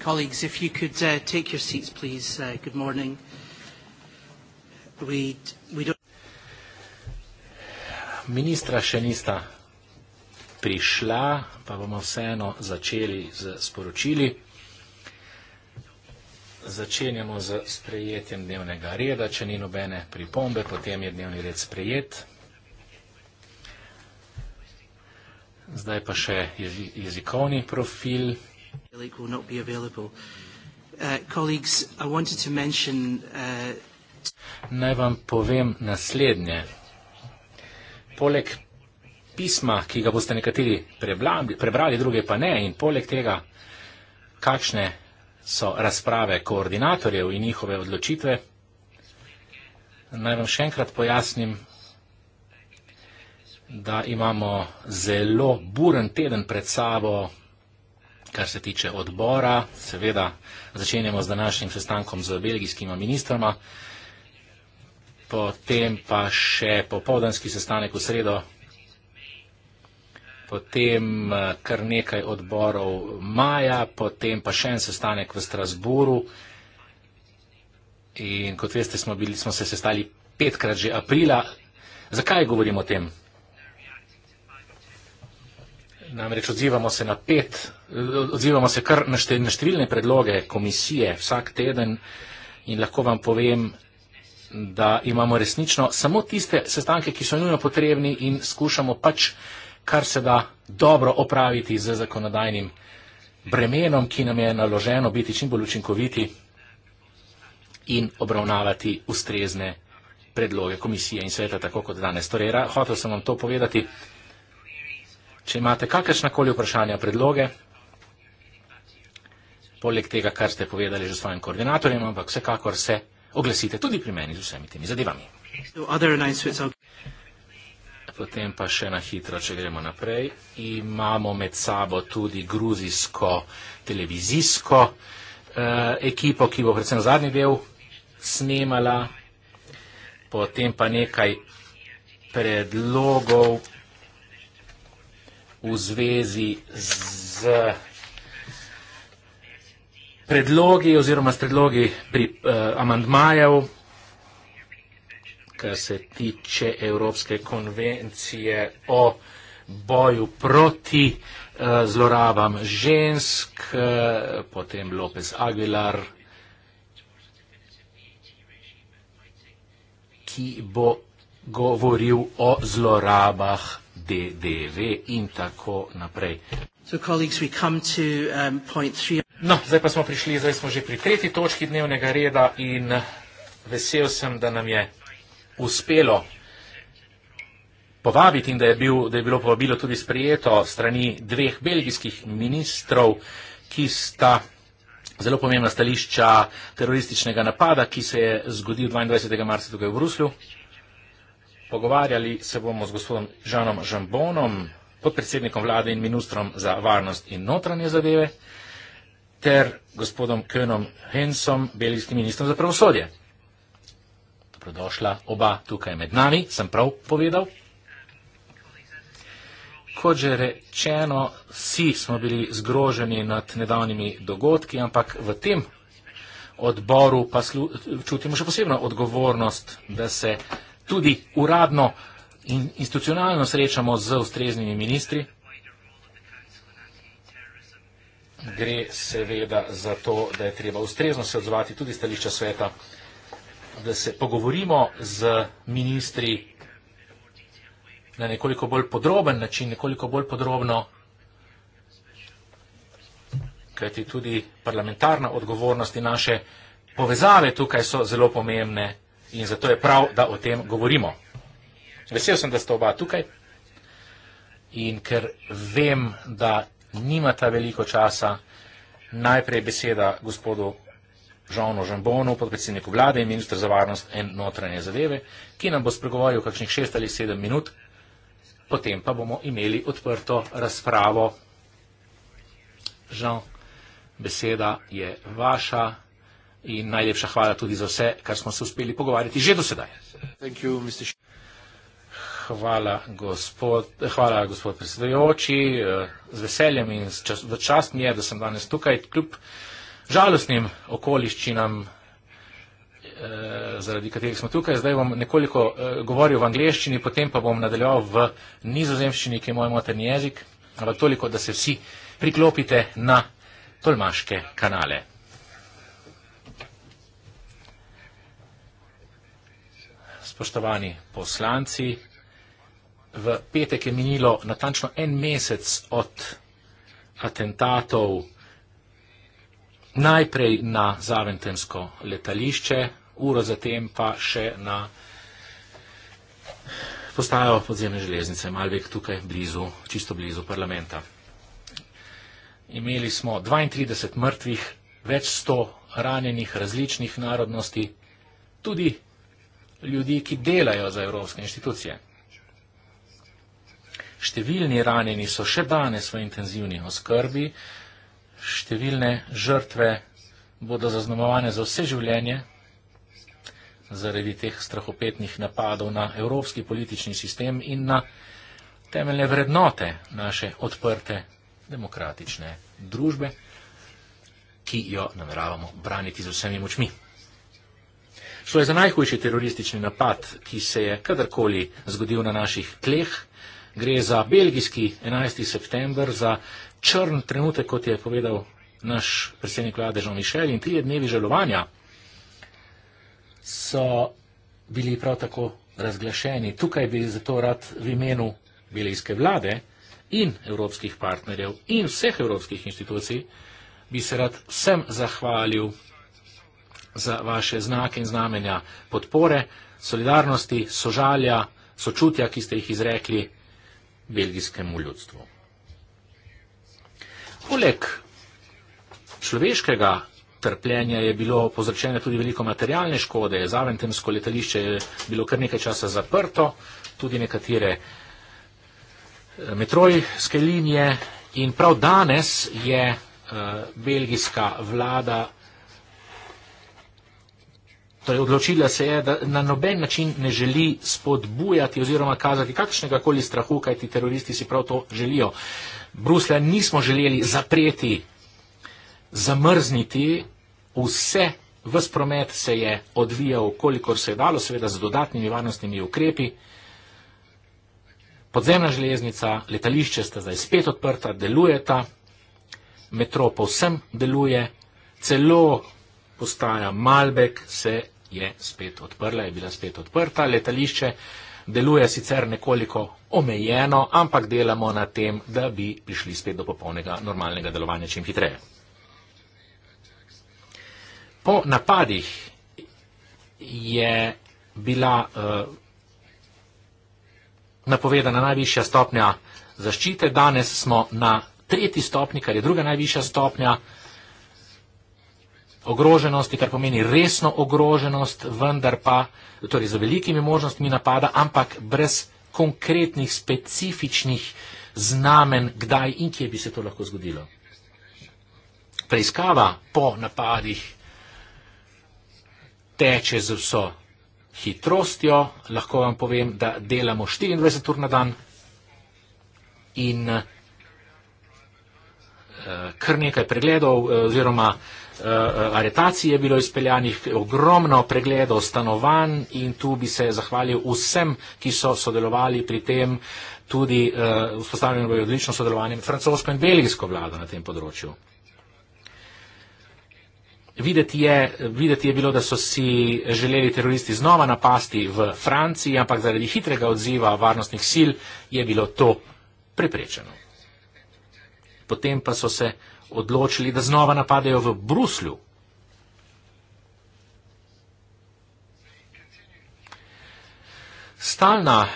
Colleagues, if you could uh, take your seats, please. Uh, good morning. We, we don't... Ministra še nista prišla, pa bomo vseeno začeli z sporočili. Začenjamo z sprejetjem dnevnega reda. Če ni nobene pripombe, potem je dnevni red sprejet. Zdaj pa še jezikovni profil. Gaelic will not be available. Uh, colleagues, I wanted to mention... Uh, Naj vam povem naslednje. Poleg pisma, ki ga boste nekateri preblambi, prebrali, druge pa ne, in poleg tega, kakšne so razprave koordinatorjev in njihove odločitve, naj vam še enkrat pojasnim, da imamo zelo buren teden pred sabo Kar se tiče odbora, seveda začenjamo z današnjim sestankom z belgijskima ministroma, potem pa še popovdanski sestanek v sredo, potem eh, kar nekaj odborov maja, potem pa še en sestanek v Strasburu. In kot veste, smo, bili, smo se sestali petkrat že aprila. Zakaj govorimo o tem? Namreč odzivamo se na pet, odzivamo se kar na številne predloge komisije vsak teden in lahko vam povem, da imamo resnično samo tiste sestanke, ki so nujno potrebni in skušamo pač kar se da dobro opraviti z zakonodajnim bremenom, ki nam je naloženo biti čim bolj učinkoviti in obravnavati ustrezne predloge komisije in sveta, tako kot danes. Torej, hotel sem vam to povedati. Če imate kakršnakoli vprašanja, predloge, poleg tega, kar ste povedali že svojim koordinatorjem, ampak vsekakor se oglesite tudi pri meni z vsemi temi zadevami. Potem pa še na hitro, če gremo naprej. Imamo med sabo tudi gruzijsko televizijsko eh, ekipo, ki bo predvsem zadnji del snemala, potem pa nekaj predlogov v zvezi z predlogi oziroma s predlogi pri eh, amandmajev, kar se tiče Evropske konvencije o boju proti eh, zlorabam žensk, eh, potem Lopez Aguilar. ki bo govoril o zlorabah DDV in tako naprej. Um, no, zdaj pa smo prišli, zdaj smo že pri tretji točki dnevnega reda in eh, vesel sem, da nam je uspelo povabiti in da je, bil, da je bilo povabilo tudi sprijeto strani dveh belgijskih ministrov, ki sta zelo pomembna stališča terorističnega napada, ki se je zgodil 22. marca tukaj v Bruslju. Pogovarjali se bomo z gospodom Žanom Žambonom, podpredsednikom vlade in ministrom za varnost in notranje zadeve, ter gospodom Könom Hensom, belgijskim ministrom za pravosodje. Dobrodošla oba tukaj med nami, sem prav povedal. Kot že rečeno, vsi smo bili zgroženi nad nedavnimi dogodki, ampak v tem odboru pa slu, čutimo še posebno odgovornost, da se tudi uradno in institucionalno srečamo z ustreznimi ministri. Gre seveda za to, da je treba ustrezno se odzvati tudi stališča sveta, da se pogovorimo z ministri na nekoliko bolj podroben način, nekoliko bolj podrobno, kajti tudi parlamentarna odgovornost in naše povezave tukaj so zelo pomembne in zato je prav, da o tem govorimo. Vesel sem, da ste oba tukaj in ker vem, da nimata veliko časa, najprej beseda gospodu Žonu Žambonu, podpredsedniku vlade in ministr za varnost in notranje zadeve, ki nam bo spregovoril kakšnih šest ali sedem minut, potem pa bomo imeli odprto razpravo. Žal, beseda je vaša in najlepša hvala tudi za vse, kar smo se uspeli pogovarjati že do sedaj. You, hvala, gospod, hvala, gospod predsedajoči, eh, z veseljem in v čast mi je, da sem danes tukaj, kljub žalostnim okoliščinam, eh, zaradi katerih smo tukaj. Zdaj bom nekoliko eh, govoril v angleščini, potem pa bom nadaljeval v nizozemščini, ki je moj materni jezik, ampak toliko, da se vsi priklopite na tolmaške kanale. Spoštovani poslanci, v petek je minilo natančno en mesec od atentatov najprej na Zaventensko letališče, uro zatem pa še na postajo podzemne železnice Malbek tukaj blizu, čisto blizu parlamenta. Imeli smo 32 mrtvih, več sto ranjenih različnih narodnosti, tudi ljudi, ki delajo za evropske inštitucije. Številni ranjeni so še danes v intenzivni oskrbi, številne žrtve bodo zaznamovane za vse življenje zaradi teh strahopetnih napadov na evropski politični sistem in na temeljne vrednote naše odprte demokratične družbe, ki jo nameravamo braniti z vsemi močmi. Šlo je za najhujši teroristični napad, ki se je kadarkoli zgodil na naših tleh. Gre za belgijski 11. september, za črn trenutek, kot je povedal naš predsednik vlade Žan Mišel in tri dnevi želovanja so bili prav tako razglašeni. Tukaj bi zato rad v imenu belgijske vlade in evropskih partnerjev in vseh evropskih institucij bi se rad vsem zahvalil za vaše znake in znamenja podpore, solidarnosti, sožalja, sočutja, ki ste jih izrekli belgijskemu ljudstvu. Poleg človeškega trpljenja je bilo povzročene tudi veliko materialne škode, zaventemsko letališče je bilo kar nekaj časa zaprto, tudi nekatere eh, metrojske linije in prav danes je uh, belgijska vlada Torej, odločila se je, da na noben način ne želi spodbujati oziroma kazati kakršnega koli strahu, kajti teroristi si prav to želijo. Bruslja nismo želeli zapreti, zamrzniti, vse vzpromet se je odvijal, kolikor se je dalo, seveda z dodatnimi varnostnimi ukrepi. Podzemna železnica, letališče sta zdaj spet odprta, delujeta, metro povsem deluje, celo postaja Malbek se je spet odprla, je bila spet odprta. Letališče deluje sicer nekoliko omejeno, ampak delamo na tem, da bi prišli spet do popolnega normalnega delovanja čim hitreje. Po napadih je bila uh, napovedana najvišja stopnja zaščite. Danes smo na tretji stopni, kar je druga najvišja stopnja. Uh, ogroženosti, kar pomeni resno ogroženost, vendar pa, torej z velikimi možnostmi napada, ampak brez konkretnih, specifičnih znamen, kdaj in kje bi se to lahko zgodilo. Preiskava po napadih teče z vso hitrostjo, lahko vam povem, da delamo 24 ur na dan in eh, kar nekaj pregledov eh, oziroma Eh, aretacij je bilo izpeljanih, ogromno pregledov stanovanj in tu bi se zahvalil vsem, ki so sodelovali pri tem, tudi uh, vzpostavljeno bo odlično sodelovanje med francosko in belgijsko vlado na tem področju. Videti je, videti je bilo, da so si želeli teroristi znova napasti v Franciji, ampak zaradi hitrega odziva varnostnih sil je bilo to preprečeno. Potem pa so se odločili, da znova napadajo v Bruslju. Stalna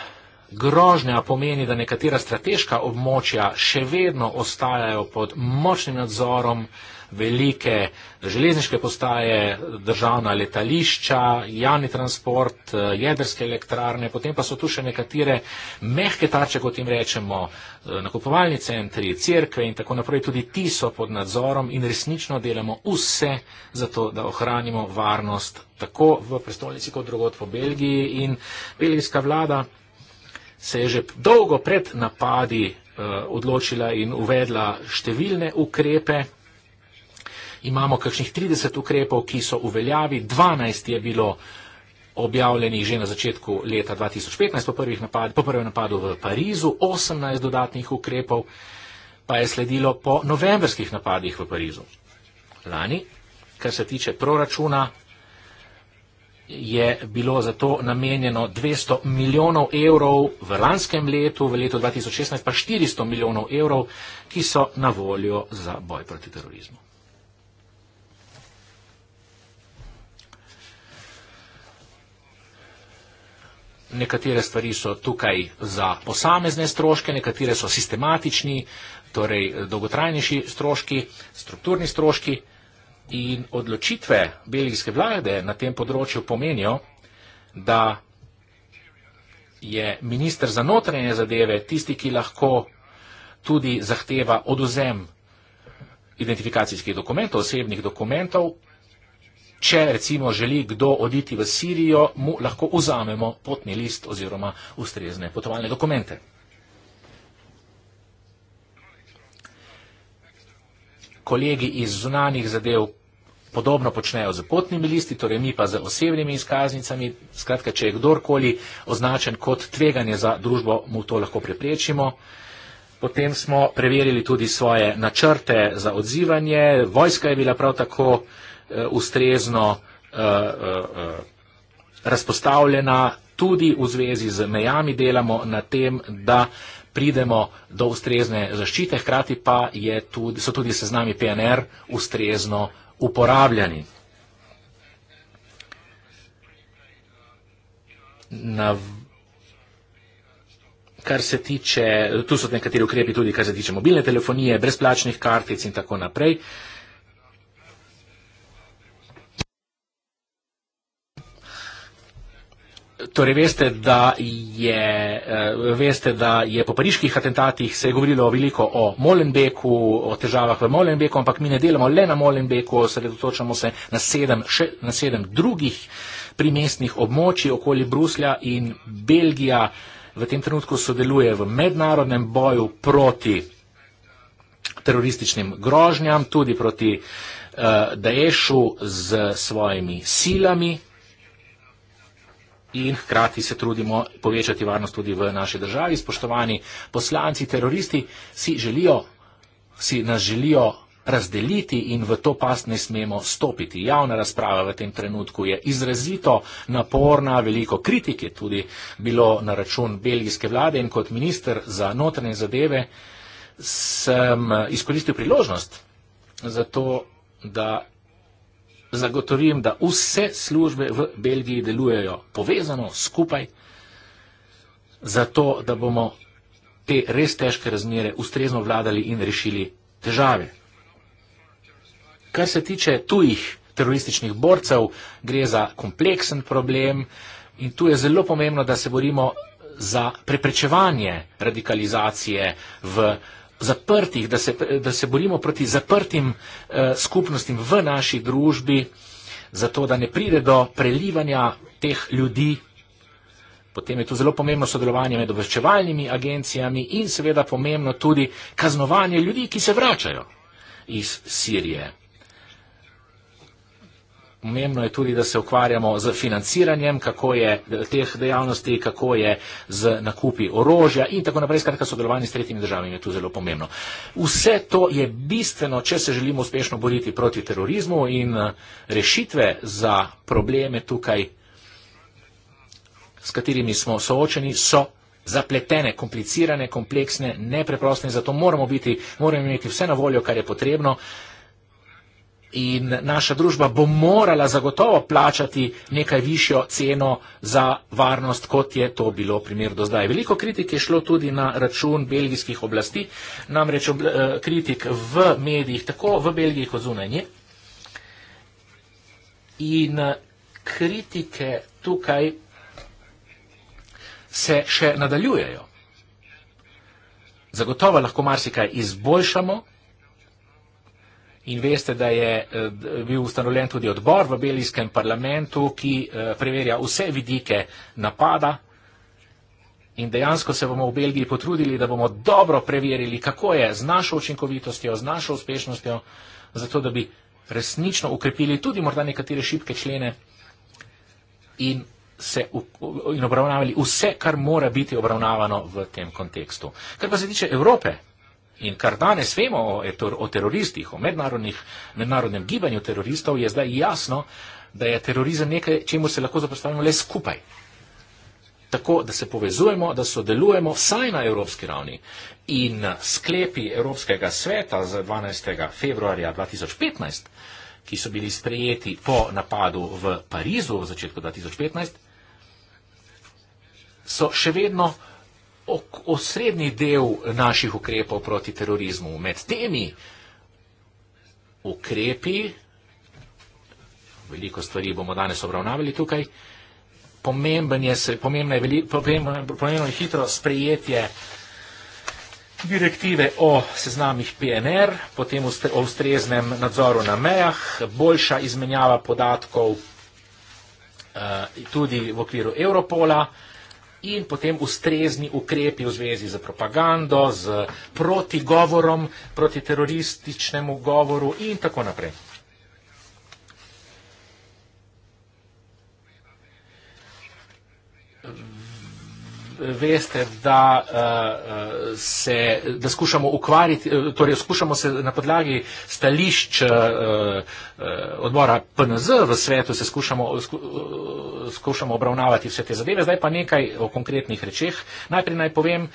grožnja pomeni, da nekatera strateška območja še vedno ostajajo pod močnim nadzorom velike železniške postaje, državna letališča, javni transport, eh, jedrske elektrarne, potem pa so tu še nekatere mehke tarče, kot jim rečemo, eh, nakupovalni centri, cerkve in tako naprej. Tudi ti so pod nadzorom in resnično delamo vse za to, da ohranimo varnost tako v prestolnici kot drugot po Belgiji. In belgijska vlada se je že dolgo pred napadi eh, odločila in uvedla številne ukrepe, imamo kakšnih 30 ukrepov, ki so v veljavi, 12 je bilo objavljenih že na začetku leta 2015 po, napad, po prvem napadu v Parizu, 18 dodatnih ukrepov pa je sledilo po novembrskih napadih v Parizu. Lani, kar se tiče proračuna, je bilo za to namenjeno 200 milijonov evrov, v lanskem letu, v letu 2016 pa 400 milijonov evrov, ki so na voljo za boj proti terorizmu. nekatere stvari so tukaj za posamezne stroške, nekatere so sistematični, torej eh, dolgotrajnejši stroški, strukturni stroški in odločitve belgijske vlade na tem področju pomenijo, da je minister za notranje zadeve tisti, ki lahko tudi zahteva oduzem identifikacijskih dokumentov, osebnih dokumentov če recimo želi kdo oditi v Sirijo, mu lahko vzamemo potni list oziroma ustrezne potovalne dokumente. Kolegi iz zunanih zadev podobno počnejo z potnimi listi, torej mi pa z osebnimi izkaznicami. Skratka, če je kdorkoli označen kot tveganje za družbo, mu to lahko preprečimo. Potem smo preverili tudi svoje načrte za odzivanje. Vojska je bila prav tako uh, Eh, ustrezno eh, eh, razpostavljena. Tudi v zvezi z mejami delamo na tem, da pridemo do ustrezne zaščite, hkrati pa tudi, so tudi seznami PNR ustrezno uporabljani. Na, kar se tiče, tu so nekateri ukrepi tudi, kar se tiče mobilne telefonije, brezplačnih kartic in tako naprej. Uh, Torej veste, da je, eh, veste, da je po pariških atentatih se je govorilo veliko o Molenbeku, o težavah v Molenbeku, ampak mi ne delamo le na Molenbeku, sredotočamo se na sedem, še, na sedem drugih primestnih območij okoli Bruslja in Belgija v tem trenutku sodeluje v mednarodnem boju proti terorističnim grožnjam, tudi proti uh, eh, Daešu z svojimi silami. Hmm in hkrati se trudimo povečati varnost tudi v naši državi. Spoštovani poslanci, teroristi si, želijo, si nas želijo razdeliti in v to past ne smemo stopiti. Javna razprava v tem trenutku je izrazito naporna, veliko kritike tudi bilo na račun belgijske vlade in kot minister za notranje zadeve sem eh, izkoristil priložnost za to, da zagotovim, da vse službe v Belgiji delujejo povezano, skupaj, zato da bomo te res težke razmere ustrezno vladali in rešili težave. Kar se tiče tujih terorističnih borcev, gre za kompleksen problem in tu je zelo pomembno, da se borimo za preprečevanje radikalizacije v Belgiji zaprtih, da se, da se borimo proti zaprtim eh, skupnostim v naši družbi, zato da ne pride do prelivanja teh ljudi. Potem je tu zelo pomembno sodelovanje med obveščevalnimi agencijami in seveda pomembno tudi kaznovanje ljudi, ki se vračajo iz Sirije. Pomembno je tudi, da se ukvarjamo z financiranjem, kako je teh dejavnosti, kako je z nakupi orožja in tako naprej. Skratka, sodelovanje s tretjimi državami je tu zelo pomembno. Vse to je bistveno, če se želimo uspešno boriti proti terorizmu in eh, rešitve za probleme tukaj, s katerimi smo soočeni, so zapletene, komplicirane, kompleksne, nepreproste in zato moramo, biti, moramo imeti vse na voljo, kar je potrebno in naša družba bo morala zagotovo plačati nekaj višjo ceno za varnost, kot je to bilo primer do zdaj. Veliko kritik je šlo tudi na račun belgijskih oblasti, namreč obla eh, kritik v medijih, tako v Belgiji kot zunanje. In eh, kritike tukaj se še nadaljujejo. Zagotovo lahko marsikaj izboljšamo, In veste, da je eh, bil ustanovljen tudi odbor v belijskem parlamentu, ki eh, preverja vse vidike napada. In dejansko se bomo v Belgiji potrudili, da bomo dobro preverili, kako je z našo učinkovitostjo, z našo uspešnostjo, zato da bi resnično ukrepili tudi morda nekatere šibke člene in, se, in obravnavali vse, kar mora biti obravnavano v tem kontekstu. Kar pa se tiče Evrope, In kar danes vemo o, o teroristih, o mednarodnem gibanju teroristov, je zdaj jasno, da je terorizem nekaj, čemu se lahko zapostavimo le skupaj. Tako, da se povezujemo, da sodelujemo vsaj na evropski ravni. In sklepi Evropskega sveta z 12. februarja 2015, ki so bili sprejeti po napadu v Parizu v začetku 2015, so še vedno osrednji del naših ukrepov proti terorizmu. Med temi ukrepi, veliko stvari bomo danes obravnavali tukaj, pomemben je, pomembno je, veli, pomembno, pomembno je hitro sprejetje direktive o seznamih PNR, potem o ustreznem nadzoru na mejah, boljša izmenjava podatkov eh, tudi v okviru Europola, in potem ustrezni ukrepi v zvezi z propagando, z protigovorom, protiterorističnemu govoru in tako naprej. veste, da, eh, se, da skušamo, eh, torej skušamo se na podlagi stališč eh, odbora PNZ v svetu, se skušamo, skušamo obravnavati vse te zadeve. Zdaj pa nekaj o konkretnih rečeh. Najprej naj povem,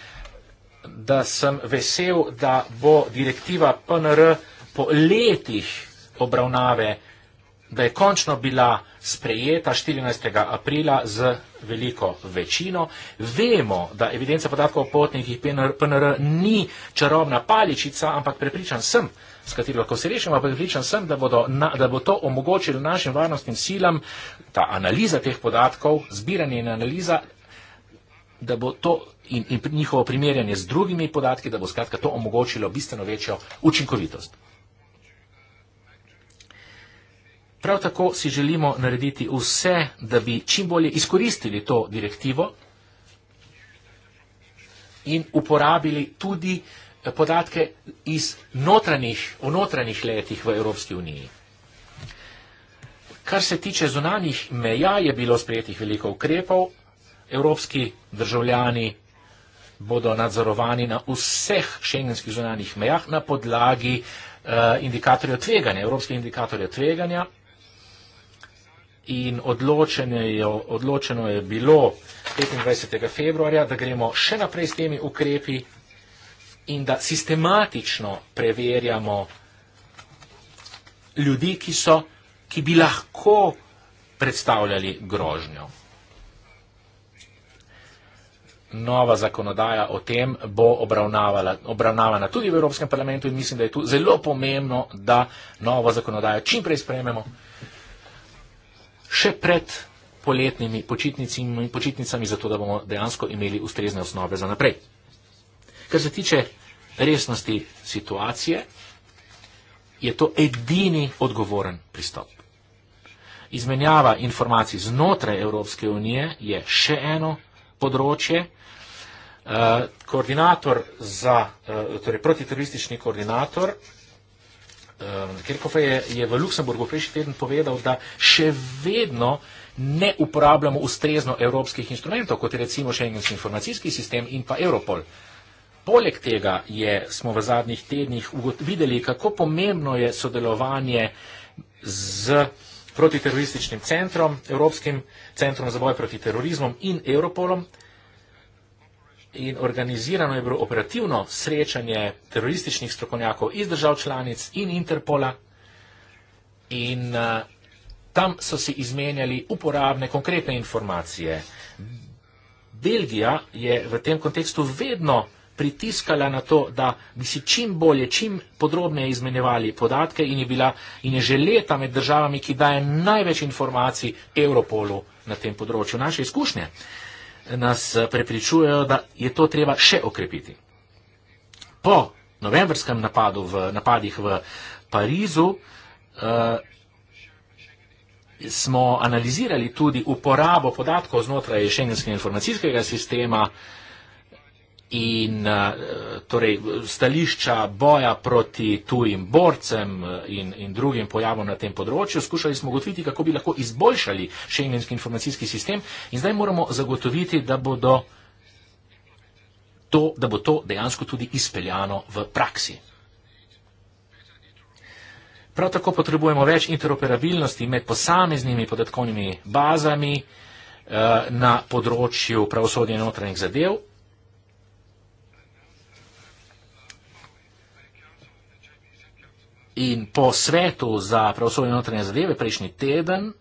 da sem vesel, da bo direktiva PNR po letih obravnave, da je končno bila sprejeta 14. aprila z veliko večino. Vemo, da evidenca podatkov o potnikih PNR ni čarobna paličica, ampak prepričan sem, s katero lahko se rešimo, ampak prepričan sem, da, bodo, da bo to omogočilo našim varnostnim silam, ta analiza teh podatkov, zbiranje in analiza, da bo to in, in njihovo primerjanje z drugimi podatki, da bo skratka to omogočilo bistveno večjo učinkovitost. Prav tako si želimo narediti vse, da bi čim bolje izkoristili to direktivo in uporabili tudi eh, podatke iz notranjih, v notranjih letih v Evropski uniji. Kar se tiče zunanjih meja, je bilo sprejetih veliko ukrepov. Evropski državljani bodo nadzorovani na vseh šengenskih zunanjih mejah na podlagi uh, eh, indikatorja tveganja, evropskih indikatorja tveganja, in odločene je, odločeno je bilo 25. februarja, da gremo še naprej s temi ukrepi in da sistematično preverjamo ljudi, ki, so, ki bi lahko predstavljali grožnjo. Nova zakonodaja o tem bo obravnavana tudi v Evropskem parlamentu in mislim, da je tu zelo pomembno, da novo zakonodajo čimprej sprememo še pred poletnimi počitnicami, počitnicami, zato da bomo dejansko imeli ustrezne osnove za naprej. Kar se tiče resnosti situacije, je to edini odgovoren pristop. Izmenjava informacij znotraj Evropske unije je še eno področje. Eh, koordinator za, eh, torej protiteroristični koordinator um, ehm, Kirkofe je, je v Luksemburgu prejšnji teden povedal, da še vedno ne uporabljamo ustrezno evropskih instrumentov, kot je recimo šengenski informacijski sistem in pa Europol. Poleg tega je, smo v zadnjih tednih videli, kako pomembno je sodelovanje z protiterorističnim centrom, Evropskim centrom za boj proti terorizmom in Europolom in organizirano je bilo operativno srečanje terorističnih strokovnjakov iz držav članic in Interpola in uh, tam so si izmenjali uporabne, konkretne informacije. Belgija je v tem kontekstu vedno pritiskala na to, da bi si čim bolje, čim podrobneje izmenjevali podatke in je, bila, in je že leta med državami, ki daje največ informacij Europolu na tem področju. Naše izkušnje nas eh, prepričujejo, da je to treba še okrepiti. Po novembrskem napadu v napadih v Parizu uh, smo analizirali tudi uporabo podatkov znotraj šengenskega informacijskega sistema uh, in eh, torej, stališča boja proti tujim borcem eh, in, in drugim pojavom na tem področju. Skušali smo ugotoviti, kako bi lahko izboljšali šengenski informacijski sistem in zdaj moramo zagotoviti, da, to, da bo to dejansko tudi izpeljano v praksi. Prav tako potrebujemo več interoperabilnosti med posameznimi podatkovnimi bazami eh, na področju pravosodja in notranjih zadev In po svetu za pravosodne notranje zadeve prejšnji teden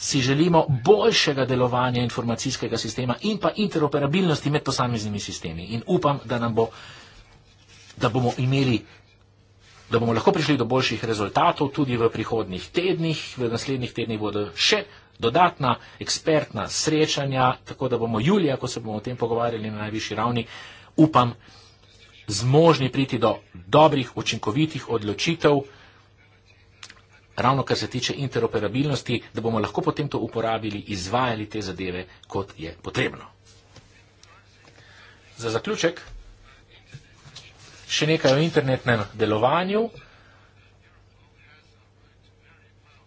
si želimo boljšega delovanja informacijskega sistema in pa interoperabilnosti med posameznimi sistemi. In upam, da, bo, da, bomo imeli, da bomo lahko prišli do boljših rezultatov tudi v prihodnih tednih. V naslednjih tednih bodo še dodatna ekspertna srečanja, tako da bomo julija, ko se bomo o tem pogovarjali na najvišji ravni, upam, zmožni priti do dobrih, učinkovitih odločitev, ravno kar se tiče interoperabilnosti, da bomo lahko potem to uporabili, izvajali te zadeve, kot je potrebno. Za zaključek še nekaj o internetnem delovanju.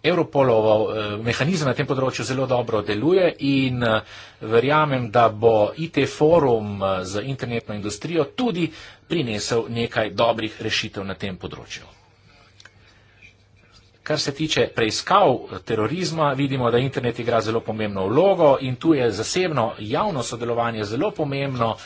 Europolov eh, mehanizem na tem področju zelo dobro deluje in eh, verjamem, da bo IT forum eh, z internetno industrijo tudi prinesel nekaj dobrih rešitev na tem področju. Kar se tiče preiskav eh, terorizma, vidimo, da internet igra zelo pomembno vlogo in tu je zasebno javno sodelovanje zelo pomembno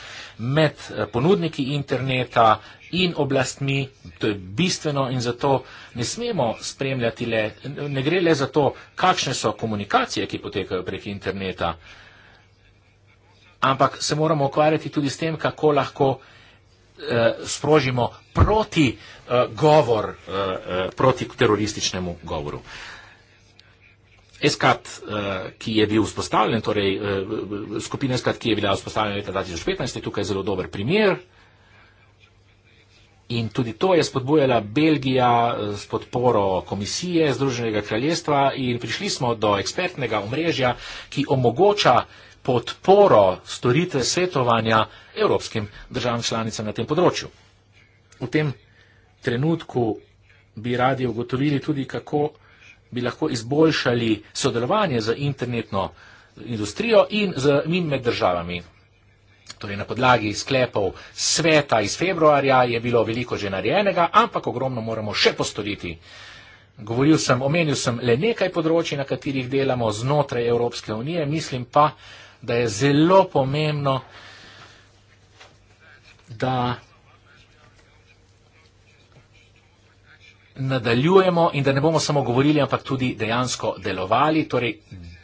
med eh, ponudniki interneta, in oblastmi. To je bistveno in zato ne smemo spremljati le, ne gre le za to, kakšne so komunikacije, ki potekajo prek interneta, ampak se moramo ukvarjati tudi s tem, kako lahko eh, sprožimo proti eh, govor, eh, eh proti terorističnemu govoru. SKAT, eh, ki je bil vzpostavljen, torej eh, skupina SKAT, ki je bila vzpostavljena leta 2015, je tukaj zelo dober primer. In tudi to je spodbujala Belgija eh, s podporo komisije Združenega kraljestva in prišli smo do ekspertnega omrežja, ki omogoča podporo storitve svetovanja evropskim državam članicam na tem področju. V tem trenutku bi radi ugotovili tudi, kako bi lahko izboljšali sodelovanje z internetno industrijo in z njim med državami. Torej, na podlagi sklepov sveta iz februarja je bilo veliko že narejenega, ampak ogromno moramo še postoriti. Govoril sem, omenil sem le nekaj področji, na katerih delamo znotraj Evropske unije, mislim pa, da je zelo pomembno, da nadaljujemo in da ne bomo samo govorili, ampak tudi dejansko delovali, torej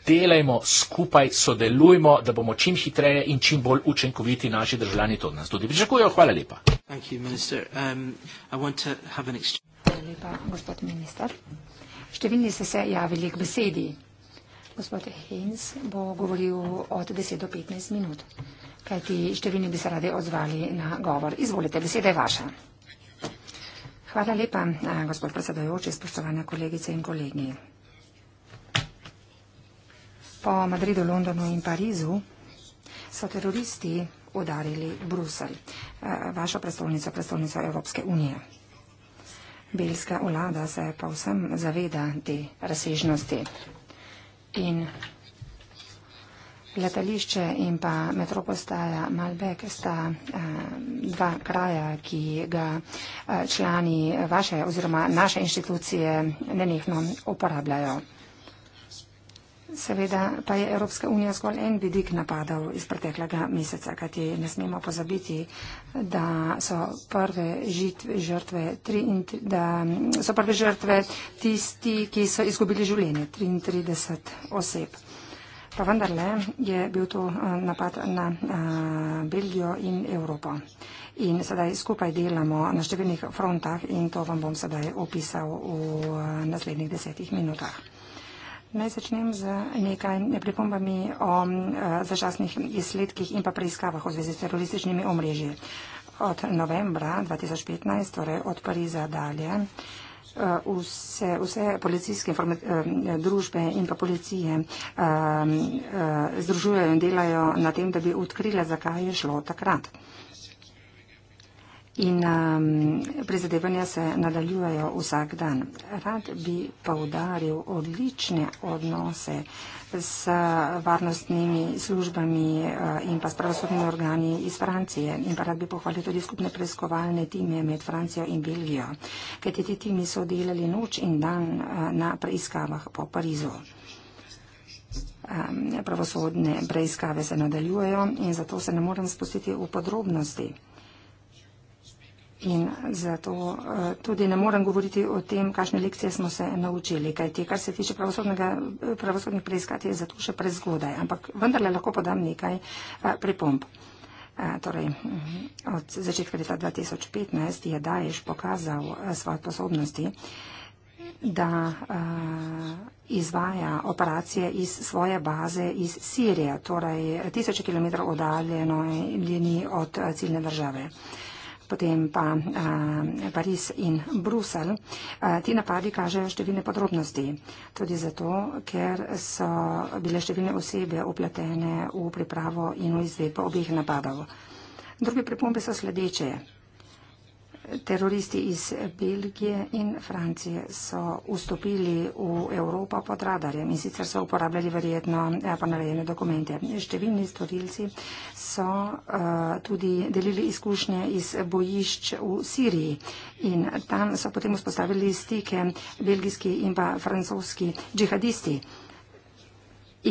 delajmo skupaj, sodelujmo, da bomo čim hitreje in čim bolj učinkoviti naši državljani to od nas tudi pričakujejo. Hvala lepa. Um, Hvala lepa, gospod minister. Številni ste se javili k besedi. Gospod Heinz bo govoril od 10 do 15 minut, kajti številni bi se radi odzvali na govor. Izvolite, beseda je vaša. Hvala lepa, eh, gospod predsedojoči, spoštovane kolegice in kolegi. Po Madridu, Londonu in Parizu so teroristi udarili Bruselj, eh, vašo predstavnico, predstavnico Evropske unije. Belska vlada se povsem zaveda te razsežnosti in letališče in pa metropostaja Malbek sta eh, dva kraja, ki ga eh, člani vaše oziroma naše inštitucije nenehno uporabljajo. Seveda pa je Evropska unija zgolj en vidik napadov iz preteklega meseca, kajti ne smemo pozabiti, da so prve žrtve, da so prve žrtve tisti, ki so izgubili življenje, 33 oseb. Pa vendarle je bil to eh, napad na a, eh, Belgijo in Evropo. In sedaj skupaj delamo na številnih frontah in to vam bom sedaj opisal v eh, naslednjih desetih minutah. Naj začnem z nekaj pripombami o eh, začasnih izsledkih in pa preiskavah v zvezi s terorističnimi omrežji. Od novembra 2015, torej od Pariza dalje, eh, vse, vse policijske eh, družbe in pa policije združujejo in delajo na tem, da bi odkrile, zakaj je šlo takrat in um, prizadevanja se nadaljujejo vsak dan. Rad bi poudaril odlične odnose s varnostnimi službami uh, in pa s pravosodnimi organi iz Francije in pa rad bi pohvalil tudi skupne preiskovalne time med Francijo in Belgijo, ker ti ti timi so delali noč in dan uh, na preiskavah po Parizu. Um, pravosodne preiskave se nadaljujejo in zato se ne morem spustiti v podrobnosti. In zato eh, tudi ne morem govoriti o tem, kakšne lekcije smo se naučili, kaj te, kar se tiče eh, pravosodnih preiskat, je zato še prezgodaj. Ampak vendarle lahko podam nekaj eh, pripomb. Torej, mhm, od začetka leta 2015 je Daješ pokazal svoje sposobnosti, da izvaja operacije iz svoje baze iz Sirije, torej tisoče kilometrov oddaljeno linij od ciljne države potem pa eh, Pariz in Brusel. Eh, ti napadi kažejo številne podrobnosti, tudi zato, ker so bile številne osebe upletene v pripravo in v izvedbo obeh napadov. Druge pripombe so sledeče. Teroristi iz Belgije in Francije so vstopili v Evropo pod radarjem in sicer so uporabljali verjetno eh, panalejene dokumente. Številni storilci so uh, tudi delili izkušnje iz bojišč v Siriji in tam so potem vzpostavili stike belgijski in pa francoski džihadisti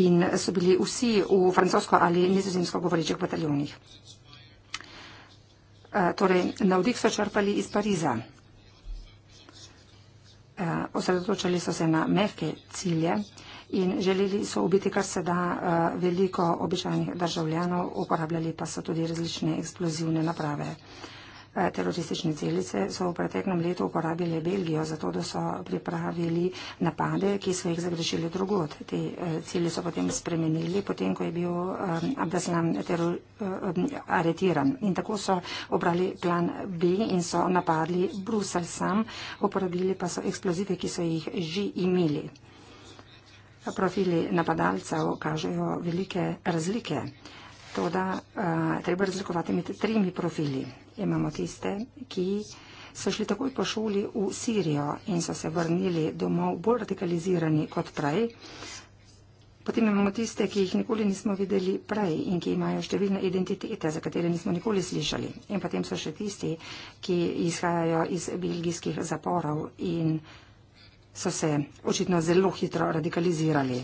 in so bili vsi v francosko ali nizozemsko govoričih bataljonih. Eh, torej navdih so črpali iz Pariza. Eh, osredotočali so se na mehke cilje in želeli so ubiti kar se da eh, veliko običajnih državljanov, uporabljali pa so tudi različne eksplozivne naprave. Eh, teroristične celice so v preteklem letu uporabili Belgijo za to, da so pripravili napade, ki so jih zagrešili drugod. Te eh, cilje so potem spremenili, potem ko je bil eh, Abdeslam aretiran. In tako so obrali plan B in so napadli Brusel sam, uporabili pa so eksplozive, ki so jih že imeli. Profili napadalcev kažejo velike razlike to, da uh, eh, treba razlikovati med trimi profili. Imamo tiste, ki so šli takoj po šoli v Sirijo in so se vrnili domov bolj radikalizirani kot prej. Potem imamo tiste, ki jih nikoli nismo videli prej in ki imajo številne identitete, za katere nismo nikoli slišali. In potem so še tisti, ki izhajajo iz belgijskih zaporov in so se očitno zelo hitro radikalizirali.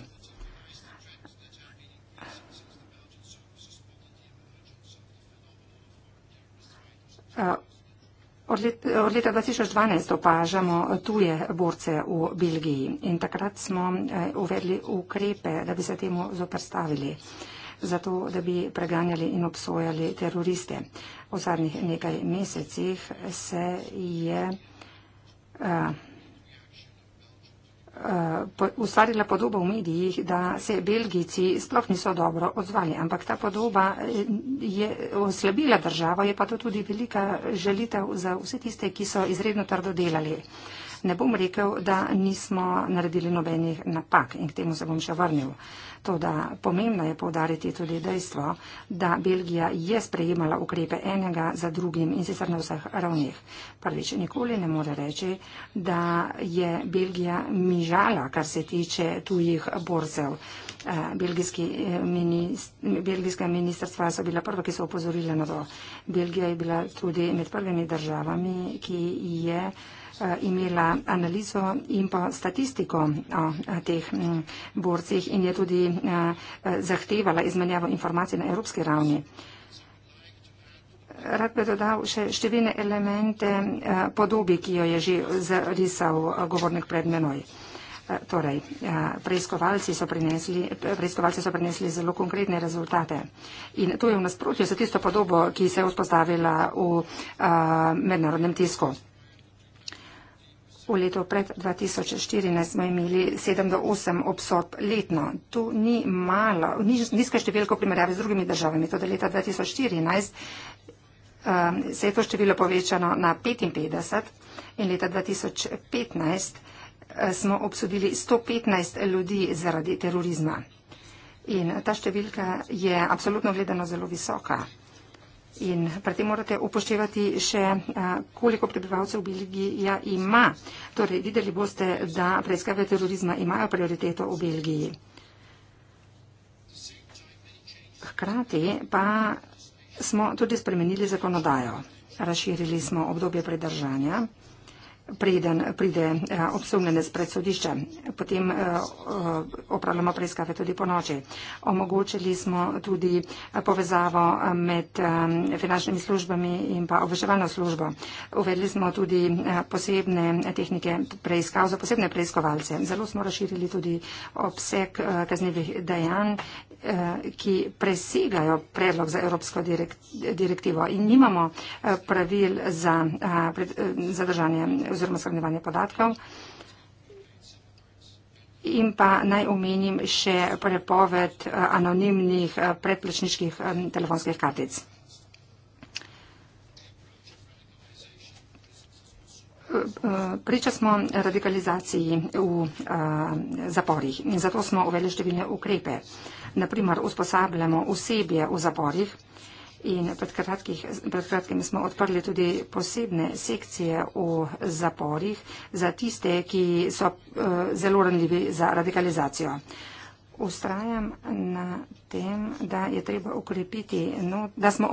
Eh, od leta, od leta 2012 opažamo tuje borce v Belgiji in takrat smo eh, uvedli ukrepe, da bi se temu zoprstavili, zato da bi preganjali in obsojali teroriste. V zadnjih nekaj mesecih se je. Uh, ustvarila podobo v medijih, da se Belgijci sploh niso dobro odzvali, ampak ta podoba eh, je oslabila državo, je pa to tudi velika želitev za vse tiste, ki so izredno trdo delali ne bom rekel, da nismo naredili nobenih napak in k temu se bom še vrnil. To, da pomembno je povdariti tudi dejstvo, da Belgija je sprejemala ukrepe enega za drugim in sicer na vseh ravneh. Prvič, nikoli ne more reči, da je Belgija mižala, kar se tiče tujih borcev. Eh, belgijski eh, minist, belgijska ministrstva so bila prva, ki so opozorila na to. Belgija je bila tudi med prvimi državami, ki je. Eh, imela analizo in pa statistiko o eh, teh mm, borcih in je tudi eh, zahtevala izmenjavo informacij na evropski ravni. Rad bi dodal še številne elemente podobi, ki jo je že zarisal govornik pred menoj. Torej, preiskovalci so, prinesli, preiskovalci so prinesli zelo konkretne rezultate in to je v nasprotju za tisto podobo, ki se je vzpostavila v mednarodnem tisku. V letu pred 2014 smo imeli 7 do 8 obsodb letno. To ni malo, nizka številka v primerjavi z drugimi državami. Tudi leta 2014 um, se je to število povečano na 55 in leta 2015 eh, smo obsodili 115 ljudi zaradi terorizma. In ta številka je absolutno gledano zelo visoka. In pri tem morate upoštevati še, koliko prebivalcev Belgija ima. Torej, videli boste, da preiskave terorizma imajo prioriteto v Belgiji. Hkrati pa smo tudi spremenili zakonodajo. Razširili smo obdobje predržanja preden pride eh, obsumljenec pred sodišče. Potem eh, eh, opravljamo preiskave tudi po noči. Omogočili smo tudi povezavo med finančnimi službami in pa obveševalno službo. Uvedli smo tudi posebne tehnike preiskav za posebne preiskovalce. Zelo smo razširili tudi obseg kaznevih dejanj Eh, ki presegajo predlog za Evropsko direktivo in nimamo eh, pravil za eh, zadržanje oziroma shranjevanje podatkov. In pa naj omenim še prepoved anonimnih predplačniških telefonskih kartic. Priča smo radikalizaciji v zaporih in zato smo uvedli številne ukrepe naprimer usposabljamo osebje v zaporih in pred, kratkih, pred kratkim smo odprli tudi posebne sekcije v zaporih za tiste, ki so uh, zelo ranljivi za radikalizacijo. Ustrajam na tem, da, je okrepiti, no, da, smo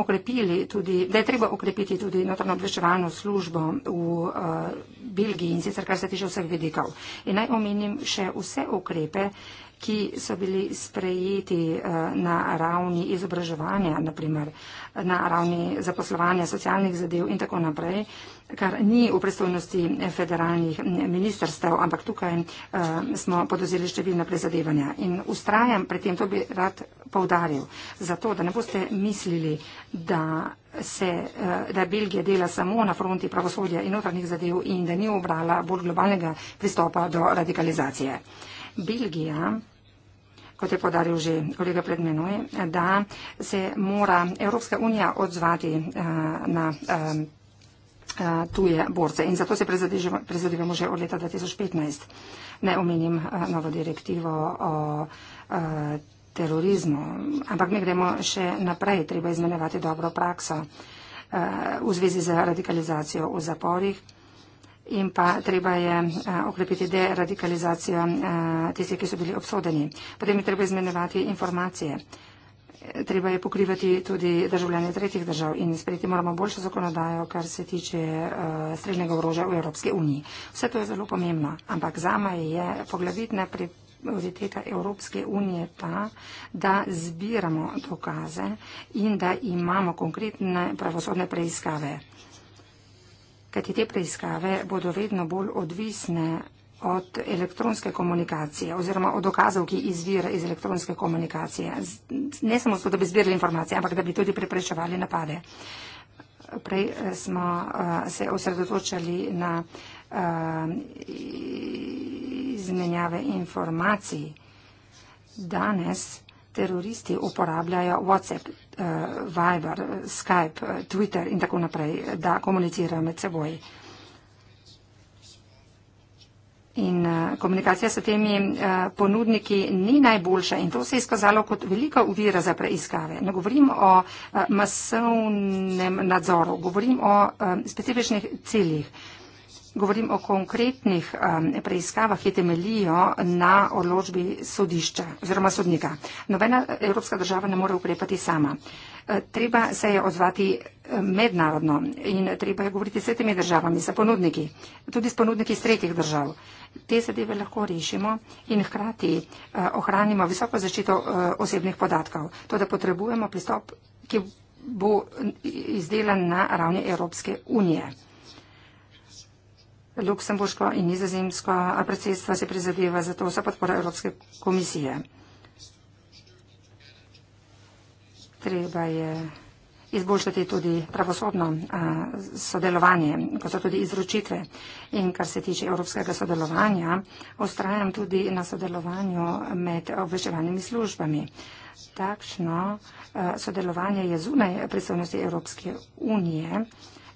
tudi, da je treba okrepiti tudi notranjo obveščevalno službo v uh, Belgiji in sicer kar se tiče vseh vidikov. In naj omenim še vse ukrepe, uh, ki so bili sprejeti eh, na ravni izobraževanja, naprimer, na ravni zaposlovanja socialnih zadev in tako naprej, kar ni v predstavnosti federalnih ministrstev, ampak tukaj eh, smo podozeli številna prezadevanja. In ustrajam pri tem, to bi rad povdaril, zato da ne boste mislili, da se, eh, da Belgija dela samo na fronti pravosodja in notranjih zadev in da ni obrala bolj globalnega pristopa do radikalizacije. Uh, Belgija, kot je podaril že kolega pred menoj, da se mora Evropska unija odzvati uh, na. Um, tuje borce in zato se prezadevamo že od leta 2015. Ne omenim novo direktivo o, o terorizmu, ampak mi gremo še naprej, treba izmenjevati dobro prakso v zvezi z radikalizacijo v zaporih in pa treba je eh, okrepiti deradikalizacijo eh, tistih, ki so bili obsodeni. Potem je treba izmenjevati informacije. Eh, treba je pokrivati tudi državljane tretjih držav in sprejeti moramo boljšo zakonodajo, kar se tiče uh, strednjega orožja v Evropski uniji. Vse to je zelo pomembno, ampak zame je poglavitna prioriteta Evropske unije ta, da zbiramo dokaze in da imamo konkretne pravosodne preiskave kajti te preiskave bodo vedno bolj odvisne od elektronske komunikacije oziroma od dokazov, ki izvira iz elektronske komunikacije. Ne samo zato, da bi zbirali informacije, ampak da bi tudi preprečevali napade. Prej eh, smo eh, se osredotočali na eh, izmenjave informacij. Danes teroristi uporabljajo WhatsApp, eh, Viber, Skype, eh, Twitter in tako naprej, da komunicirajo med seboj. In eh, komunikacija s temi ponudniki ni najboljša in to se je izkazalo kot velika uvira za preiskave. Ne govorim o masovnem nadzoru, govorim o specifičnih ciljih govorim o konkretnih um, preiskavah, ki temelijo na odločbi sodišča oziroma sodnika. Nobena evropska država ne more ukrepati sama. E, treba se je odzvati e, mednarodno in treba je govoriti s temi državami, s ponudniki, tudi s ponudniki iz tretjih držav. Te zadeve lahko rešimo in hkrati e, ohranimo visoko zaščito osebnih podatkov. To, da potrebujemo pristop, ki bo izdelan na ravni Evropske unije. Luksemburško in Nizozemsko, a predsedstvo se prizadeva za to vsa podpora Evropske komisije. Treba je izboljšati tudi pravosodno sodelovanje, kot so tudi izročitve. In kar se tiče evropskega sodelovanja, ostrajam tudi na sodelovanju med obveščevalnimi službami. Takšno sodelovanje je zunaj pristojnosti Evropske unije,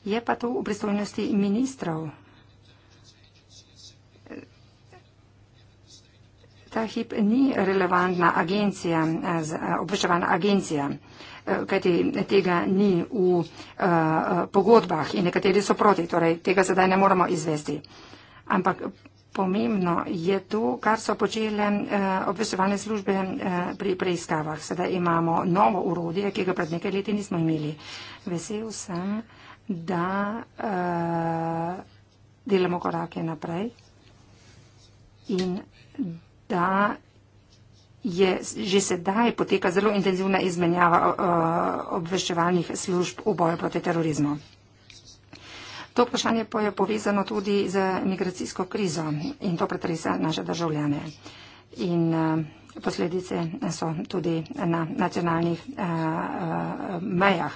je pa to v pristojnosti ministrov ta hip ni relevantna agencija, eh, eh, obveščevalna agencija, eh, kajti tega ni v pogodbah in nekateri so proti, torej tega sedaj ne moramo izvesti. Ampak pomembno je to, kar so počele obveščevalne službe pri preiskavah. Sedaj imamo novo urodje, ki ga pred nekaj leti nismo imeli. Vesel sem, da delamo korake naprej in da je že sedaj poteka zelo intenzivna izmenjava obveščevalnih služb v boju proti terorizmu. To vprašanje pa je povezano tudi z migracijsko krizo in to pretresa naše državljane. In eh, posledice so tudi na nacionalnih eh, eh, mejah.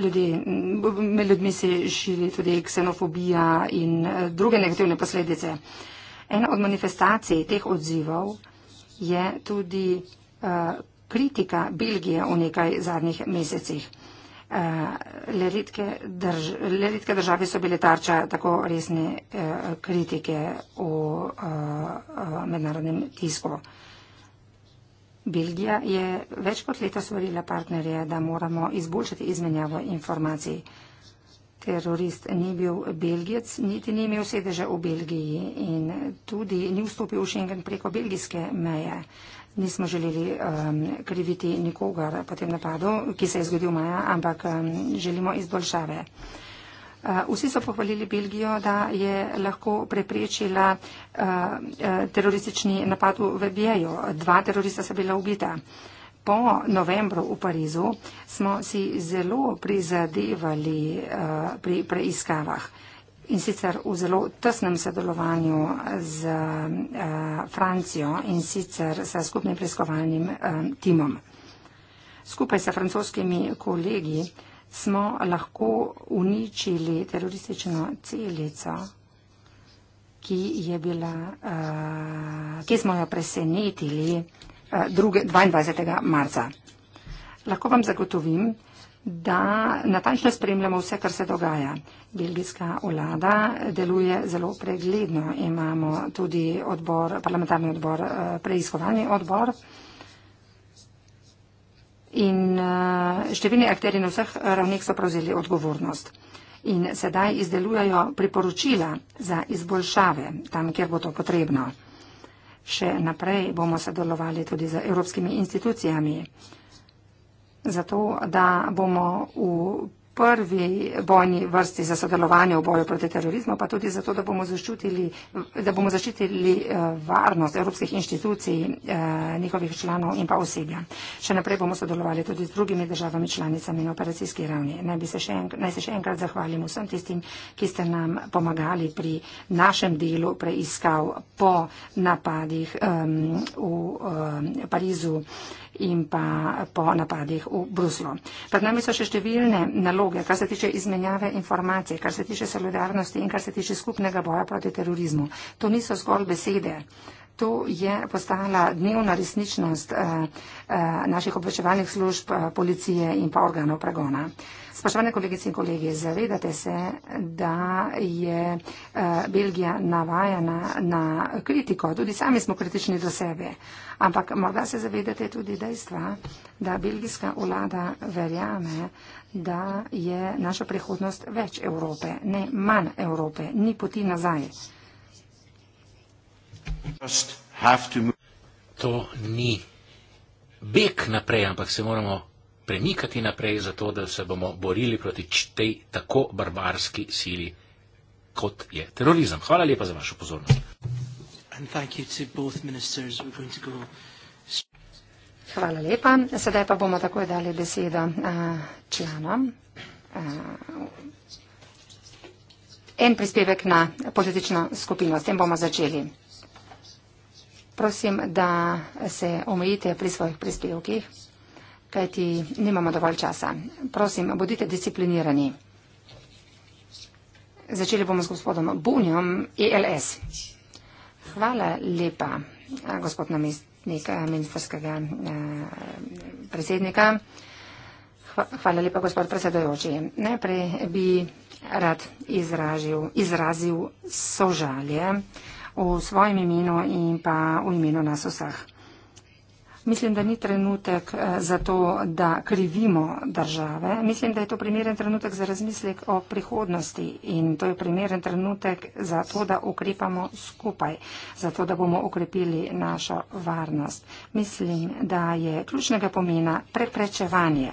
Ljudi, med ljudmi se širi tudi ksenofobija in druge negativne posledice. Ena od manifestacij teh odzivov je tudi uh, kritika Belgije v nekaj zadnjih mesecih. Uh, le, redke drž le redke države so bile tarča tako resne uh, kritike v uh, uh, mednarodnem tisku. Belgija je več kot leta svarila partnerje, da moramo izboljšati izmenjavo informacij. Uh, terorist ni bil belgijec, niti ni imel sedeža v Belgiji in tudi ni vstopil v Schengen preko belgijske meje. Nismo želeli um, kriviti nikogar po tem napadu, ki se je zgodil maja, ampak um, želimo izboljšave. Uh, vsi so pohvalili Belgijo, da je lahko preprečila uh, uh teroristični napad v Bijeju. Dva terorista so bila ubita. Uh, po novembru v Parizu smo si zelo prizadevali eh, pri preiskavah in sicer v zelo tesnem sodelovanju z eh, Francijo in sicer s skupnim preiskovalnim eh, timom. Skupaj s francoskimi kolegi smo lahko uničili teroristično celico, ki, bila, ki smo jo presenetili Eh, druge, 22. marca. Lahko vam zagotovim, da natančno spremljamo vse, kar se dogaja. Belgijska vlada deluje zelo pregledno. Imamo tudi odbor, parlamentarni odbor, eh, preiskovalni odbor. In eh, številni akteri na vseh ravneh so prevzeli odgovornost. In sedaj izdelujajo priporočila za izboljšave tam, kjer bo to potrebno. Še naprej bomo sodelovali tudi z evropskimi institucijami, zato da bomo v prvi bojni vrsti za sodelovanje v boju proti terorizmu, pa tudi zato, da bomo zaščitili, da bomo zaščitili eh, varnost evropskih inštitucij, eh, njihovih članov in pa osebja. Še naprej bomo sodelovali tudi z drugimi državami članicami na operacijski ravni. Naj se, enk se še enkrat zahvalim vsem tistim, ki ste nam pomagali pri našem delu preiskav po napadih um, v um, Parizu in pa po napadih v Bruslu. Pred nami so še številne naloge, kar se tiče izmenjave informacij, kar se tiče solidarnosti in kar se tiče skupnega boja proti terorizmu. To niso zgolj besede. To je postala dnevna resničnost eh, eh naših obveščevalnih služb, eh, policije in pa organov pregona. Eh, Spoštovane kolegice in kolegi, zavedate se, da je eh, Belgija navajena na kritiko. Tudi sami smo kritični do sebe. Ampak morda se zavedate tudi dejstva, da belgijska vlada verjame, da je naša prihodnost več Evrope, ne manj Evrope, ni poti nazaj. To ni beg naprej, ampak se moramo premikati naprej, zato da se bomo borili proti tej tako barbarski sili, kot je terorizem. Hvala lepa za vašo pozornost. Hvala lepa. Sedaj pa bomo takoj dali besedo uh, članom. Uh, en prispevek na politično skupino. S tem bomo začeli. Prosim, da se omejite pri svojih prispevkih kajti nimamo dovolj časa. Prosim, bodite disciplinirani. Začeli bomo z gospodom Bunjom, ELS. Eh, eh, eh, hvala lepa, gospod namestnik ministerskega predsednika. Hvala lepa, gospod predsedojoči. Najprej bi rad izražil, izrazil sožalje v svojem imenu in pa v imenu nas vseh. Mislim, da ni trenutek eh, za to, da krivimo države. Mislim, da je to primeren trenutek za razmislek o prihodnosti in to je primeren trenutek za to, da ukrepamo skupaj, za to, da bomo ukrepili našo varnost. Mislim, da je ključnega pomena preprečevanje.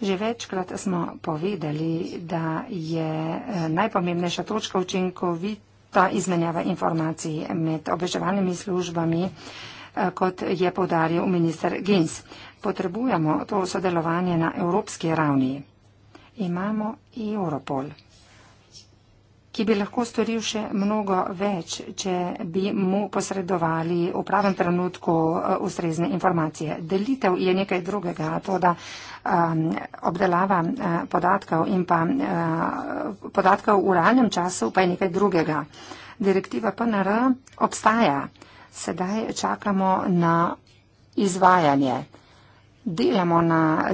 Že večkrat smo povedali, da je eh, najpomembnejša točka učinkovit ta izmenjava informacij med obveževalnimi službami, eh, kot je podaril minister Gins. Potrebujemo to sodelovanje na evropski ravni. Imamo Europol ki bi lahko storil še mnogo več, če bi mu posredovali v pravem trenutku eh, ustrezne informacije. Delitev je nekaj drugega, to da um, ehm, obdelava uh, podatkov in pa uh, podatkov v realnem času pa je nekaj drugega. Direktiva PNR obstaja. Sedaj čakamo na izvajanje delamo na,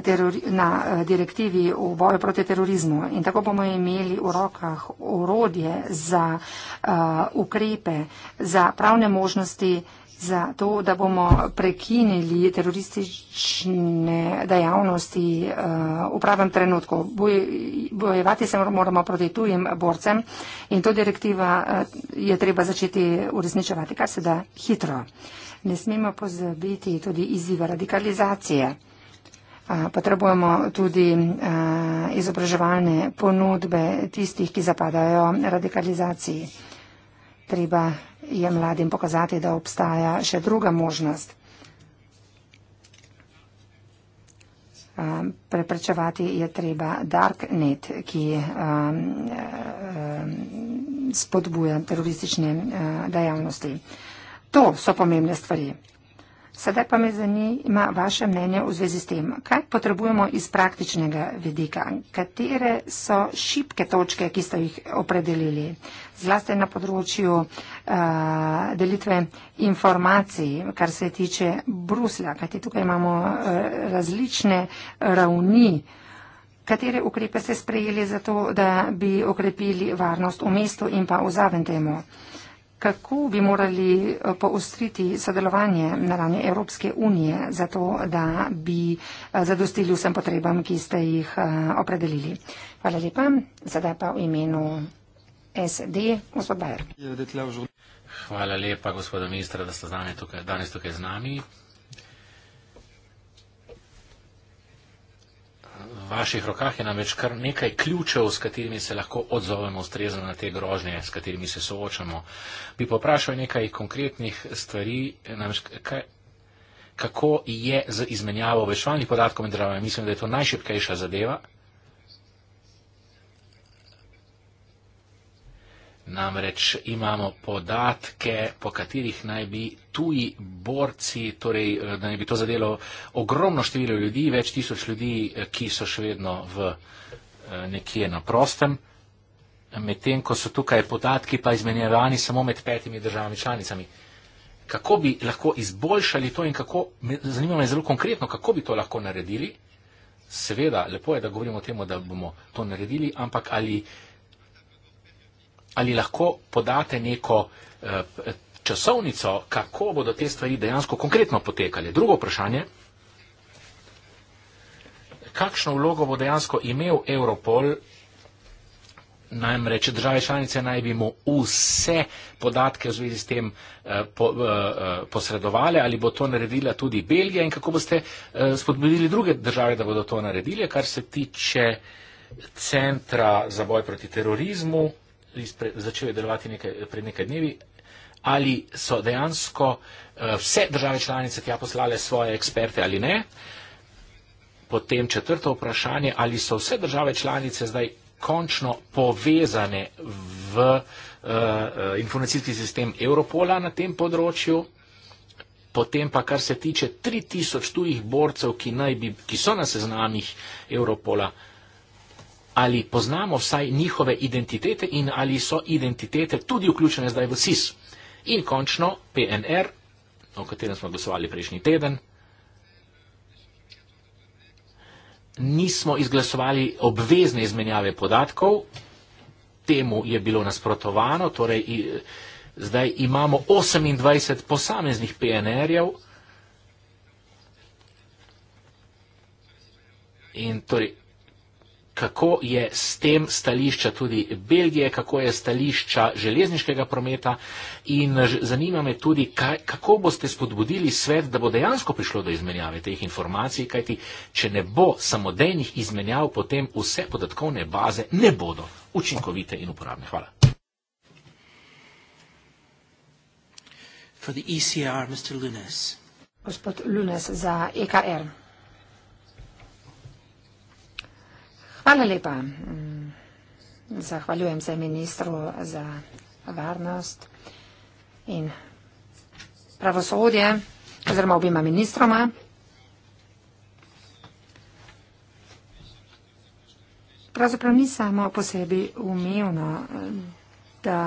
na eh, direktivi v boju proti terorizmu in tako bomo imeli v rokah urodje za uh, ukrepe, za pravne možnosti, za to, da bomo prekinili teroristične dejavnosti uh, v pravem trenutku. Boj, bojevati se moramo proti tujim borcem in to direktiva uh, je treba začeti uresničevati, kar se da hitro. Uh, ne smemo pozabiti tudi izziva radikalizacije. Potrebujemo tudi izobraževalne ponudbe tistih, ki zapadajo radikalizaciji. Treba je mladim pokazati, da obstaja še druga možnost. Preprečevati je treba darknet, ki spodbuja teroristične dejavnosti. To so pomembne stvari. Sedaj pa me zanima vaše mnenje v zvezi s tem, kaj potrebujemo iz praktičnega vidika, katere so šipke točke, ki ste jih opredelili, zlasti na področju uh, delitve informacij, kar se tiče Bruslja, kajti tukaj imamo uh, različne ravni. Katere ukrepe ste sprejeli za to, da bi okrepili varnost v mestu in pa v zavendemu? Uh, Kako bi morali eh, poostriti sodelovanje na ravni Evropske unije, zato da bi eh, zadostili vsem potrebam, ki ste jih eh, opredelili? Hvala lepa. Zdaj pa v imenu SD, gospod Bajer. Hvala lepa, gospod ministr, da ste danes tukaj z nami. vaših rokah je namreč kar nekaj ključev, s katerimi se lahko odzovemo ustrezno na te grožnje, s katerimi se soočamo. Bi poprašal nekaj konkretnih stvari, namreč kaj, kako je z izmenjavo obveščevalnih podatkov med državami. Mislim, da je to najšipkejša zadeva. Namreč imamo podatke, po katerih naj bi tuji borci, torej, eh, da ne bi to zadelo ogromno število ljudi, več tisoč ljudi, eh, ki so še vedno v, eh, nekje na prostem, medtem ko so tukaj podatki pa izmenjevani samo med petimi državami članicami. Kako bi lahko izboljšali to in kako, zanima me zelo konkretno, kako bi to lahko naredili? Seveda, lepo je, da govorimo o tem, da bomo to naredili, ampak ali, ali lahko podate neko časovnico, kako bodo te stvari dejansko konkretno potekali. Drugo vprašanje, kakšno vlogo bo dejansko imel Europol, namreč države članice naj bi mu vse podatke v zvezi s tem eh, po, eh, eh posredovali, ali bo to naredila tudi Belgija in kako boste eh, spodbudili druge države, da bodo to naredili, kar se tiče centra za boj proti terorizmu. Začel je delovati nekaj, pred nekaj dnevi ali so dejansko eh, vse države članice tja poslale svoje eksperte ali ne. Potem četrto vprašanje, ali so vse države članice zdaj končno povezane v uh, informacijski sistem Europola na tem področju. Potem pa, kar se tiče 3000 tujih borcev, ki, naj bi, ki so na seznamih Europola, ali poznamo vsaj njihove identitete in ali so identitete tudi vključene zdaj v SIS. In končno PNR, o katerem smo glasovali prejšnji teden. Nismo izglasovali obvezne izmenjave podatkov, temu je bilo nasprotovano, torej zdaj imamo 28 posameznih PNR-jev. In torej kako je s tem stališča tudi Belgije, kako je stališča železniškega prometa in zanima me tudi, kaj, kako boste spodbudili svet, da bo dejansko prišlo do izmenjave teh informacij, kajti če ne bo samodejnih izmenjav, potem vse podatkovne baze ne bodo učinkovite in uporabne. Hvala. E Gospod Lunes za EKR. Hvala lepa. Zahvaljujem se ministru za varnost in pravosodje, oziroma obima ministroma. Pravzaprav ni samo po sebi umevno, da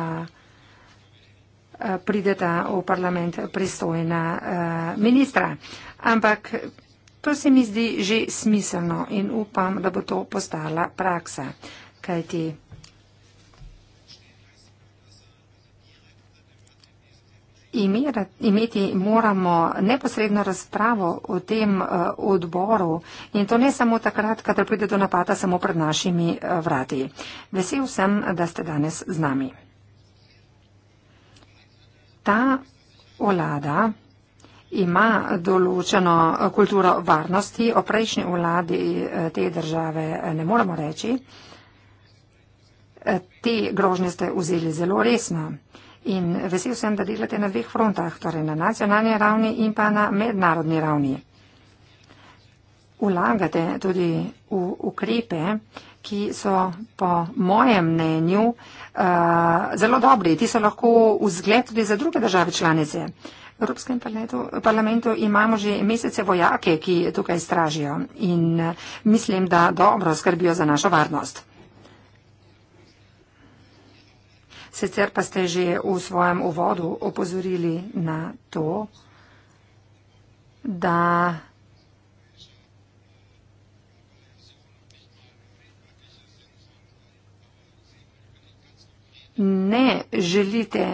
eh, prideta v parlament pristojna eh, ministra, ampak To se mi zdi že smiselno in upam, da bo to postala praksa. Kajti imeti moramo neposredno razpravo o tem eh, odboru in to ne samo takrat, kadar pride do napada samo pred našimi eh, vrati. Vesel sem, da ste danes z nami. Ta olada ima določeno kulturo varnosti, o prejšnji vladi eh, te države eh, ne moremo reči. Eh, te grožnje ste vzeli zelo resno in vesel sem, da delate na dveh frontah, torej na nacionalni ravni in pa na mednarodni ravni. Ulagate tudi v ukrepe, ki so po mojem mnenju uh, zelo dobri. Ti so lahko vzgled tudi za druge države članice. Evropskem parlamentu imamo že mesece vojake, ki tukaj stražijo in eh, mislim, da dobro skrbijo za našo varnost. Sicer pa ste že v svojem uvodu opozorili na to, da ne želite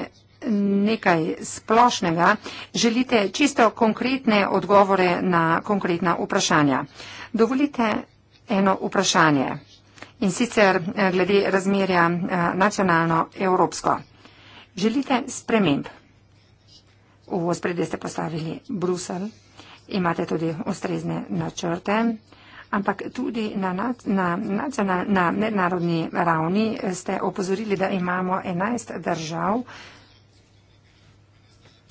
nekaj splošnega, želite čisto konkretne odgovore na konkretna vprašanja. Dovolite eno vprašanje in sicer eh, glede razmerja eh, nacionalno-evropsko. Želite sprememb? V ospredje ste postavili Brusel, imate tudi ustrezne načrte, ampak tudi na, na, na, na mednarodni ravni ste opozorili, da imamo 11 držav,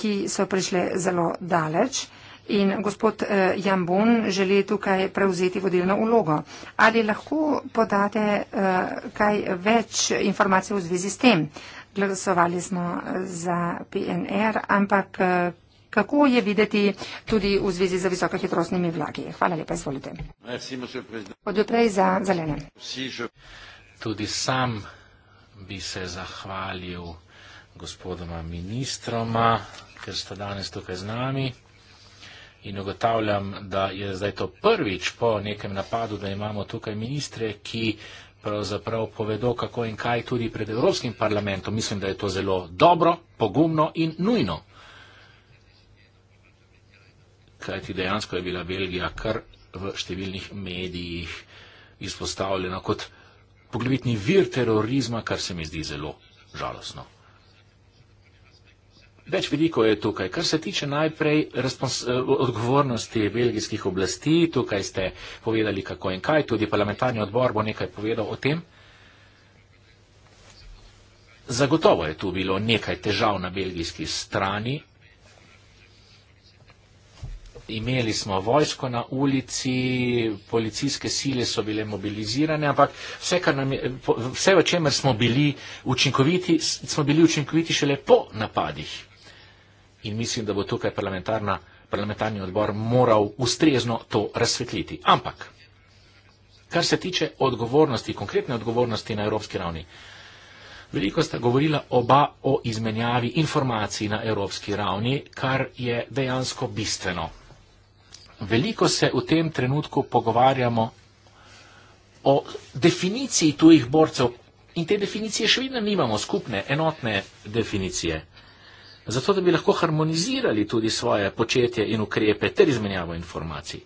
ki so prišle zelo daleč. In gospod eh, Jambon želi tukaj prevzeti vodilno ulogo. Ali lahko podate eh, kaj več informacij v zvezi s tem? Glasovali smo eh, za PNR, ampak kako je videti tudi v zvezi z visokohitrostnimi vlaki? Hvala lepa, izvolite. Odprej za zelene. Tudi sam bi se zahvalil gospodoma ministroma ker ste danes tukaj z nami. In ugotavljam, da je zdaj to prvič po nekem napadu, da imamo tukaj ministre, ki pravzaprav povedo, kako in kaj tudi pred Evropskim parlamentom. Mislim, da je to zelo dobro, pogumno in nujno. Kaj ti dejansko je bila Belgija kar v številnih medijih izpostavljena kot poglavitni vir terorizma, kar se mi zdi zelo žalostno. Več vidiko je tukaj. Kar se tiče najprej respons, eh, odgovornosti belgijskih oblasti, tukaj ste povedali kako in kaj, tudi parlamentarni odbor bo nekaj povedal o tem. Zagotovo je tu bilo nekaj težav na belgijski strani. Imeli smo vojsko na ulici, policijske sile so bile mobilizirane, ampak vse, je, vse v čemer smo bili učinkoviti, smo bili učinkoviti šele po napadih in mislim, da bo tukaj parlamentarni odbor moral ustrezno to razsvetliti. Ampak, kar se tiče odgovornosti, konkretne odgovornosti na evropski ravni, veliko sta govorila oba o izmenjavi informacij na evropski ravni, kar je dejansko bistveno. Veliko se v tem trenutku pogovarjamo o definiciji tujih borcev in te definicije še vedno nimamo, skupne, enotne definicije zato da bi lahko harmonizirali tudi svoje početje in ukrepe ter izmenjavo informacij.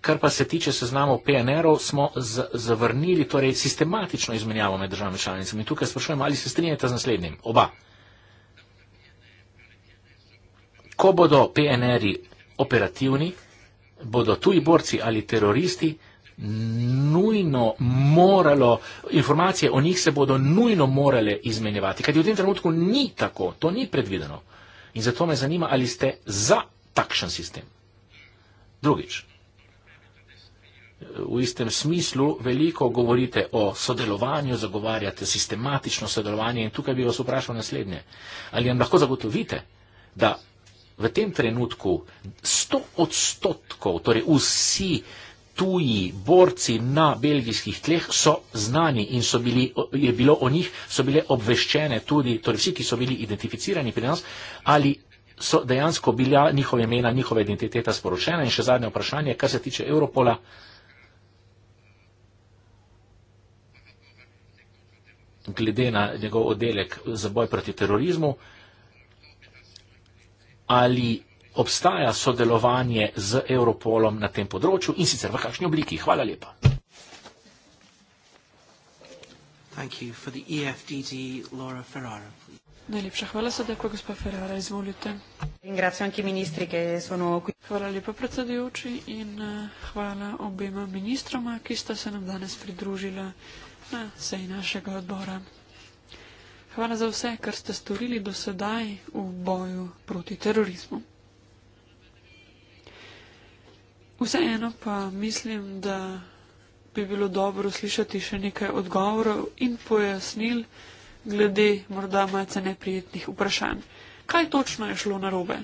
Kar pa se tiče seznamov PNR-ov, smo zavrnili torej sistematično izmenjavo med državami članicami. Tukaj sprašujemo, ali se strinjate z naslednjim? Oba. Ko bodo PNR-ji operativni, bodo tuji borci ali teroristi, nujno moralo, informacije o njih se bodo nujno morale izmenjevati, kajti v tem trenutku ni tako, to ni predvideno. In zato me zanima, ali ste za takšen sistem. Drugič, v istem smislu veliko govorite o sodelovanju, zagovarjate sistematično sodelovanje in tukaj bi vas vprašal naslednje. Ali nam lahko zagotovite, da v tem trenutku sto odstotkov, torej vsi, tuji borci na belgijskih tleh so znani in so bili, je bilo o njih, so bile obveščene tudi, torej vsi, ki so bili identificirani pri nas, ali so dejansko bila njihova imena, njihova identiteta sporočena. In še zadnje vprašanje, kar se tiče Europola. glede na njegov oddelek za boj proti terorizmu, ali obstaja sodelovanje z Europolom na tem področju in sicer v kakšni obliki. Hvala lepa. EFDD, e Ferrara, Najlepša hvala, sedaj pa gospod Ferrara, izvolite. Hvala lepa, predsedujoči, in eh, hvala obema ministroma, ki sta se nam danes pridružila na seji našega odbora. Hvala za vse, kar ste storili do sedaj v boju proti terorizmu. Vseeno pa mislim, da bi bilo dobro slišati še nekaj odgovorov in pojasnil glede morda malce neprijetnih vprašanj. Kaj točno je šlo narobe?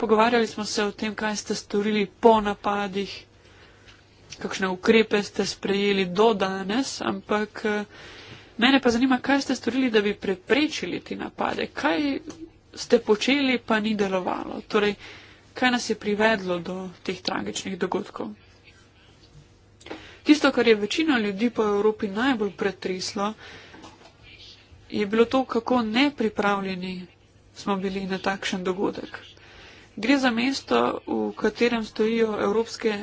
Pogovarjali smo se o tem, kaj ste storili po napadih, kakšne ukrepe ste sprejeli do danes, ampak eh, mene pa zanima, kaj ste storili, da bi preprečili ti napade. Kaj ste počeli, pa ni delovalo? Torej, kaj nas je privedlo do teh tragičnih dogodkov. Tisto, kar je večino ljudi po Evropi najbolj pretreslo, je bilo to, kako nepripravljeni smo bili na takšen dogodek. Gre za mesto, v katerem stojijo evropske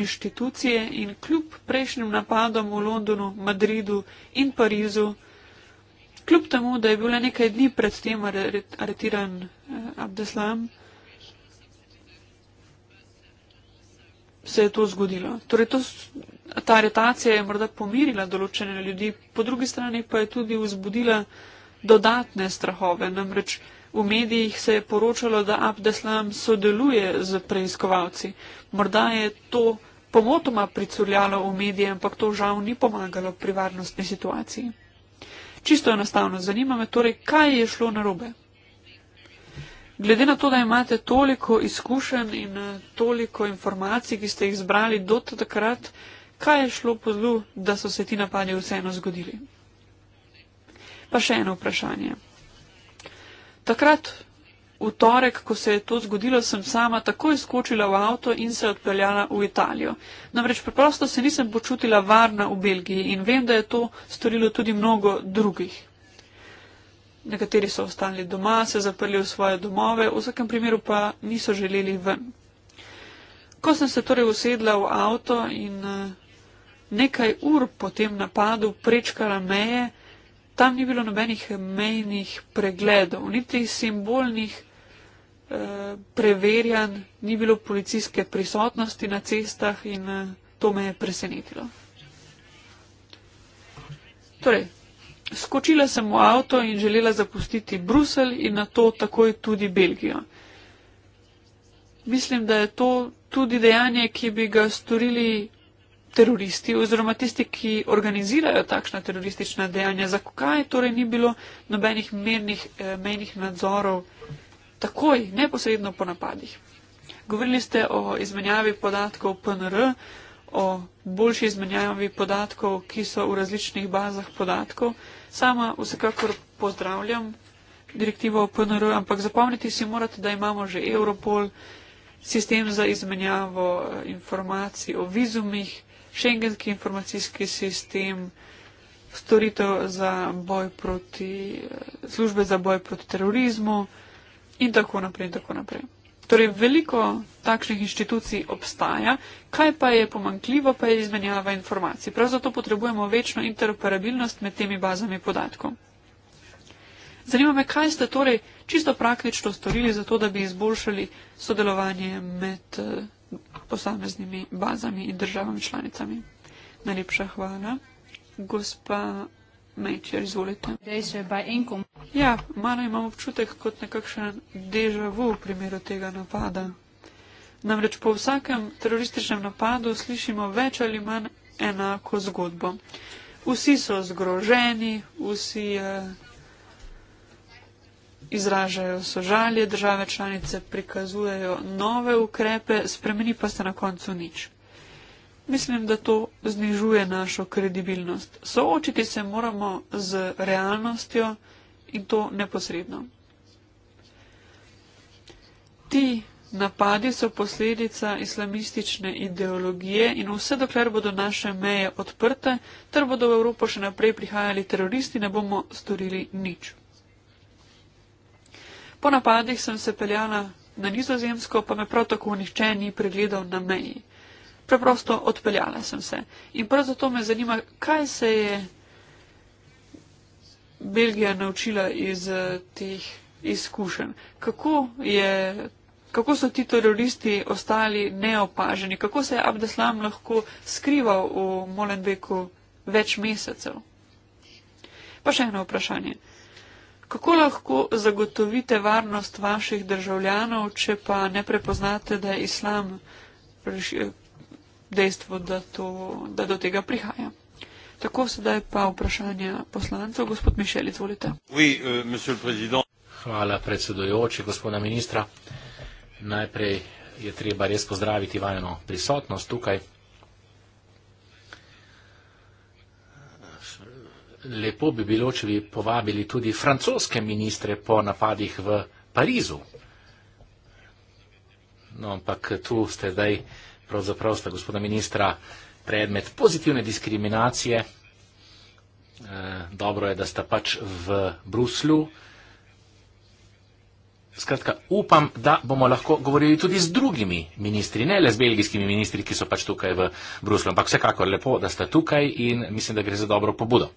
inštitucije in kljub prejšnjim napadom v Londonu, Madridu in Parizu, kljub temu, da je bilo nekaj dni pred tem aretiran eh, Abdeslam, se je to zgodilo. Torej, to, ta retacija je morda pomirila določene ljudi, po drugi strani pa je tudi vzbudila dodatne strahove. Namreč v medijih se je poročalo, da Abdeslam sodeluje z preiskovalci. Morda je to pomotoma pricurljalo v medije, ampak to žal ni pomagalo pri varnostni situaciji. Čisto enostavno, zanima me torej, kaj je šlo narobe. Glede na to, da imate toliko izkušenj in eh, toliko informacij, ki ste jih zbrali do takrat, kaj je šlo po zlu, da so se ti napadi vseeno zgodili? Pa še eno vprašanje. Takrat, v torek, ko se je to zgodilo, sem sama takoj skočila v avto in se odpeljala v Italijo. Namreč preprosto se nisem počutila varna v Belgiji in vem, da je to storilo tudi mnogo drugih nekateri so ostali doma, se zaprli v svoje domove, v vsakem primeru pa niso želeli ven. Ko sem se torej usedla v avto in eh, nekaj ur po tem napadu prečkala meje, tam ni bilo nobenih mejnih pregledov, niti simbolnih eh, preverjanj, ni bilo policijske prisotnosti na cestah in eh, to me je presenetilo. Torej, Skočila sem v avto in želela zapustiti Bruselj in na to takoj tudi Belgijo. Mislim, da je to tudi dejanje, ki bi ga storili teroristi oziroma tisti, ki organizirajo takšna teroristična dejanja. Zakaj torej ni bilo nobenih mernih, eh, menjih nadzorov takoj, neposredno po napadih? Govorili ste o izmenjavi podatkov PNR, o boljši izmenjavi podatkov, ki so v različnih bazah podatkov. Sama vsekakor pozdravljam direktivo PNR, ampak zapomniti si morate, da imamo že Europol, sistem za izmenjavo eh, informacij o vizumih, šengenski informacijski sistem, storitev za boj proti, eh, službe za boj proti terorizmu in tako naprej in tako naprej. Torej, veliko takšnih inštitucij obstaja, kaj pa je pomankljivo, pa je izmenjava informacij. Prav zato potrebujemo večno interoperabilnost med temi bazami podatkov. Zanima me, kaj ste torej čisto praktično storili za to, da bi izboljšali sodelovanje med eh, posameznimi bazami in državami članicami. Najlepša hvala. Gospa Mejčer, izvolite. Dejstvo je pa enko. Ja, malo imam občutek kot nekakšen deja vu v primeru tega napada. Namreč po vsakem terorističnem napadu slišimo več ali manj enako zgodbo. Vsi so zgroženi, vsi eh, izražajo sožalje, države članice prikazujejo nove ukrepe, spremeni pa se na koncu nič. Mislim, da to znižuje našo kredibilnost. Soočiti se moramo z realnostjo in to neposredno. Ti napadi so posledica islamistične ideologije in vse dokler bodo naše meje odprte, ter bodo v Evropo še naprej prihajali teroristi, ne bomo storili nič. Po napadih sem se peljala na nizozemsko, pa me prav tako nihče ni pregledal na meji preprosto odpeljala sem se. In prav zato me zanima, kaj se je Belgija naučila iz eh, teh izkušenj. Kako, je, kako so ti teroristi ostali neopaženi? Kako se je Abdeslam lahko skrival v Molenbeku več mesecev? Pa še eno vprašanje. Kako lahko zagotovite varnost vaših državljanov, če pa ne prepoznate, da je islam dejstvo, da, to, da do tega prihaja. Tako sedaj pa vprašanje poslancev, gospod Mišel, izvolite. Euh, Hvala predsedojoči, gospoda ministra. Najprej je treba res pozdraviti vajeno prisotnost tukaj. Lepo bi bilo, če bi povabili tudi francoske ministre po napadih v Parizu. No, ampak tu ste zdaj. Daj pravzaprav sta gospoda ministra predmet pozitivne diskriminacije. Eh, dobro je, da sta pač v Bruslju. Skratka, upam, da bomo lahko govorili tudi z drugimi ministri, ne le z belgijskimi ministri, ki so pač tukaj v Bruslju, ampak vsekakor lepo, da sta tukaj in mislim, da gre za dobro pobudo.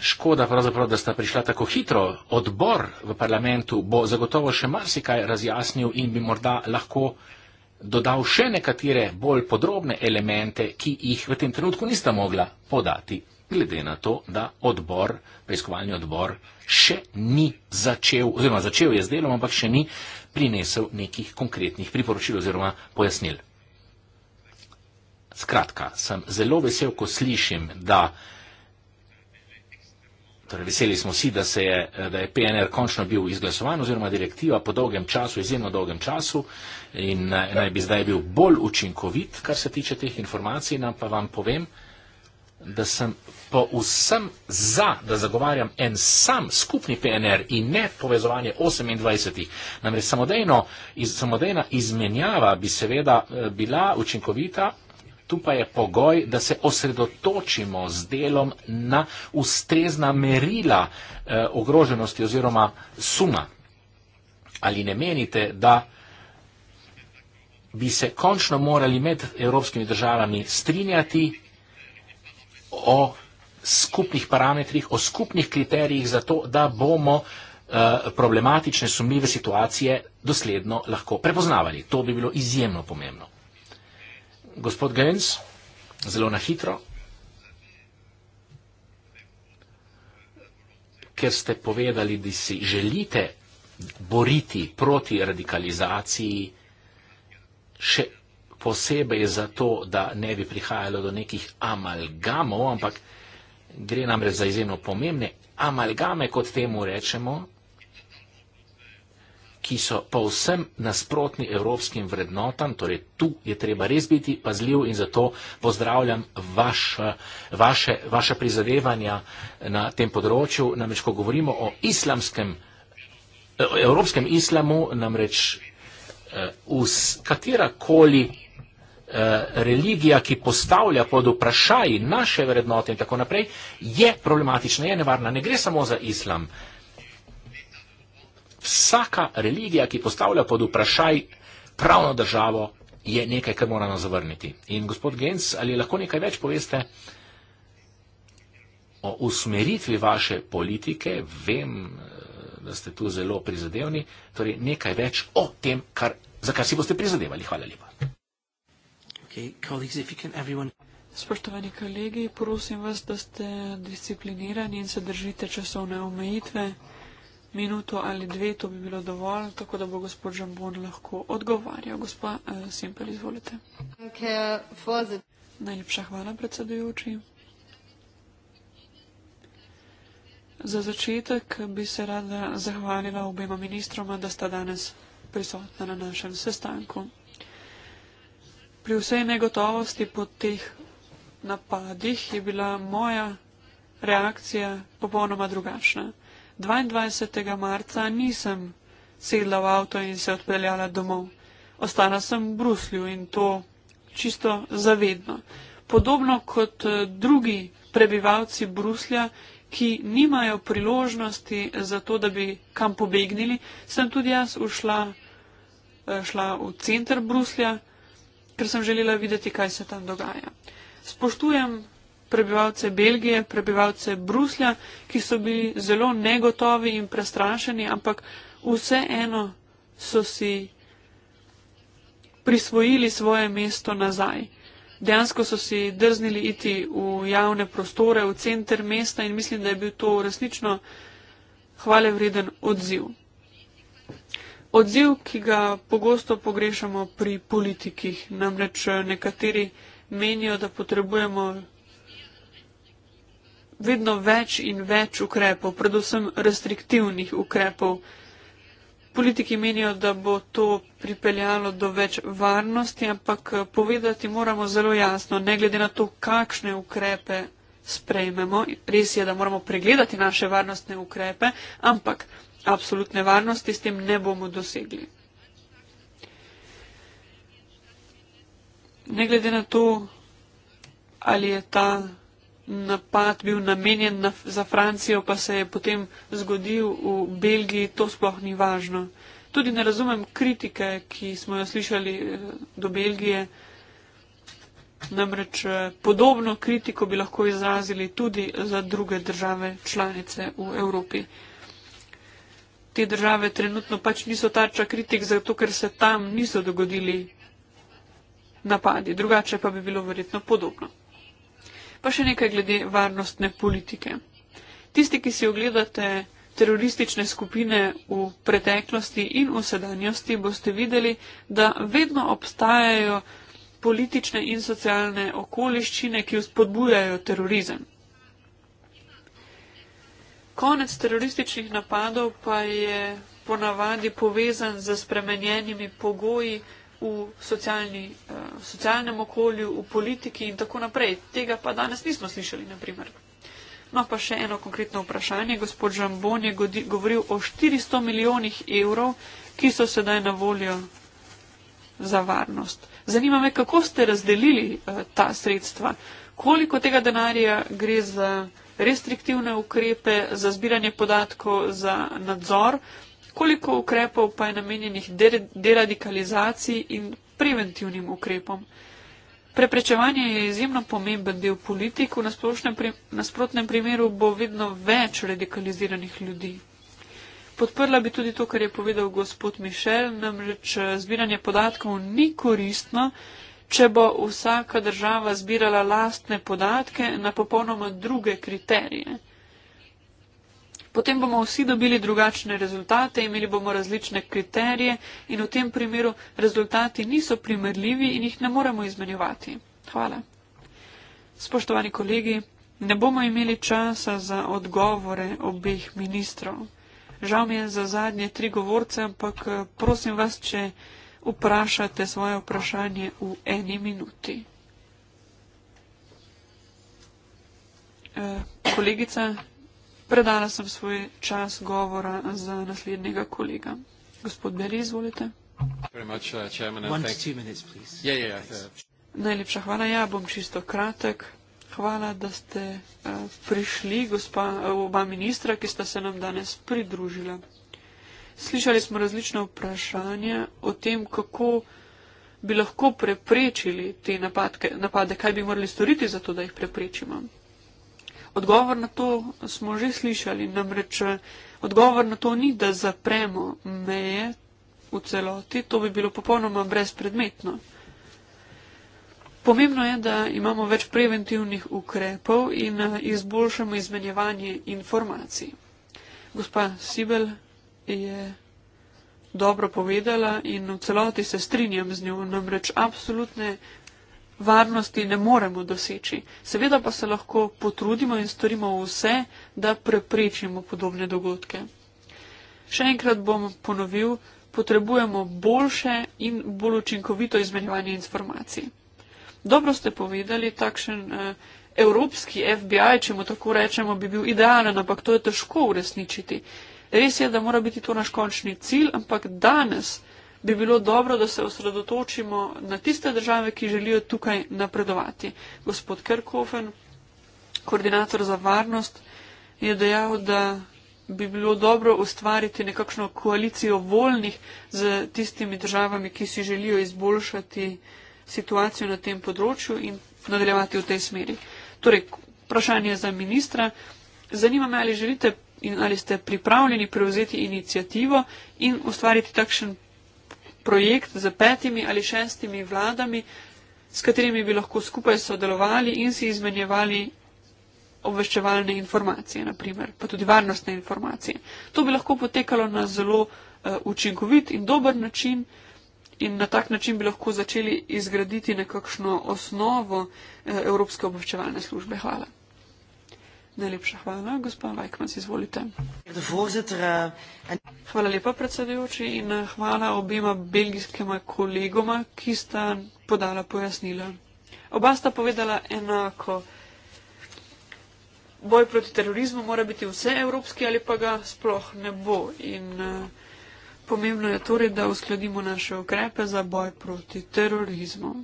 Škoda pravzaprav, da sta prišla tako hitro. Odbor v parlamentu bo zagotovo še marsikaj razjasnil in bi morda lahko dodal še nekatere bolj podrobne elemente, ki jih v tem trenutku nista mogla podati, glede na to, da odbor, preiskovalni odbor, še ni začel, oziroma začel je z delom, ampak še ni prinesel nekih konkretnih priporočil oziroma pojasnil. Skratka, sem zelo vesel, ko slišim, da Torej, veseli smo vsi, da, je, da je PNR končno bil izglasovan oziroma direktiva po dolgem času, izjemno dolgem času in eh, naj bi zdaj bil bolj učinkovit, kar se tiče teh informacij. Nam pa vam povem, da sem po vsem za, da zagovarjam en sam skupni PNR in ne povezovanje 28. Namreč samodejna izmenjava bi seveda eh, bila učinkovita tu pa je pogoj, da se osredotočimo z delom na ustrezna merila eh, ogroženosti oziroma suma. Ali ne menite, da bi se končno morali med evropskimi državami strinjati o skupnih parametrih, o skupnih kriterijih za to, da bomo eh, problematične, sumljive situacije dosledno lahko prepoznavali. To bi bilo izjemno pomembno. Gospod Gens, zelo na hitro, ker ste povedali, da si želite boriti proti radikalizaciji, še posebej zato, da ne bi prihajalo do nekih amalgamov, ampak gre namreč za izjemno pomembne amalgame, kot temu rečemo, ki so povsem nasprotni evropskim vrednotam. Torej, tu je treba res biti pazljiv in zato pozdravljam vaš, vaše, vaše prizadevanja na tem področju. Namreč, ko govorimo o islamskem, evropskem islamu, namreč eh, vs, katerakoli eh, religija, ki postavlja pod vprašaj naše vrednote in tako naprej, je problematična, je nevarna. Ne gre samo za islam vsaka religija, ki postavlja pod vprašaj pravno državo, je nekaj, kar moramo zavrniti. In gospod Genc, ali lahko nekaj več poveste o usmeritvi vaše politike? Vem, eh, da ste tu zelo prizadevni, torej nekaj več o tem, kar, za kar si boste prizadevali. Hvala lepa. Okay, Spoštovani kolegi, prosim vas, da ste disciplinirani in se držite časovne omejitve minuto ali dve, to bi bilo dovolj, tako da bo gospod Žambon lahko odgovarjal. Gospa eh, Simpel, izvolite. The... Najlepša hvala, predsedujoči. Za začetek bi se rada zahvalila obema ministroma, da sta danes prisotna na našem sestanku. Pri vsej negotovosti po teh napadih je bila moja reakcija popolnoma drugačna. 22. marca nisem sedla v avto in se odpeljala domov. Ostala sem v Bruslju in to čisto zavedno. Podobno kot eh, drugi prebivalci Bruslja, ki nimajo priložnosti za to, da bi kam pobegnili, sem tudi jaz ušla, eh, šla v center Bruslja, ker sem želela videti, kaj se tam dogaja. Spoštujem prebivalce Belgije, prebivalce Bruslja, ki so bili zelo negotovi in prestrašeni, ampak vseeno so si prisvojili svoje mesto nazaj. Dejansko so si drznili iti v javne prostore, v center mesta in mislim, da je bil to resnično hvale vreden odziv. Odziv, ki ga pogosto pogrešamo pri politikih, namreč eh, nekateri menijo, da potrebujemo vedno več in več ukrepov, predvsem restriktivnih ukrepov. Politiki menijo, da bo to pripeljalo do več varnosti, ampak eh, povedati moramo zelo jasno, ne glede na to, kakšne ukrepe sprejmemo. Res je, da moramo pregledati naše varnostne ukrepe, ampak absolutne varnosti s tem ne bomo dosegli. Ne glede na to, ali je ta napad bil namenjen na, za Francijo, pa se je potem zgodil v Belgiji, to sploh ni važno. Tudi ne razumem kritike, ki smo jo slišali eh, do Belgije. Namreč eh, podobno kritiko bi lahko izrazili tudi za druge države članice v Evropi. Te države trenutno pač niso tarča kritik, zato ker se tam niso dogodili napadi. Drugače pa bi bilo verjetno podobno pa še nekaj glede varnostne politike. Tisti, ki si ogledate teroristične skupine v preteklosti in v sedanjosti, boste videli, da vedno obstajajo politične in socialne okoliščine, ki vzpodbujajo terorizem. Konec terorističnih napadov pa je ponavadi povezan z spremenjenimi pogoji v socialni, uh, socialnem okolju, v politiki in tako naprej. Tega pa danes nismo slišali, naprimer. No, pa še eno konkretno vprašanje. Gospod Žambon je govoril o 400 milijonih evrov, ki so sedaj na voljo za varnost. Zanima me, kako ste razdelili uh, ta sredstva. Koliko tega denarja gre za restriktivne ukrepe, za zbiranje podatkov, za nadzor? Koliko ukrepov pa je namenjenih deradikalizaciji in preventivnim ukrepom? Preprečevanje je izjemno pomemben del politik, v nasprotnem primeru bo vedno več radikaliziranih ljudi. Podprla bi tudi to, kar je povedal gospod Mišel, namreč eh, zbiranje podatkov ni koristno, če bo vsaka država zbirala lastne podatke na popolnoma druge kriterije. Potem bomo vsi dobili drugačne rezultate, imeli bomo različne kriterije in v tem primeru rezultati niso primerljivi in jih ne moremo izmenjevati. Hvala. Spoštovani kolegi, ne bomo imeli časa za odgovore obeh ministrov. Žal mi je za zadnje tri govorce, ampak eh, prosim vas, če vprašate svoje vprašanje v eni minuti. Eh, kolegica, Predala sem svoj čas govora za naslednjega kolega. Gospod Beri, izvolite. Uh, uh, Najlepša hvala. Ja, bom čisto kratek. Hvala, da ste uh, prišli, gospa, oba ministra, ki sta se nam danes pridružila. Slišali smo različne vprašanja o tem, kako bi lahko preprečili te napadke, napade, kaj bi morali storiti za to, da jih preprečimo. Odgovor na to smo že slišali, namreč eh, odgovor na to ni, da zapremo meje v celoti, to bi bilo popolnoma brezpredmetno. Pomembno je, da imamo več preventivnih ukrepov in eh, izboljšamo izmenjevanje informacij. Gospa Sibel je dobro povedala in v celoti se strinjam z njo, namreč absolutne varnosti ne moremo doseči. Seveda pa se lahko potrudimo in storimo vse, da preprečimo podobne dogodke. Še enkrat bom ponovil, potrebujemo boljše in bolj učinkovito izmenjevanje informacij. Dobro ste povedali, takšen eh, evropski FBI, če mu tako rečemo, bi bil idealen, ampak to je težko uresničiti. Res je, da mora biti to naš končni cilj, ampak danes bi bilo dobro, da se osredotočimo na tiste države, ki želijo tukaj napredovati. Gospod Kerkhofen, koordinator za varnost, je dejal, da bi bilo dobro ustvariti nekakšno koalicijo voljnih z tistimi državami, ki si želijo izboljšati situacijo na tem področju in nadaljevati v tej smeri. Torej, vprašanje za ministra. Zanima me, ali želite in ali ste pripravljeni prevzeti inicijativo in ustvariti takšen projekt z petimi ali šestimi vladami, s katerimi bi lahko skupaj sodelovali in si izmenjevali obveščevalne informacije, naprimer, pa tudi varnostne informacije. To bi lahko potekalo na zelo eh, učinkovit in dober način in na tak način bi lahko začeli izgraditi nekakšno osnovo eh, Evropske obveščevalne službe. Hvala. Najlepša hvala. Gospod Vajkmas, izvolite. Eh, hvala lepa, predsedujoči, in eh, hvala obima belgijskima kolegoma, ki sta podala pojasnila. Oba sta povedala enako. Boj proti terorizmu mora biti vse evropski ali pa ga sploh ne bo. In eh, pomembno je torej, da uskladimo naše ukrepe za boj proti terorizmu.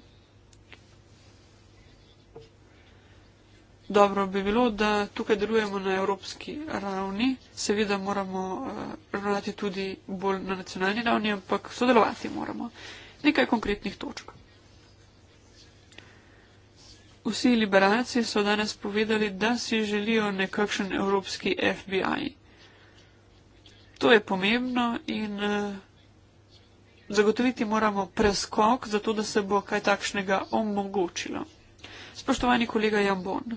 Dobro bi bilo, da tukaj delujemo na evropski ravni. Seveda moramo eh, ravnati tudi bolj na nacionalni ravni, ampak sodelovati moramo. Nekaj konkretnih točk. Vsi liberalci so danes povedali, da si želijo nekakšen evropski FBI. To je pomembno in eh, zagotoviti moramo preskok, zato da se bo kaj takšnega omogočilo. Spoštovani kolega Jambon,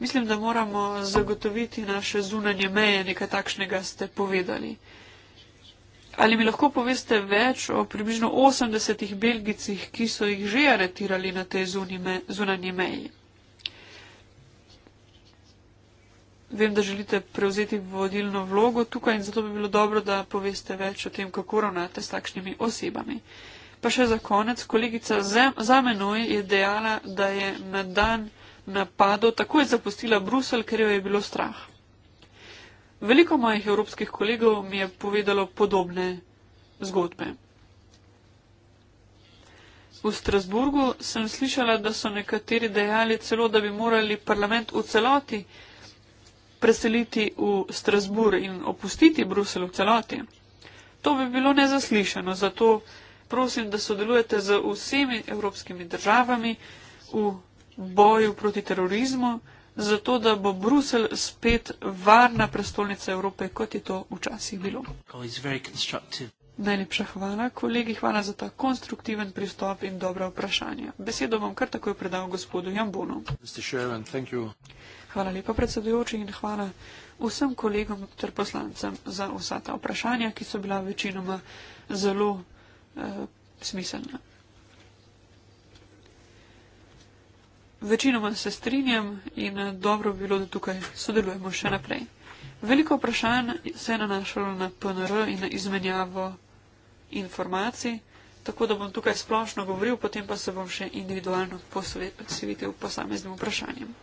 Mislim, da moramo zagotoviti naše zunanje meje, nekaj takšnega ste povedali. Ali mi lahko poveste več o približno 80 belgicih, ki so jih že aretirali na tej zunanji meji? Vem, da želite prevzeti vodilno vlogo tukaj in zato bi bilo dobro, da poveste več o tem, kako ravnate s takšnimi osebami. Pa še za konec, kolegica Zem, za menoj je dejala, da je na dan napadov takoj zapustila Bruselj, ker jo je bilo strah. Veliko mojih evropskih kolegov mi je povedalo podobne zgodbe. V Strasburgu sem slišala, da so nekateri dejali celo, da bi morali parlament v celoti preseliti v Strasburg in opustiti Bruselj v celoti. To bi bilo nezaslišano, zato prosim, da sodelujete z vsemi evropskimi državami v v boju proti terorizmu, zato da bo Brusel spet varna prestolnica Evrope, kot je to včasih bilo. Najlepša hvala, kolegi, hvala za ta konstruktiven pristop in dobra vprašanja. Besedo bom kar takoj predal gospodu Jambonu. Hvala lepa predsedujoči in hvala vsem kolegom ter poslancem za vsa ta vprašanja, ki so bila večinoma zelo eh, smiselna. Večinoma se strinjam in eh, dobro bi bilo, da tukaj sodelujemo še naprej. Veliko vprašanj se je nanašalo na PNR in na izmenjavo informacij, tako da bom tukaj splošno govoril, potem pa se bom še individualno posvetil posameznim vprašanjem.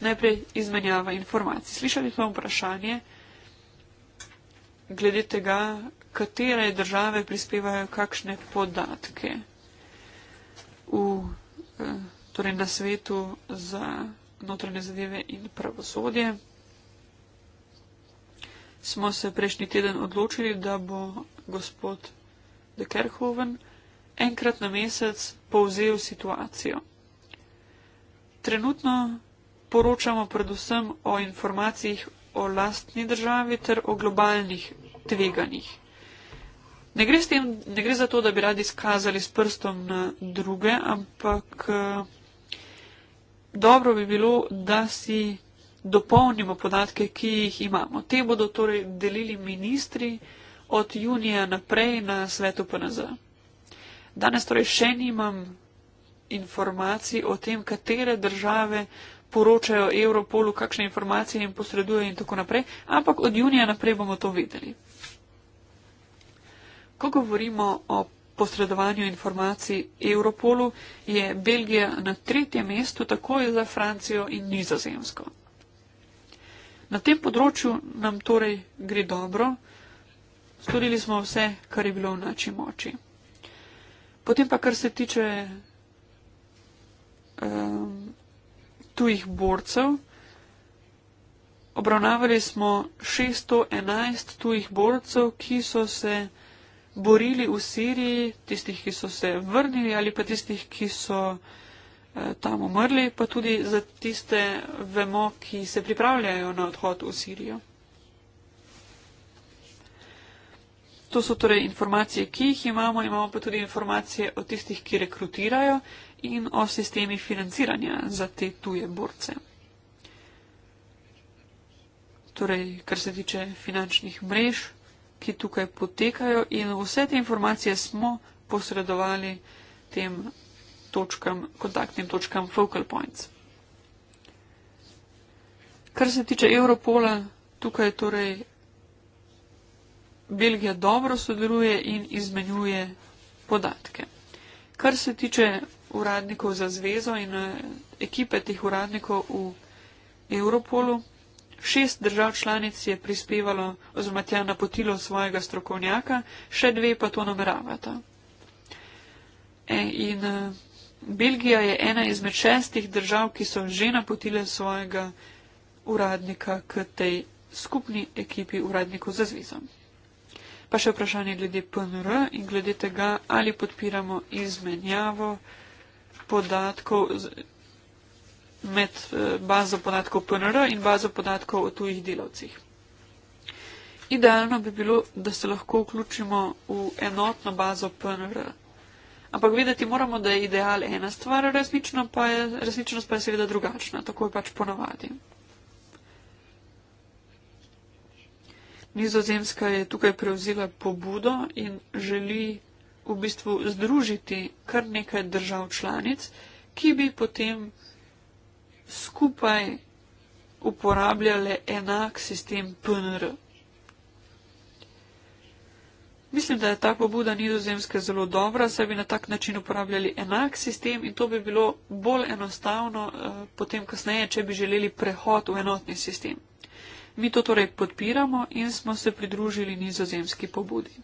Najprej izmenjava informacij. Slišali smo vprašanje glede tega, katere države prispevajo kakšne podatke v. Eh, torej na svetu za notranje zadeve in pravosodje. Smo se prejšnji teden odločili, da bo gospod De Kerhoven enkrat na mesec povzel situacijo. Trenutno poročamo predvsem o informacijah o lastni državi ter o globalnih tveganjih. Ne gre, tem, ne gre za to, da bi radi skazali s prstom na druge, ampak eh, dobro bi bilo, da si dopolnimo podatke, ki jih imamo. Te bodo torej delili ministri od junija naprej na svetu PNZ. Danes torej še nimam informacij o tem, katere države poročajo Evropolu, kakšne informacije jim posredujejo in tako naprej, ampak od junija naprej bomo to vedeli. Ko govorimo o posredovanju informacij Europolu je Belgija na tretjem mestu, takoj za Francijo in Nizozemsko. Na tem področju nam torej gre dobro, storili smo vse, kar je bilo v naši moči. Potem pa, kar se tiče um, tujih borcev, obravnavali smo 611 tujih borcev, ki so se borili v Siriji, tistih, ki so se vrnili ali pa tistih, ki so eh, tam umrli, pa tudi za tiste, vemo, ki se pripravljajo na odhod v Sirijo. To so torej informacije, ki jih imamo, imamo pa tudi informacije o tistih, ki rekrutirajo in o sistemi financiranja za te tuje borce. Torej, kar se tiče finančnih mrež, ki tukaj potekajo in vse te informacije smo posredovali tem točkam, kontaktnim točkam Focal Points. Kar se tiče Evropola, tukaj torej Belgija dobro sodeluje in izmenjuje podatke. Kar se tiče uradnikov za zvezo in eh, ekipe teh uradnikov v Evropolu, Šest držav članic je prispevalo oziroma tja napotilo svojega strokovnjaka, še dve pa to nameravata. E, in uh, Belgija je ena izmed šestih držav, ki so že napotile svojega uradnika k tej skupni ekipi uradnikov za zvezo. Pa še vprašanje glede PNR in glede tega, ali podpiramo izmenjavo podatkov, med eh, bazo podatkov PNR in bazo podatkov o tujih delavcih. Idealno bi bilo, da se lahko vključimo v enotno bazo PNR. Ampak vedeti moramo, da je ideal ena stvar, pa je, resničnost pa je seveda drugačna, tako je pač ponavadi. Nizozemska je tukaj prevzela pobudo in želi v bistvu združiti kar nekaj držav članic, ki bi potem skupaj uporabljale enak sistem PNR. Mislim, da je ta pobuda nizozemske zelo dobra, saj bi na tak način uporabljali enak sistem in to bi bilo bolj enostavno eh, potem kasneje, če bi želeli prehod v enotni sistem. Mi to torej podpiramo in smo se pridružili nizozemski pobudi.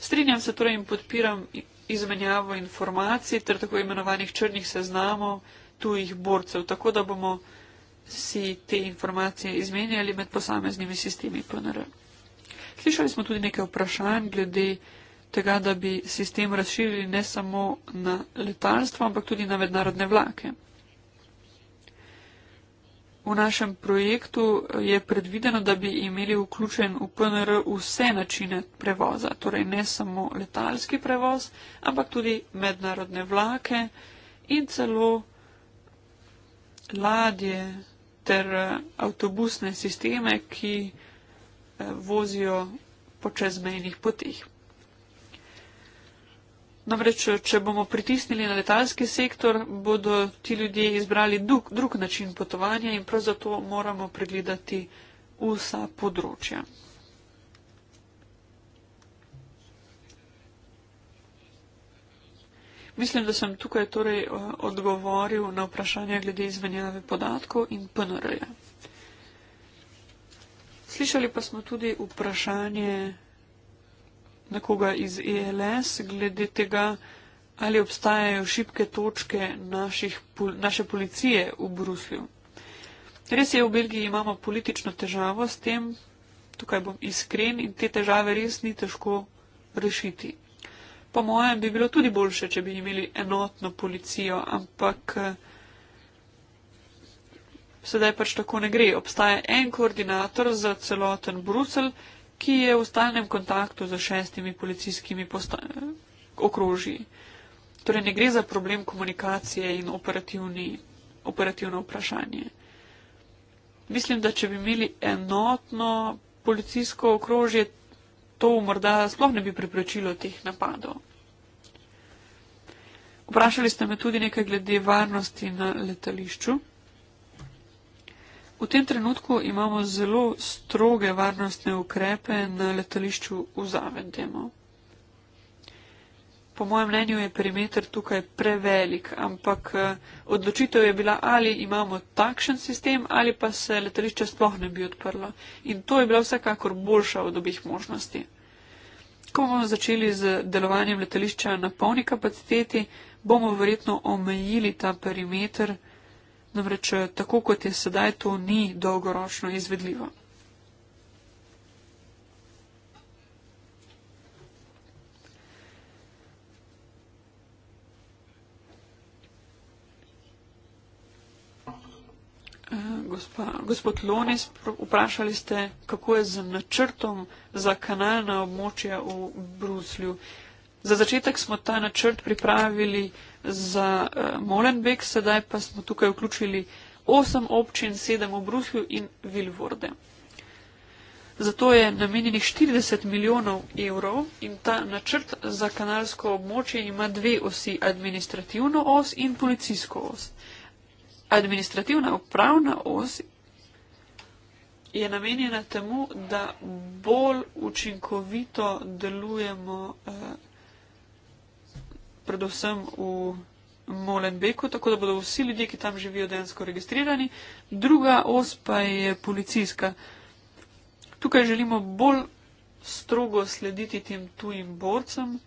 Strinjam se torej in podpiram izmenjavo informacij ter tako imenovanih črnih seznamov, tujih borcev, tako da bomo si te informacije izmenjali med posameznimi sistemi PNR. Slišali smo tudi nekaj vprašanj glede tega, da bi sistem razširili ne samo na letalstvo, ampak tudi na mednarodne vlake. V našem projektu je predvideno, da bi imeli vključen v PNR vse načine prevoza, torej ne samo letalski prevoz, ampak tudi mednarodne vlake in celo ladje ter eh, avtobusne sisteme, ki eh, vozijo po čezmejnih poteh. Namreč, eh, če bomo pritisnili na letalski sektor, bodo ti ljudje izbrali drug, drug način potovanja in prav zato moramo pregledati vsa področja. Mislim, da sem tukaj torej eh, odgovoril na vprašanje glede izmenjave podatkov in PNR-ja. Slišali pa smo tudi vprašanje nekoga iz ELS glede tega, ali obstajajo šibke točke naših, naše policije v Bruslju. Res je, v Belgiji imamo politično težavo s tem, tukaj bom iskren in te težave res ni težko rešiti. Po mojem bi bilo tudi boljše, če bi imeli enotno policijo, ampak eh, sedaj pač tako ne gre. Obstaja en koordinator za celoten Brusel, ki je v stalnem kontaktu z šestimi policijskimi eh, okrožji. Torej ne gre za problem komunikacije in operativno vprašanje. Mislim, da če bi imeli enotno policijsko okrožje, to morda sploh ne bi preprečilo teh napadov. Vprašali ste me tudi nekaj glede varnosti na letališču. V tem trenutku imamo zelo stroge varnostne ukrepe na letališču v Zavendemu po mojem mnenju je perimeter tukaj prevelik, ampak eh, odločitev je bila ali imamo takšen sistem ali pa se letališče sploh ne bi odprlo. In to je bila vsekakor boljša od obih možnosti. Ko bomo začeli z delovanjem letališča na polni kapaciteti, bomo verjetno omejili ta perimeter, namreč eh, tako kot je sedaj, to ni dolgoročno izvedljivo. gospa, gospod Lonis, vprašali ste, kako je z načrtom za kanalna območja v Bruslju. Za začetek smo ta načrt pripravili za uh, Molenbeek, sedaj pa smo tukaj vključili osem občin, sedem v Bruslju in Vilvorde. Zato je namenjenih 40 milijonov evrov in ta načrt za kanalsko območje ima dve osi, administrativno os in policijsko os administrativna upravna os je namenjena temu, da bolj učinkovito delujemo eh, predvsem v Molenbeku, tako da bodo vsi ljudje, ki tam živijo, dejansko registrirani. Druga os pa je policijska. Tukaj želimo bolj strogo slediti tem tujim borcem,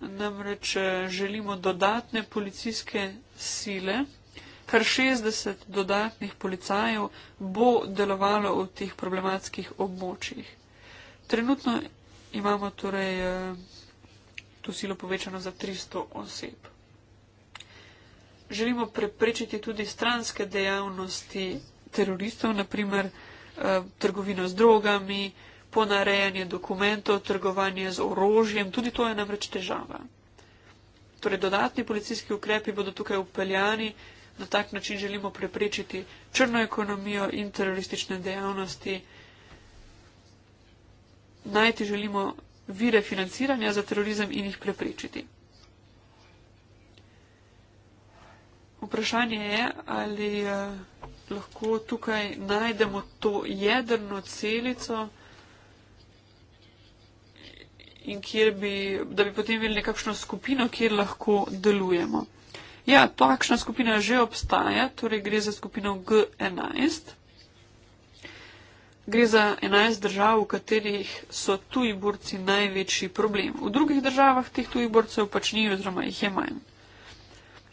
namreč eh, želimo dodatne policijske sile kar 60 dodatnih policajev bo delovalo v teh problematskih območjih. Trenutno imamo torej eh, to silo povečano za 300 oseb. Želimo preprečiti tudi stranske dejavnosti teroristov, naprimer eh, trgovino z drogami, ponarejanje dokumentov, trgovanje z orožjem, tudi to je namreč težava. Torej, dodatni policijski ukrepi bodo tukaj upeljani, na tak način želimo preprečiti črno ekonomijo in teroristične dejavnosti. Najti želimo vire financiranja za terorizem in jih preprečiti. Vprašanje je, ali eh, lahko tukaj najdemo to jedrno celico in kjer bi, da bi potem imeli nekakšno skupino, kjer lahko delujemo. Ja, takšna skupina že obstaja, torej gre za skupino G11. Gre za 11 držav, v katerih so tuji borci največji problem. V drugih državah teh tuji borcev pač ni oziroma jih je manj.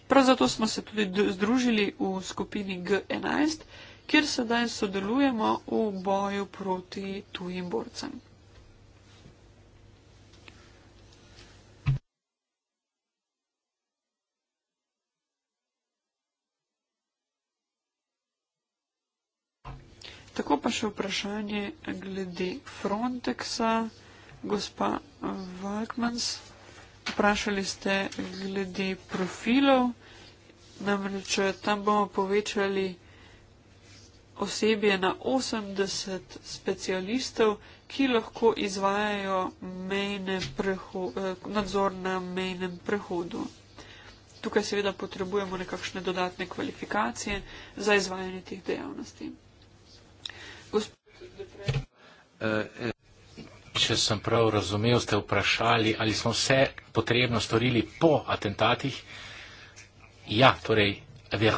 Prav zato smo se tudi združili v skupini G11, kjer sedaj sodelujemo v boju proti tujim borcem. Tako pa še vprašanje glede Frontexa, gospa Valkmans. Vprašali ste glede profilov, namreč eh, tam bomo povečali osebje na 80 specialistov, ki lahko izvajajo eh, nadzor na mejnem prehodu. Tukaj seveda potrebujemo nekakšne dodatne kvalifikacije za izvajanje teh dejavnosti. Če sem prav razumel, ste vprašali, ali smo vse potrebno storili po atentatih. Ja, torej,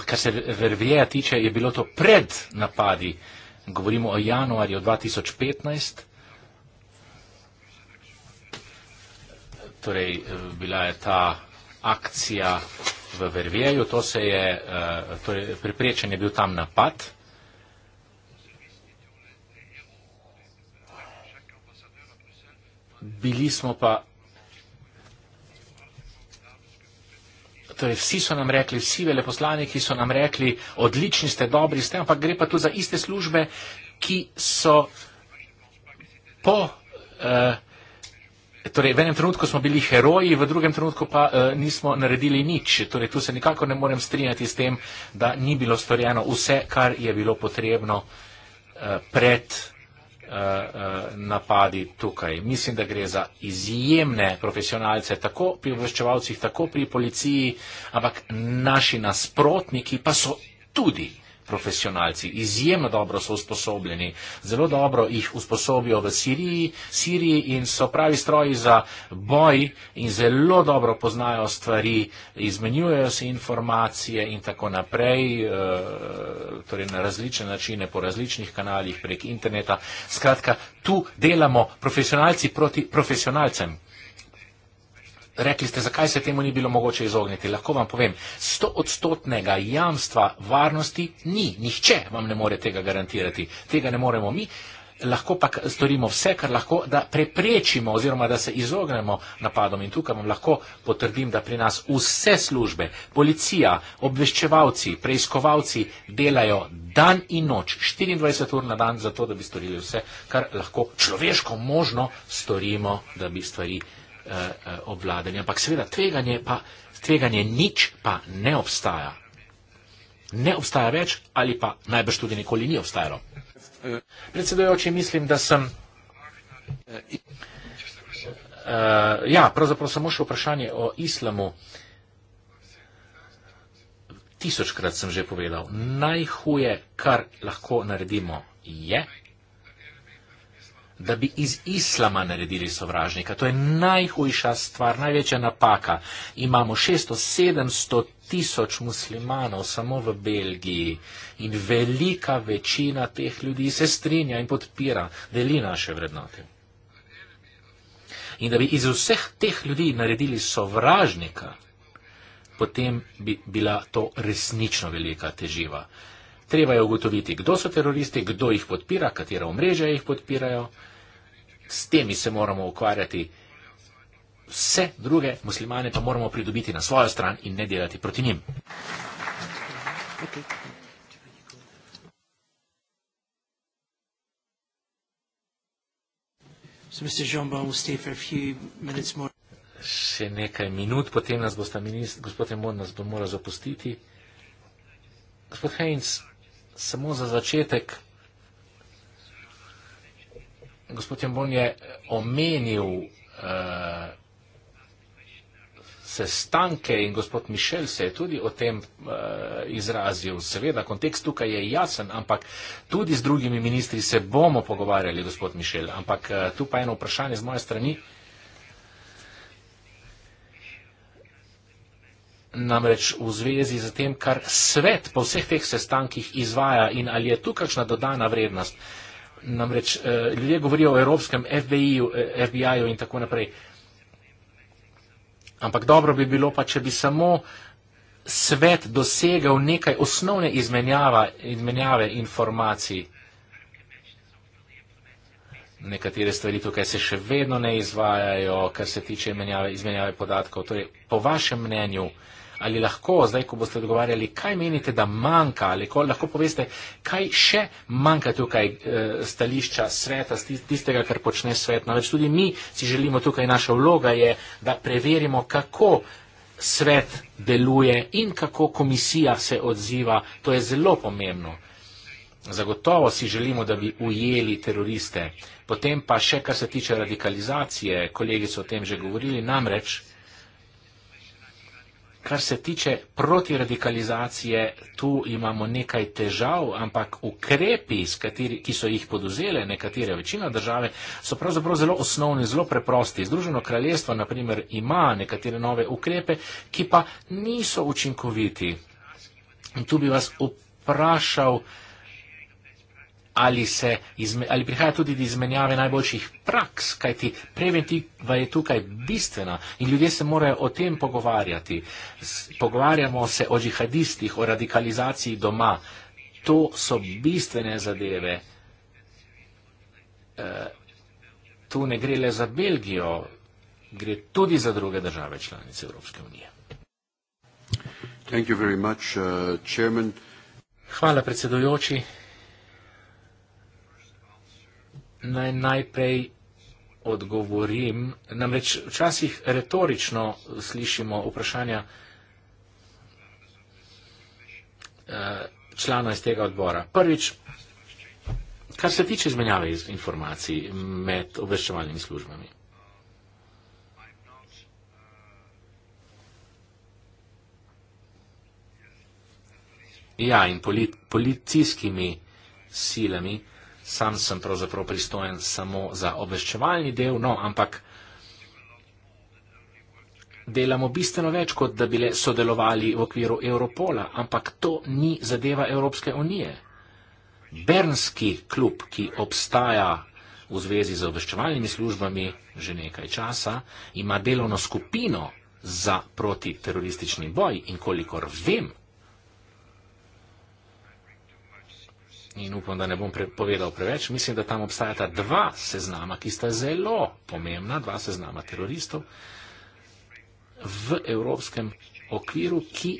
kar se Verveja tiče, je bilo to pred napadi. Govorimo o januarju 2015. Torej, bila je ta akcija v Verveju, to se je, eh, torej, preprečen je bil tam napad. bili smo pa. Torej, vsi so nam rekli, vsi veleposlaniki so nam rekli, odlični ste, dobri ste, ampak gre pa tu za iste službe, ki so po. Eh, torej, v enem trenutku smo bili heroji, v drugem trenutku pa eh, nismo naredili nič. Torej, tu se nikako ne morem strinjati s tem, da ni bilo storjeno vse, kar je bilo potrebno eh, pred. Eh, Eh, eh, napadi tukaj. Mislim, da gre za izjemne profesionalce, tako pri obveščevalcih, tako pri policiji, ampak naši nasprotniki pa so tudi profesionalci, izjemno dobro so usposobljeni, zelo dobro jih usposobijo v Siriji, Siriji in so pravi stroji za boj in zelo dobro poznajo stvari, izmenjujejo se informacije in tako naprej, eh, torej na različne načine, po različnih kanalih, prek interneta. Skratka, tu delamo profesionalci proti profesionalcem. Rekli ste, zakaj se temu ni bilo mogoče izogniti. Lahko vam povem, sto odstotnega jamstva varnosti ni. Nihče vam ne more tega garantirati. Tega ne moremo mi. Lahko pa storimo vse, kar lahko, da preprečimo oziroma da se izognemo napadom. In tukaj vam lahko potrdim, da pri nas vse službe, policija, obveščevalci, preiskovalci delajo dan in noč, 24 ur na dan, zato da bi storili vse, kar lahko človeško možno storimo, da bi stvari. Eh, eh, obvladanje. Ampak seveda tveganje, pa, tveganje nič pa ne obstaja. Ne obstaja več ali pa najbrž tudi nikoli ni obstajalo. Predsedujoči, mislim, da sem. Eh, ja, pravzaprav samo še vprašanje o islamu. Tisočkrat sem že povedal, najhuje, kar lahko naredimo, je da bi iz islama naredili sovražnika. To je najhujša stvar, največja napaka. Imamo 600-700 tisoč muslimanov samo v Belgiji in velika večina teh ljudi se strinja in podpira, deli naše vrednote. In da bi iz vseh teh ljudi naredili sovražnika, potem bi bila to resnično velika teživa. Treba je ugotoviti, kdo so teroristi, kdo jih podpira, katera omrežja jih podpirajo s temi se moramo ukvarjati, vse druge muslimane pa moramo pridobiti na svojo stran in ne delati proti njim. Še nekaj minut, potem nas bo minist, gospod Emon nas bo moral zapustiti. Gospod Heinz, samo za začetek gospod Jambon je eh, omenil uh, sestanke in gospod Mišel se je tudi o tem uh, izrazil. Seveda, kontekst tukaj je jasen, ampak tudi z drugimi ministri se bomo pogovarjali, gospod Mišel. Ampak uh, tu pa eno vprašanje z moje strani. Namreč v zvezi z tem, kar svet po vseh teh sestankih izvaja in ali je tu kakšna dodana vrednost. Uh, Namreč eh, ljudje govorijo o evropskem FBI-ju, eh, FBI-ju in tako naprej. Ampak dobro bi bilo pa, če bi samo svet dosegal nekaj osnovne izmenjava, izmenjave informacij. Nekatere stvari tukaj se še vedno ne izvajajo, kar se tiče izmenjave, izmenjave podatkov. Torej, po vašem mnenju, eh, ali lahko, zdaj ko boste odgovarjali, kaj menite, da manjka, ali ko lahko poveste, kaj še manjka tukaj eh, stališča sveta, tistega, kar počne svet. Namreč tudi mi si želimo tukaj, naša vloga je, da preverimo, kako svet deluje in kako komisija se odziva. To je zelo pomembno. Zagotovo si želimo, da bi ujeli teroriste. Potem pa še, kar se tiče radikalizacije, kolegi so o tem že govorili, namreč. Kar se tiče protiradikalizacije, tu imamo nekaj težav, ampak ukrepi, kateri, ki so jih poduzele nekatere večina države, so pravzaprav zelo osnovni, zelo preprosti. Združeno kraljestvo, naprimer, ima nekatere nove ukrepe, ki pa niso učinkoviti. In tu bi vas vprašal, ali, se, izme, ali prihaja tudi do izmenjave najboljših praks, kajti preventiva je tukaj bistvena in ljudje se morajo o tem pogovarjati. Pogovarjamo se o džihadistih, o radikalizaciji doma. To so bistvene zadeve. E, tu ne gre le za Belgijo, gre tudi za druge države članice Evropske unije. Much, uh, Hvala predsedujoči naj najprej odgovorim. Namreč včasih retorično slišimo vprašanja eh, člana iz tega odbora. Prvič, kar se tiče izmenjave informacij med obveščevalnimi službami. Ja, in policijskimi silami sam sem pravzaprav pristojen samo za obveščevalni del, no, ampak delamo bistveno več, kot da bi le sodelovali v okviru Europola, ampak to ni zadeva Evropske unije. Bernski klub, ki obstaja v zvezi z obveščevalnimi službami že nekaj časa, ima delovno skupino za protiteroristični boj in kolikor vem, in upam, da ne bom pre povedal preveč, mislim, da tam obstajata dva seznama, ki sta zelo pomembna, dva seznama teroristov v evropskem okviru, ki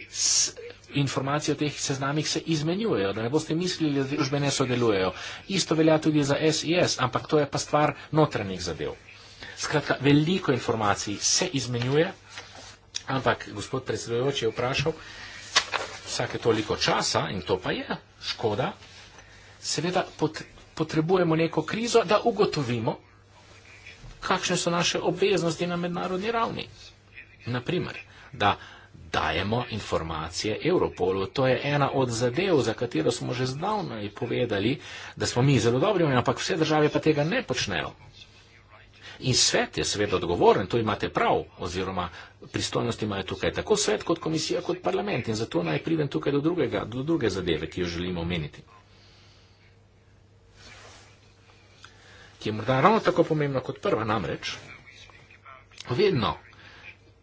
informacije o teh seznamih se izmenjujejo, da ne boste mislili, da družbe ne sodelujejo. Isto velja tudi za SIS, ampak to je pa stvar notranjih zadev. Skratka, veliko informacij se izmenjuje, ampak gospod predsedujoči je vprašal vsake toliko časa in to pa je škoda, seveda potrebujemo neko krizo, da ugotovimo, kakšne so naše obveznosti na mednarodni ravni. Naprimer, da dajemo informacije Europolu. To je ena od zadev, za katero smo že zdavnaj povedali, da smo mi zelo dobri, ampak vse države pa tega ne počnejo. In svet je seveda odgovoren, to imate prav, oziroma pristojnosti imajo tukaj tako svet kot komisija kot parlament. In zato naj pridem tukaj do, drugega, do druge zadeve, ki jo želimo omeniti. ki je morda ravno tako pomembna kot prva, namreč vedno,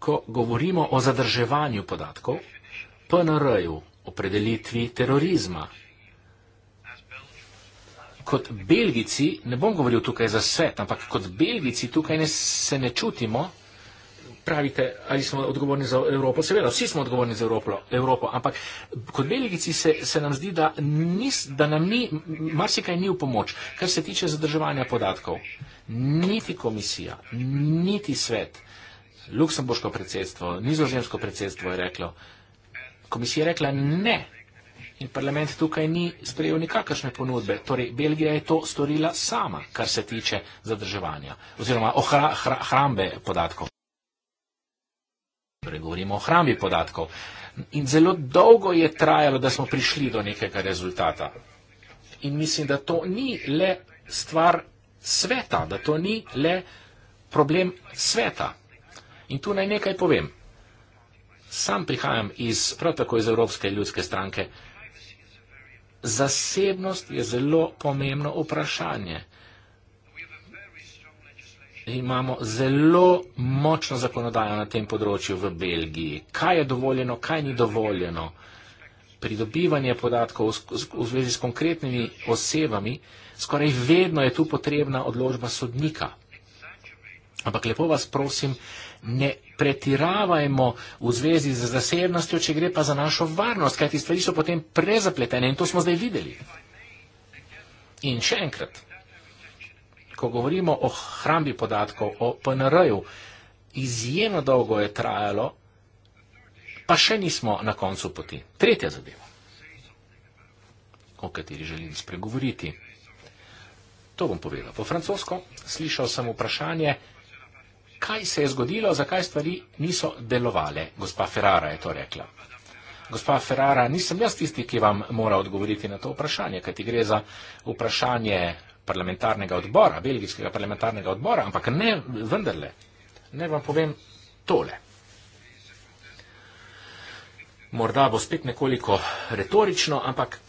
ko govorimo o zadrževanju podatkov, PNR-ju, opredelitvi terorizma. Kot Belgici, ne bom govoril tukaj za svet, ampak kot Belgici tukaj ne, se ne čutimo pravite, ali smo odgovorni za Evropo. Seveda, vsi smo odgovorni za Evropo, Evropo ampak kot velikici se, se nam zdi, da, nis, da nam ni, marsikaj ni v pomoč, kar se tiče zadrževanja podatkov. Niti komisija, niti svet, luksemburško predsedstvo, nizozemsko predsedstvo je reklo, komisija je rekla ne. In parlament tukaj ni sprejel nikakršne ponudbe. Torej, Belgija je to storila sama, kar se tiče zadrževanja oziroma ohrambe hra, podatkov torej govorimo o hrambi podatkov. In zelo dolgo je trajalo, da smo prišli do nekega rezultata. In mislim, da to ni le stvar sveta, da to ni le problem sveta. In tu naj nekaj povem. Sam prihajam iz, prav tako iz Evropske ljudske stranke. Zasebnost je zelo pomembno vprašanje imamo zelo močno zakonodajo na tem področju v Belgiji. Kaj je dovoljeno, kaj ni dovoljeno. Pridobivanje podatkov v zvezi s konkretnimi osebami, skoraj vedno je tu potrebna odločba sodnika. Ampak lepo vas prosim, ne pretiravajmo v zvezi z zasebnostjo, če gre pa za našo varnost, kajti stvari so potem prezapletene in to smo zdaj videli. In še enkrat ko govorimo o hrambi podatkov, o PNR-ju, izjemno dolgo je trajalo, pa še nismo na koncu poti. Tretja zadeva, o kateri želim spregovoriti. To bom povedal po francosko. Slišal sem vprašanje, kaj se je zgodilo, zakaj stvari niso delovale. Gospa Ferrara je to rekla. Gospa Ferrara, nisem jaz tisti, ki vam mora odgovoriti na to vprašanje, kajti gre za vprašanje parlamentarnega odbora, belgijskega parlamentarnega odbora, ampak ne vendarle. Ne vam povem tole. Morda bo spet nekoliko retorično, ampak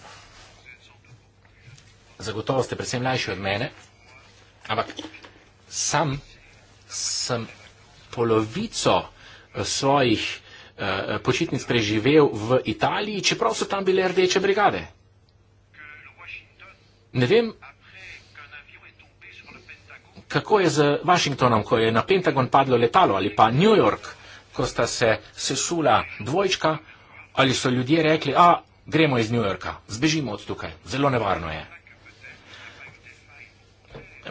zagotovo ste predvsem mlajši od mene, ampak sam sem polovico eh, svojih eh, počitnic preživel v Italiji, čeprav so tam bile rdeče brigade. Ne vem, kako je z Washingtonom, ko je na Pentagon padlo letalo, ali pa New York, ko sta se sesula dvojčka, ali so ljudje rekli, a gremo iz New Yorka, zbežimo od tukaj, zelo nevarno je.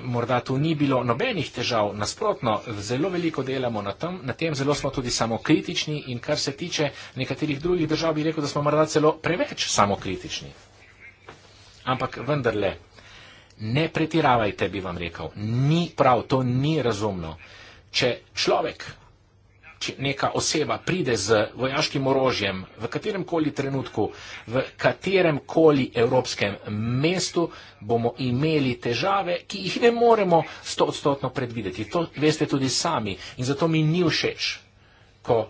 Morda tu ni bilo nobenih težav, nasprotno, zelo veliko delamo na tem, na tem, zelo smo tudi samokritični in kar se tiče nekaterih drugih držav, bi rekel, da smo morda celo preveč samokritični. Ampak vendarle. Ne pretiravajte, bi vam rekel. Ni prav, to ni razumno. Če človek, če neka oseba pride z vojaškim orožjem v katerem koli trenutku, v katerem koli evropskem mestu, bomo imeli težave, ki jih ne moremo stotstotno predvideti. To veste tudi sami. In zato mi ni všeč, ko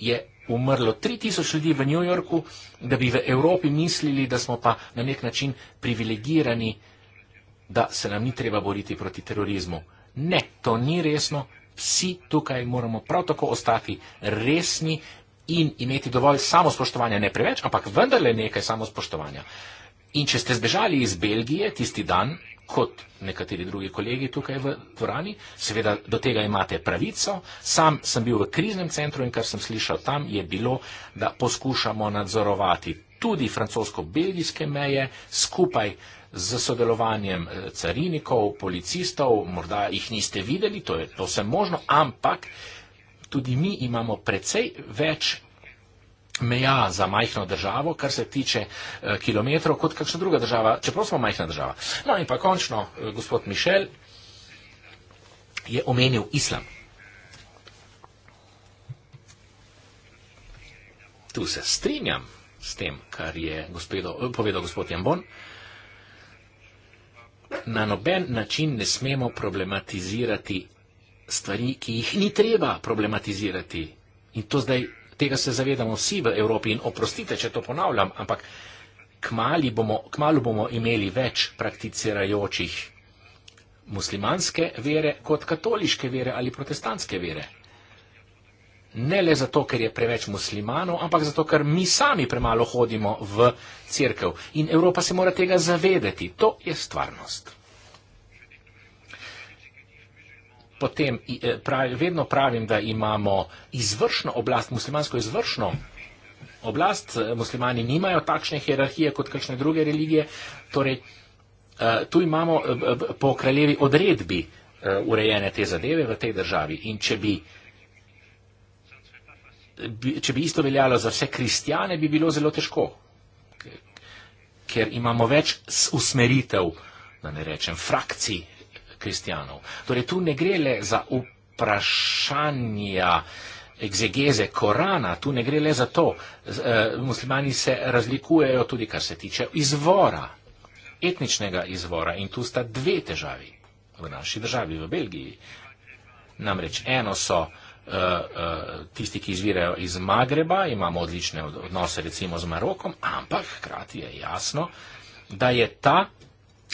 je umrlo 3000 ljudi v New Yorku, da bi v Evropi mislili, da smo pa na nek način privilegirani, da se nam ni treba boriti proti terorizmu. Ne, to ni resno. Vsi tukaj moramo prav tako ostati resni in imeti dovolj samospoštovanja, ne preveč, ampak vendarle nekaj samospoštovanja. In če ste zbežali iz Belgije tisti dan, kot nekateri drugi kolegi tukaj v dvorani, seveda do tega imate pravico. Sam sem bil v kriznem centru in kar sem slišal tam je bilo, da poskušamo nadzorovati tudi francosko-belgijske meje skupaj z sodelovanjem eh, carinikov, policistov, morda jih niste videli, to je povsem možno, ampak tudi mi imamo precej več meja za majhno državo, kar se tiče eh, kilometrov, kot kakšna druga država, čeprav smo majhna država. No in pa končno, eh, gospod Mišel je omenil islam. Tu se strinjam s tem, kar je gospedo, eh, povedal gospod Jambon. Na noben način ne smemo problematizirati stvari, ki jih ni treba problematizirati. In to zdaj tega se zavedamo vsi v Evropi in oprostite, če to ponavljam, ampak kmali bomo, kmalo bomo imeli več prakticirajočih muslimanske vere kot katoliške vere ali protestantske vere. Ne le zato, ker je preveč muslimanov, ampak zato, ker mi sami premalo hodimo v crkv. In Evropa se mora tega zavedeti. To je stvarnost. potem eh, pravi, vedno pravim, da imamo izvršno oblast, muslimansko izvršno oblast, eh, muslimani nimajo takšne hierarhije kot kakšne druge religije, torej eh, tu imamo po kraljevi odredbi urejene te zadeve v tej državi in če bi, če bi isto veljalo za vse kristjane, bi bilo zelo težko, ker imamo več usmeritev, da ne rečem, frakcij kristijanov. Torej, tu ne gre le za vprašanja egzegeze Korana, tu ne gre le za to. Eh, muslimani se razlikujejo tudi, kar se tiče izvora, etničnega izvora. In tu sta dve težavi v naši državi, v Belgiji. Namreč eno so uh, uh, tisti, ki izvirajo iz Magreba, imamo odlične odnose recimo z Marokom, ampak hkrati je jasno, da je ta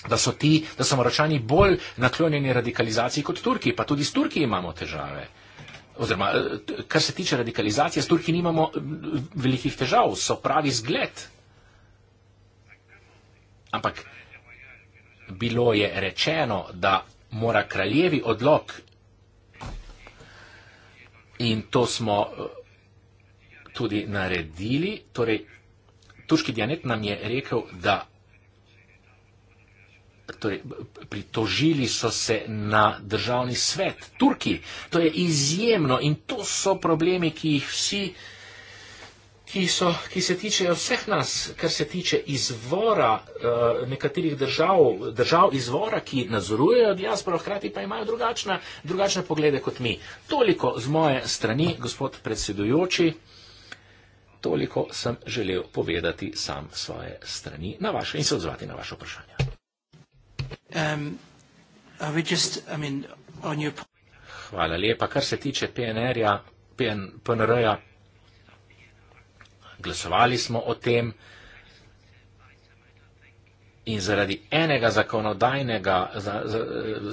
da so ti, da so Maročani bolj naklonjeni radikalizaciji kot Turki, pa tudi s Turki imamo težave. Oziroma, eh, kar se tiče radikalizacije, s Turki nimamo eh, velikih težav, so pravi zgled. Ampak bilo je rečeno, da mora kraljevi odlok in to smo eh, tudi naredili. Torej, turški dianet nam je rekel, da torej, pritožili so se na državni svet, Turki. To je izjemno in to so problemi, ki jih vsi, ki, so, ki se tičejo vseh nas, kar se tiče izvora uh, nekaterih držav, držav izvora, ki nadzorujejo diasporo, hkrati pa imajo drugačna, drugačne poglede kot mi. Toliko z moje strani, gospod predsedujoči. Toliko sem želel povedati sam svoje strani na vaše in se odzvati na vaše vprašanje. Um, Hvala lepa. Kar se tiče PNR-ja, PN, PNR-ja, glasovali smo o tem in zaradi enega zakonodajnega, za, za,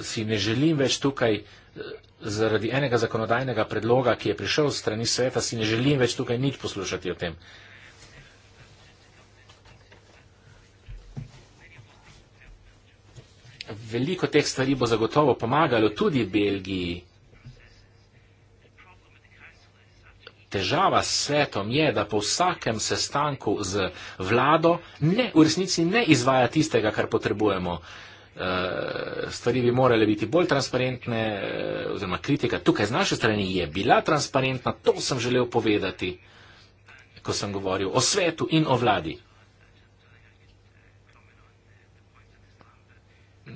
si ne želim več tukaj, zaradi enega zakonodajnega predloga, ki je prišel strani sveta, si ne želim več tukaj nič poslušati o tem. veliko teh stvari bo zagotovo pomagalo tudi Belgiji. Težava s svetom je, da po vsakem sestanku z vlado ne, v resnici ne izvaja tistega, kar potrebujemo. Eh, stvari bi morale biti bolj transparentne, eh, oziroma kritika tukaj z naše strani je bila transparentna, to sem želel povedati, ko sem govoril o svetu in o vladi.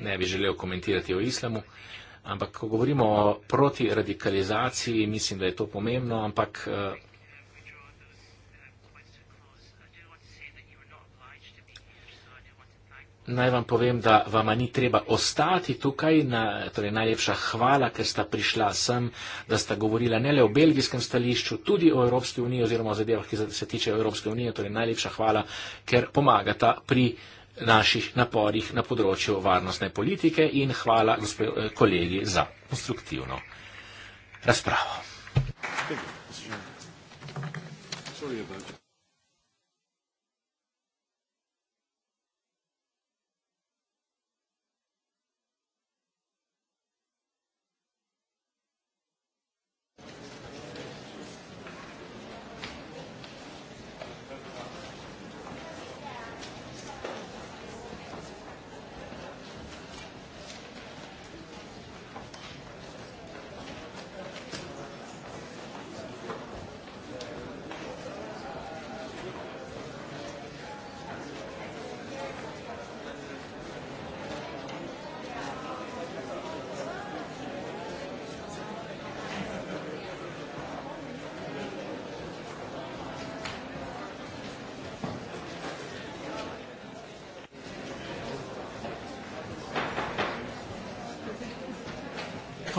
ne bi želel komentirati o islamu. Ampak, ko govorimo o protiradikalizaciji, mislim, da je to pomembno, ampak eh, naj vam povem, da vam ni treba ostati tukaj. Na, torej, najlepša hvala, ker sta prišla sem, da sta govorila ne le o belgijskem stališču, tudi o Evropski uniji oziroma o zadevah, ki se tiče Evropske unije. Torej, najlepša hvala, ker pomagata pri naših naporih na področju varnostne politike in hvala gospe, eh, kolegi za konstruktivno razpravo.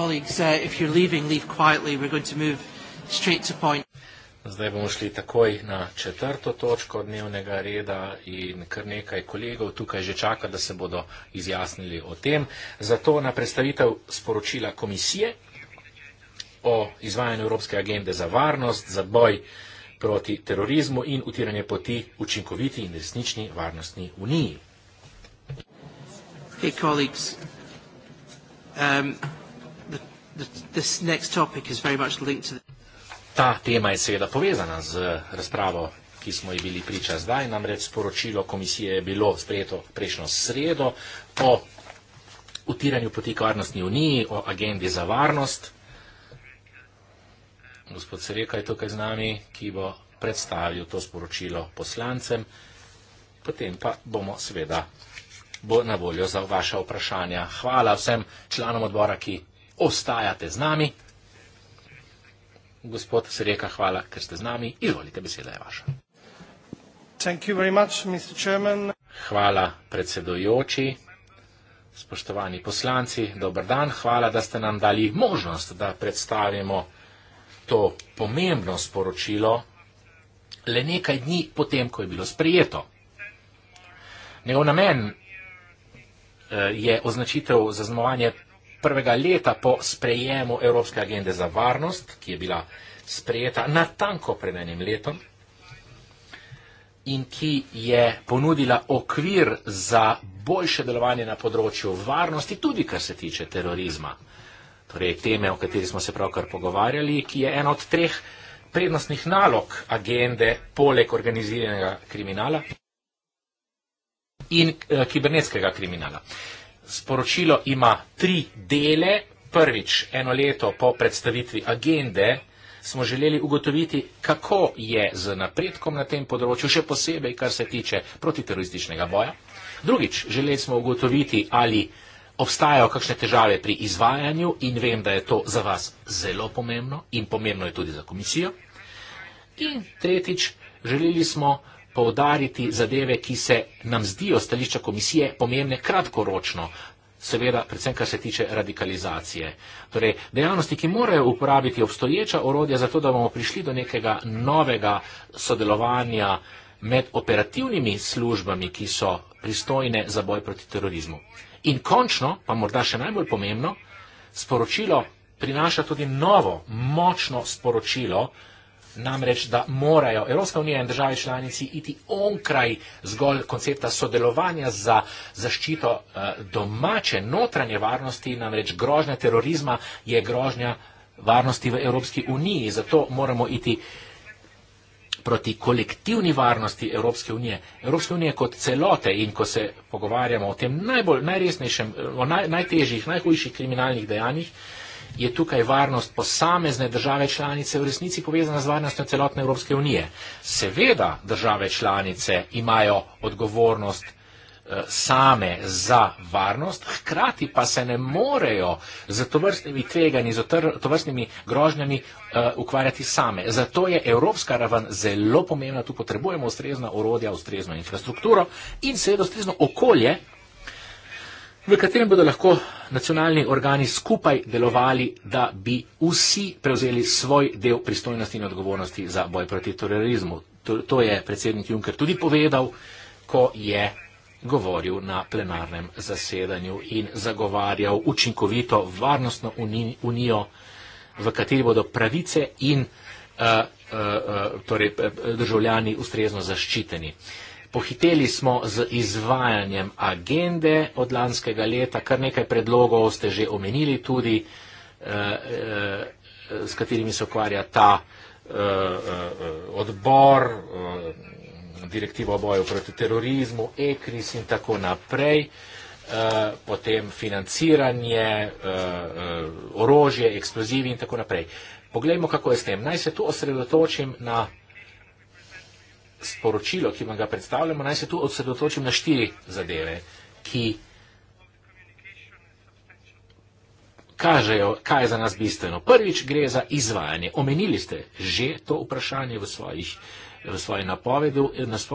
colleagues, uh, if you're leaving, leave quietly. We're going to move straight to point. Zdaj bomo šli takoj na četrto točko dnevnega reda in kar nekaj kolegov tukaj že čaka, da se bodo izjasnili o tem. Zato na predstavitev sporočila komisije o izvajanju Evropske agende za varnost, za boj proti terorizmu in utiranje poti učinkoviti in resnični varnostni uniji. Hey, this next topic is very much linked to Ta tema je seveda povezana z razpravo, ki smo ji bili priča zdaj, namreč sporočilo komisije je bilo sprejeto prejšnjo sredo o utiranju poti k varnostni uniji, o agendi za varnost. Gospod Sreka je tukaj z nami, ki bo predstavil to sporočilo poslancem, potem pa bomo seveda bo na voljo za vaša vprašanja. Hvala vsem članom odbora, ki ostajate z nami. Gospod Sreka, hvala, ker ste z nami. Izvolite, beseda je vaša. Much, hvala, predsedojoči. Spoštovani poslanci, dober dan. Hvala, da ste nam dali možnost, da predstavimo to pomembno sporočilo le nekaj dni potem, ko je bilo sprejeto. Njegov namen eh, je označitev zaznamovanje prvega leta po sprejemu Evropske agende za varnost, ki je bila sprejeta natanko pred enim letom in ki je ponudila okvir za boljše delovanje na področju varnosti, tudi kar se tiče terorizma, torej teme, o kateri smo se pravkar pogovarjali, ki je ena od treh prednostnih nalog agende poleg organiziranega kriminala in eh, kibernetskega kriminala. Eh, sporočilo ima tri dele. Prvič, eno leto po predstavitvi agende, smo želeli ugotoviti, kako je z napredkom na tem področju, še posebej, kar se tiče protiterorističnega boja. Drugič, želeli smo ugotoviti, ali obstajajo kakšne težave pri izvajanju in vem, da je to za vas zelo pomembno in pomembno je tudi za komisijo. In tretjič, želeli smo poudariti zadeve, ki se nam zdijo stališča komisije pomembne kratkoročno, seveda predvsem, kar se tiče radikalizacije. Torej, dejavnosti, ki morajo uporabiti obstoječa orodja, zato da bomo prišli do nekega novega sodelovanja med operativnimi službami, ki so pristojne za boj proti terorizmu. In končno, pa morda še najbolj pomembno, sporočilo prinaša tudi novo, močno sporočilo, namreč, da morajo Evropska unija in države članici iti onkraj zgolj koncepta sodelovanja za zaščito eh, domače notranje varnosti, namreč grožnja terorizma je grožnja varnosti v Evropski uniji. Zato moramo iti proti kolektivni varnosti Evropske unije. Evropske unije kot celote in ko se pogovarjamo o tem najbolj, najresnejšem, o naj, najtežjih, najhujših kriminalnih dejanjih, je tukaj varnost posamezne države članice v resnici povezana z varnostjo celotne Evropske unije. Seveda države članice imajo odgovornost eh, same za varnost, hkrati pa se ne morejo z tovrstnimi tveganji, z tovrstnimi grožnjami uh, ukvarjati same. Zato je evropska raven zelo pomembna, tu potrebujemo ustrezna orodja, ustrezno infrastrukturo in seveda ustrezno okolje, v katerem bodo lahko nacionalni organi skupaj delovali, da bi vsi prevzeli svoj del pristojnosti in odgovornosti za boj proti terorizmu. To, to je predsednik Juncker tudi povedal, ko je govoril na plenarnem zasedanju in zagovarjal učinkovito varnostno unijo, v kateri bodo pravice in uh, uh, uh, torej, državljani ustrezno zaščiteni. Uh, Pohiteli smo z izvajanjem agende od lanskega leta, kar nekaj predlogov ste že omenili tudi, eh, eh, s katerimi se ukvarja ta eh, odbor, direktiva o boju proti terorizmu, ECRIS in tako naprej, potem financiranje, orožje, eksplozivi in tako naprej. Poglejmo, kako je s tem. Naj se tu osredotočim na sporočilo, ki vam ga predstavljamo, naj se tu osredotočim na štiri zadeve, ki kažejo, kaj je za nas bistveno. Prvič gre za izvajanje. Omenili ste že to vprašanje v svojih v svoji napovedi.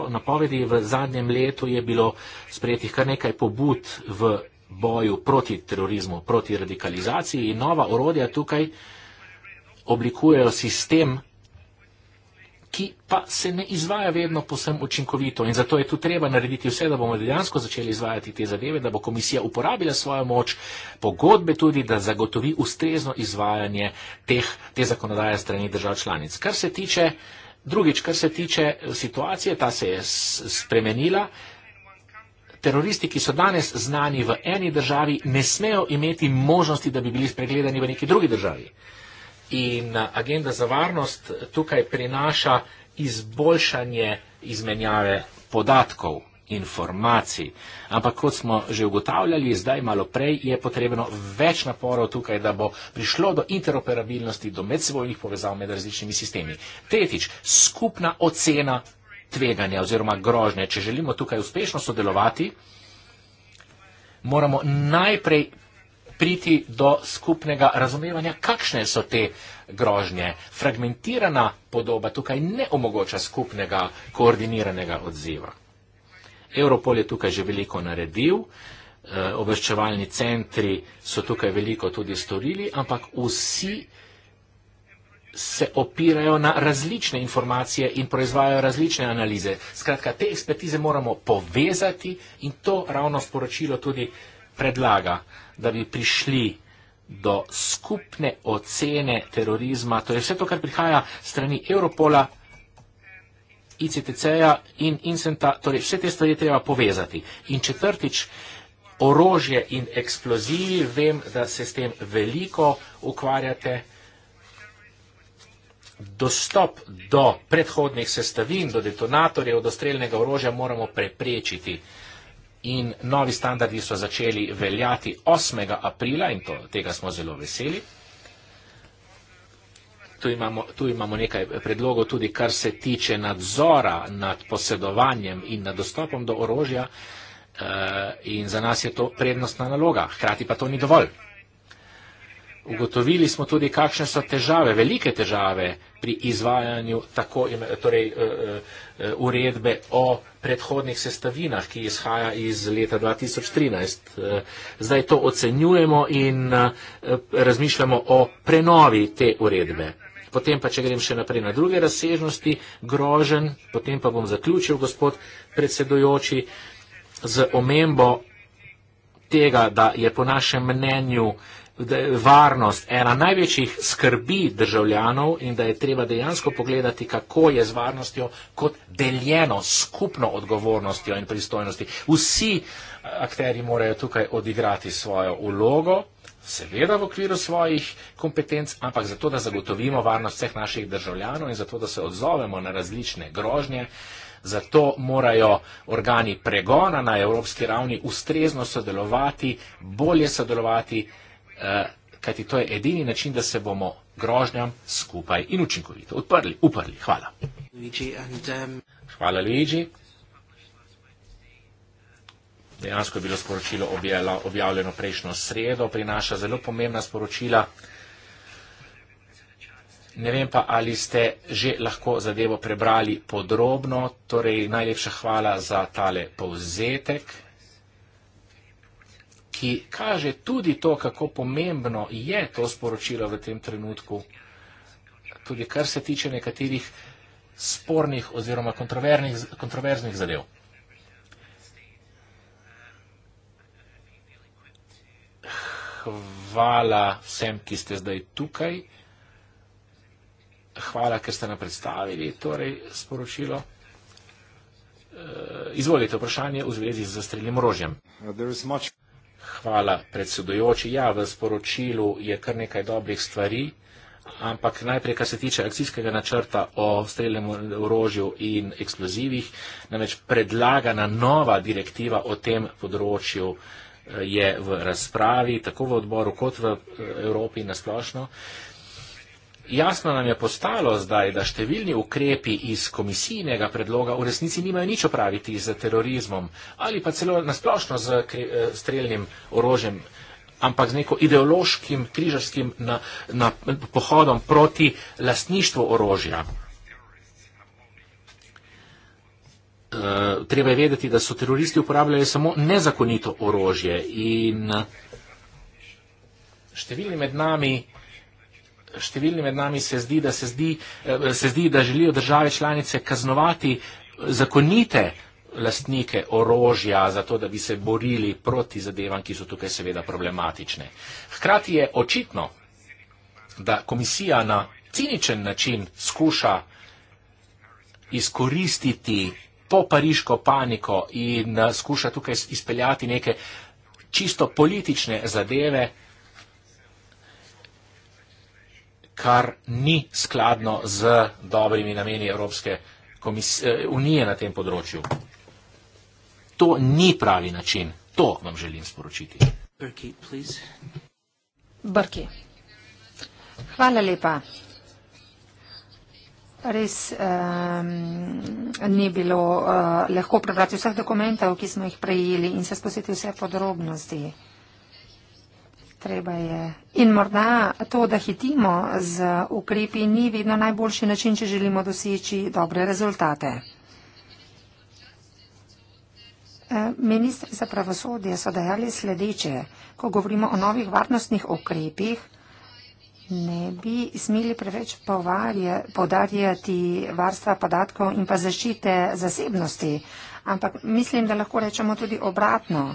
Napovedi v zadnjem letu je bilo sprejetih kar nekaj pobud v boju proti terorizmu, proti radikalizaciji in nova orodja tukaj oblikujejo sistem ki pa se ne izvaja vedno posem učinkovito. In zato je tu treba narediti vse, da bomo dejansko začeli izvajati te zadeve, da bo komisija uporabila svojo moč, pogodbe tudi, da zagotovi ustrezno izvajanje teh, te zakonodaje strani držav članic. Kar se tiče, drugič, kar se tiče eh, situacije, ta se je spremenila. Teroristi, ki so danes znani v eni državi, ne smejo imeti možnosti, da bi bili spregledani v neki drugi državi. Uh, In eh, agenda za varnost eh, tukaj prinaša izboljšanje izmenjave podatkov informacij. Ampak kot smo že ugotavljali, zdaj malo prej je potrebno več naporov tukaj, da bo prišlo do interoperabilnosti, do medsebojnih povezav med različnimi sistemi. Tretjič, skupna ocena tveganja oziroma grožnje. Če želimo tukaj uspešno sodelovati, moramo najprej priti do skupnega razumevanja, kakšne so te grožnje. Fragmentirana podoba tukaj ne omogoča skupnega koordiniranega odziva. Europol je tukaj že veliko naredil, eh, obveščevalni centri so tukaj veliko tudi storili, ampak vsi se opirajo na različne informacije in proizvajajo različne analize. Skratka, te ekspertize moramo povezati in to ravno sporočilo tudi predlaga, da bi prišli do skupne ocene terorizma, to je vse to, kar prihaja strani Europola, ICTC-ja in Incenta, torej vse te stvari treba povezati. In četrtič, orožje in eksplozivi, vem, da se s tem veliko ukvarjate, dostop do predhodnih sestavin, do detonatorjev, do streljnega orožja moramo preprečiti in novi standardi so začeli veljati 8. aprila in to, tega smo zelo veseli. Tu imamo, tu imamo nekaj predlogov tudi, kar se tiče nadzora nad posedovanjem in nad dostopom do orožja eh, in za nas je to prednostna naloga, hkrati pa to ni dovolj. Ugotovili smo tudi, kakšne so težave, velike težave pri izvajanju tako, torej, e, e, e, uredbe o predhodnih sestavinah, ki izhaja iz leta 2013. Zdaj to ocenjujemo in razmišljamo o prenovi te uredbe. Potem pa, če grem še naprej na druge razsežnosti, grožen, potem pa bom zaključil, gospod predsedujoči, z omembo tega, da je po našem mnenju da je varnost ena največjih skrbi državljanov in da je treba dejansko pogledati, kako je z varnostjo kot deljeno skupno odgovornostjo in pristojnosti. Vsi eh, akteri morajo tukaj odigrati svojo ulogo, seveda v okviru svojih kompetenc, ampak zato, da zagotovimo varnost vseh naših državljanov in zato, da se odzovemo na različne grožnje. Zato morajo organi pregona na evropski ravni ustrezno sodelovati, bolje sodelovati Eh, kajti to je edini način, da se bomo grožnjam skupaj in učinkovito odprli, uprli. Hvala. Um, hvala, Luigi. Dejansko je bilo sporočilo objavljeno prejšnjo sredo, prinaša zelo pomembna sporočila. Ne vem pa, ali ste že lahko zadevo prebrali podrobno, torej najlepša hvala za tale povzetek ki kaže tudi to, kako pomembno je to sporočilo v tem trenutku, tudi kar se tiče nekaterih spornih oziroma kontroverznih zadev. Hvala vsem, ki ste zdaj tukaj. Hvala, ker ste nam predstavili torej, sporočilo. E, izvolite vprašanje v zvezi z zastrelim orožjem. Uh, Hvala, predsedujoči. Ja, v sporočilu je kar nekaj dobrih stvari, ampak najprej, kar se tiče akcijskega načrta o streljem orožju in eksplozivih, namreč predlagana nova direktiva o tem področju eh, je v razpravi, tako v odboru kot v eh, Evropi nasplošno. splošno jasno nam je postalo zdaj, da številni ukrepi iz komisijnega predloga v resnici nimajo nič opraviti z terorizmom ali pa celo nasplošno z eh, streljnim orožjem, ampak z neko ideološkim križarskim na, na pohodom proti lastništvu orožja. Eh, treba je vedeti, da so teroristi uporabljali samo nezakonito orožje in številni med nami številni med nami se zdi, da, se zdi, eh, se zdi, da želijo države članice kaznovati zakonite lastnike orožja za to, da bi se borili proti zadevam, ki so tukaj seveda problematične. Hkrati je očitno, da komisija na ciničen način skuša izkoristiti po pariško paniko in eh, skuša tukaj izpeljati neke čisto politične zadeve, kar ni skladno z dobrimi nameni Evropske eh, unije na tem področju. To ni pravi način. To vam želim sporočiti. Brki, Brki. Hvala lepa. Res um, ni bilo uh, lahko prebrati vseh dokumentov, ki smo jih prejeli in se spustiti vse podrobnosti treba je. In morda to, da hitimo z ukrepi, ni vedno najboljši način, če želimo doseči dobre rezultate. E, ministri za pravosodje so dejali sledeče, ko govorimo o novih varnostnih ukrepih, ne bi smeli preveč podarjati varstva podatkov in pa zaščite zasebnosti, ampak mislim, da lahko rečemo tudi obratno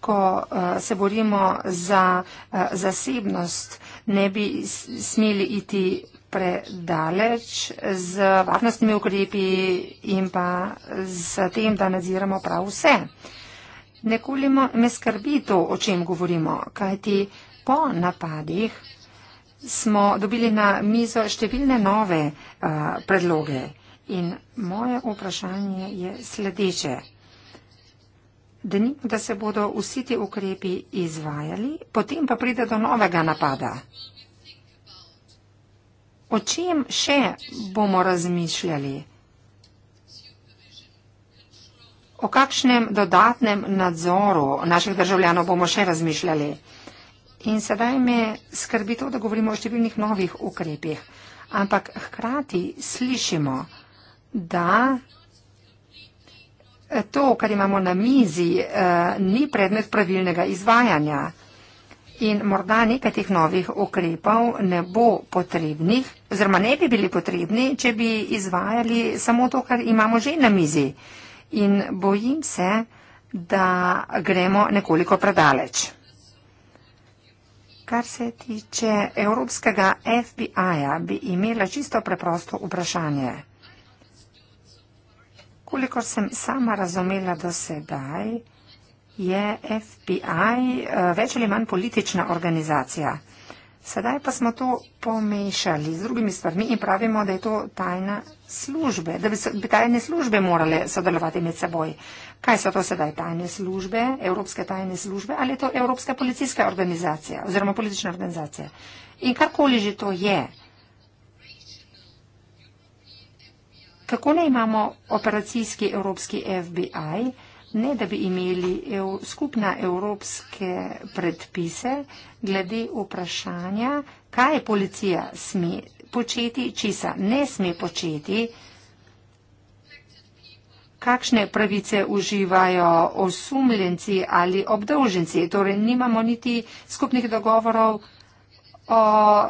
ko uh, se borimo za uh, zasebnost, ne bi smeli iti predaleč z varnostnimi ukrepi in pa z tem, da nadziramo prav vse. Nekoliko me skrbi to, o čem govorimo, kajti po napadih smo dobili na mizo številne nove uh, predloge. In moje vprašanje je sledeče dni, da se bodo vsi ti ukrepi izvajali, potem pa pride do novega napada. O čem še bomo razmišljali? O kakšnem dodatnem nadzoru naših državljanov bomo še razmišljali? In sedaj me skrbi to, da govorimo o številnih novih ukrepih. Ampak hkrati slišimo, da to, kar imamo na mizi, eh, ni predmet pravilnega izvajanja. In morda nekaj teh novih ukrepov ne bo potrebnih, oziroma ne bi bili potrebni, če bi izvajali samo to, kar imamo že na mizi. In bojim se, da gremo nekoliko predaleč. Kar se tiče evropskega FBI-ja, bi imela čisto preprosto vprašanje. Kolikor sem sama razumela do sedaj, je FBI eh, več ali manj politična organizacija. Sedaj pa smo to pomešali z drugimi stvarmi in pravimo, da je to tajna službe, da bi tajne službe morale sodelovati med seboj. Kaj so to sedaj tajne službe, evropske tajne službe ali je to evropska policijska organizacija oziroma politična organizacija? In karkoli že to je, Kako ne imamo operacijski evropski FBI, ne da bi imeli EU, skupna evropske predpise glede vprašanja, kaj policija sme početi, česa ne sme početi, kakšne pravice uživajo osumljenci ali obdolženci. Torej, nimamo niti skupnih dogovorov o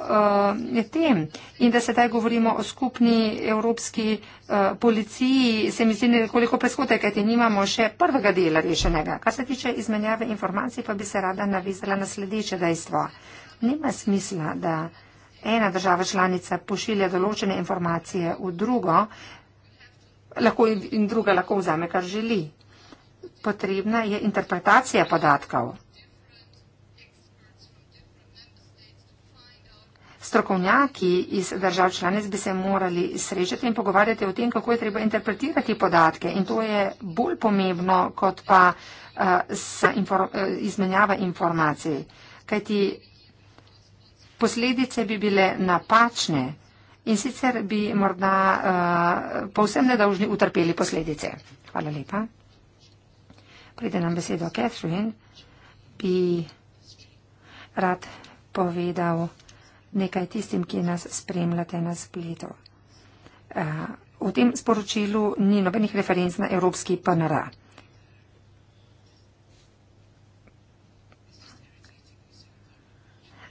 uh, tem in da sedaj govorimo o skupni evropski uh, policiji, se mi zdi nekoliko preskote, kajti nimamo še prvega dela rešenega. Kar se tiče izmenjave informacij, pa bi se rada navizala na sledeče dejstvo. Nima smisla, da ena država članica pošilja določene informacije v drugo lahko in, in druga lahko vzame, kar želi. Potrebna je interpretacija podatkov. strokovnjaki iz držav članic bi se morali srečati in pogovarjati o tem, kako je treba interpretirati podatke. In to je bolj pomembno, kot pa uh, inform eh, izmenjava informacij. Kajti posledice bi bile napačne in sicer bi morda uh, povsem nedolžni utrpeli posledice. Hvala lepa. Pride nam besedo Catherine. Bi rad povedal, nekaj tistim, ki nas spremljate na spletu. Eh, v tem sporočilu ni nobenih referenc na Evropski PNR.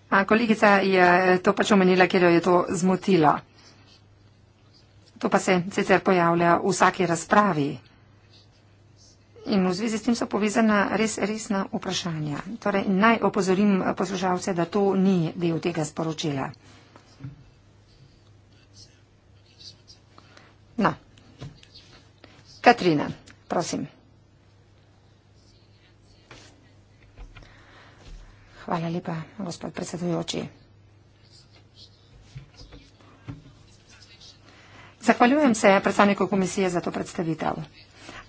A kolegica je to pač omenila, ker jo je to zmotilo. To pa se sicer pojavlja v vsaki razpravi. In v zvezi s tem so povezana res resna vprašanja. Torej, naj opozorim poslušalce, da to ni del tega sporočila. No. Katrina, prosim. Hvala lepa, gospod predsedujoči. Zahvaljujem se predstavniku komisije za to predstavitev.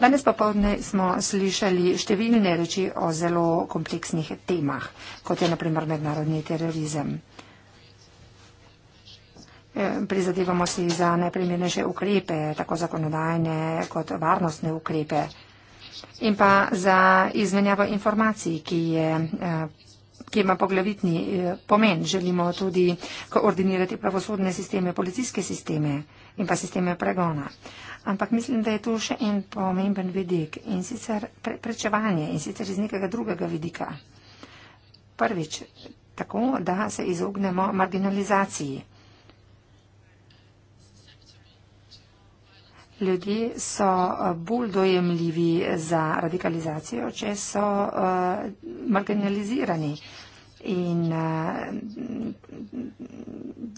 Danes popovdne smo slišali številne reči o zelo kompleksnih temah, kot je naprimer mednarodni terorizem. E, prizadevamo si za najprimernejše ukrepe, tako zakonodajne kot varnostne ukrepe in pa za izmenjavo informacij, ki, je, e, ki ima poglavitni e, pomen. Želimo tudi koordinirati pravosodne sisteme, policijske sisteme in pa sisteme pregona ampak mislim, da je to še en pomemben vidik in sicer pre prečevanje in sicer iz nekega drugega vidika. Prvič, tako da se izognemo marginalizaciji. Ljudje so eh, bolj dojemljivi za radikalizacijo, če so uh, marginalizirani. Uh, in uh,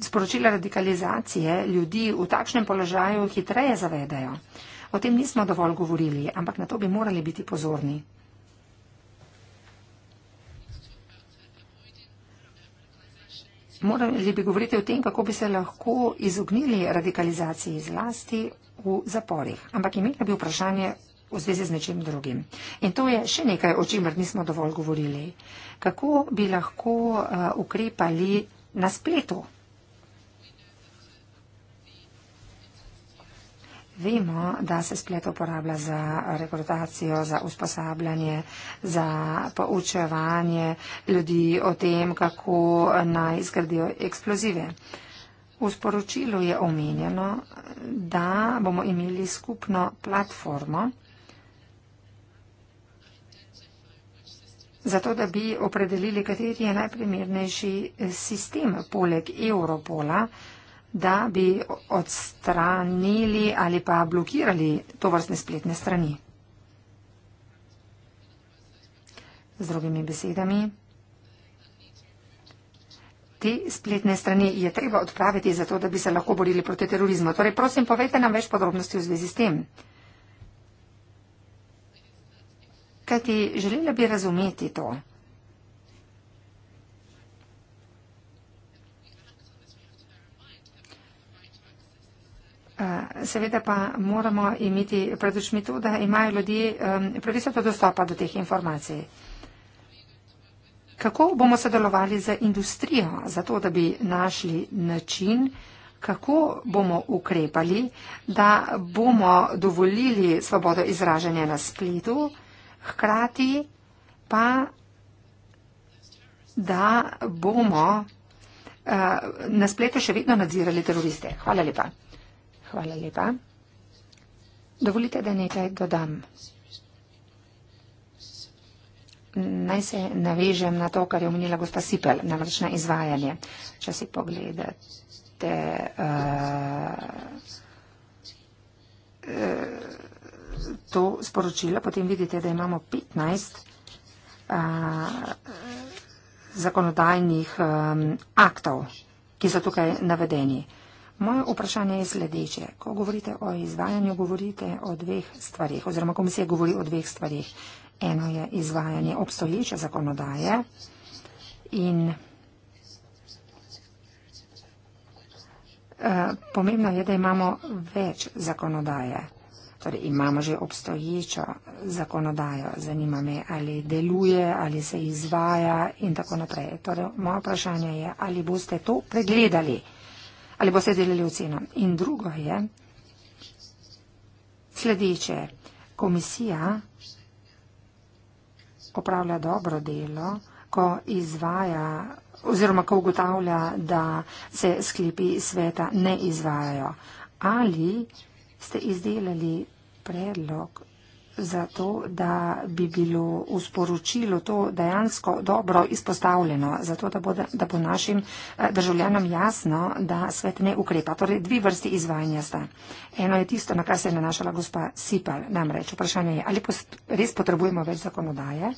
sporočila radikalizacije ljudi v takšnem položaju hitreje zavedajo. O tem nismo dovolj govorili, ampak na to bi morali biti pozorni. Morali bi govoriti o tem, kako bi se lahko izognili radikalizaciji zlasti v zaporih. Ampak imela bi vprašanje v zvezi z nečim drugim. In to je še nekaj, o čemer nismo dovolj govorili. Uh, kako bi lahko eh, ukrepali na spletu. Vemo, da se splet uporablja za rekrutacijo, za usposabljanje, za poučevanje ljudi o tem, kako eh, naj zgradijo eksplozive. V sporočilu je omenjeno, da bomo imeli skupno platformo, zato da bi opredelili, kateri je najprimernejši sistem poleg Europola, da bi odstranili ali pa blokirali to vrstne spletne strani. Z drugimi besedami, te spletne strani je treba odpraviti zato, da bi se lahko borili proti terorizmu. Torej, prosim, povejte nam več podrobnosti v zvezi s tem. kajti želela bi razumeti to. Eh, seveda pa moramo imeti pred očmi to, da imajo ljudje previsoko dostopa do teh informacij. Kako bomo sodelovali z industrijo, zato da bi našli način, kako bomo ukrepali, da bomo dovolili svobodo izražanja na spletu? hkrati pa, da bomo uh, na spletu še vedno nadzirali teroriste. Hvala lepa. Hvala lepa. Dovolite, da nekaj dodam. Naj se navežem na to, kar je omenila gospa Sipel, namreč na izvajanje. Če si pogledate. Uh, uh, to sporočilo, potem vidite, da imamo 15 a, zakonodajnih a, aktov, ki so tukaj navedeni. Moje vprašanje je sledeče. Ko govorite o izvajanju, govorite o dveh stvarih, oziroma komisija govori o dveh stvarih. Eno je izvajanje obstoječe zakonodaje in a, e, pomembno je, da imamo več zakonodaje. Torej, imamo že obstoječo zakonodajo, zanima me, ali deluje, ali se izvaja in tako naprej. Torej, moje vprašanje je, ali boste to pregledali, ali boste delili oceno. In drugo je, sledeče, komisija opravlja dobro delo, ko izvaja oziroma ko ugotavlja, da se sklepi sveta ne izvajajo. Ali ste izdelali predlog za to, da bi bilo v sporočilu to dejansko dobro izpostavljeno, zato da bo, da bo našim eh, državljanom jasno, da svet ne ukrepa. Torej, dve vrsti izvajanja sta. Eno je tisto, na kar se je nanašala gospa Sipal, namreč vprašanje je, ali res potrebujemo več zakonodaje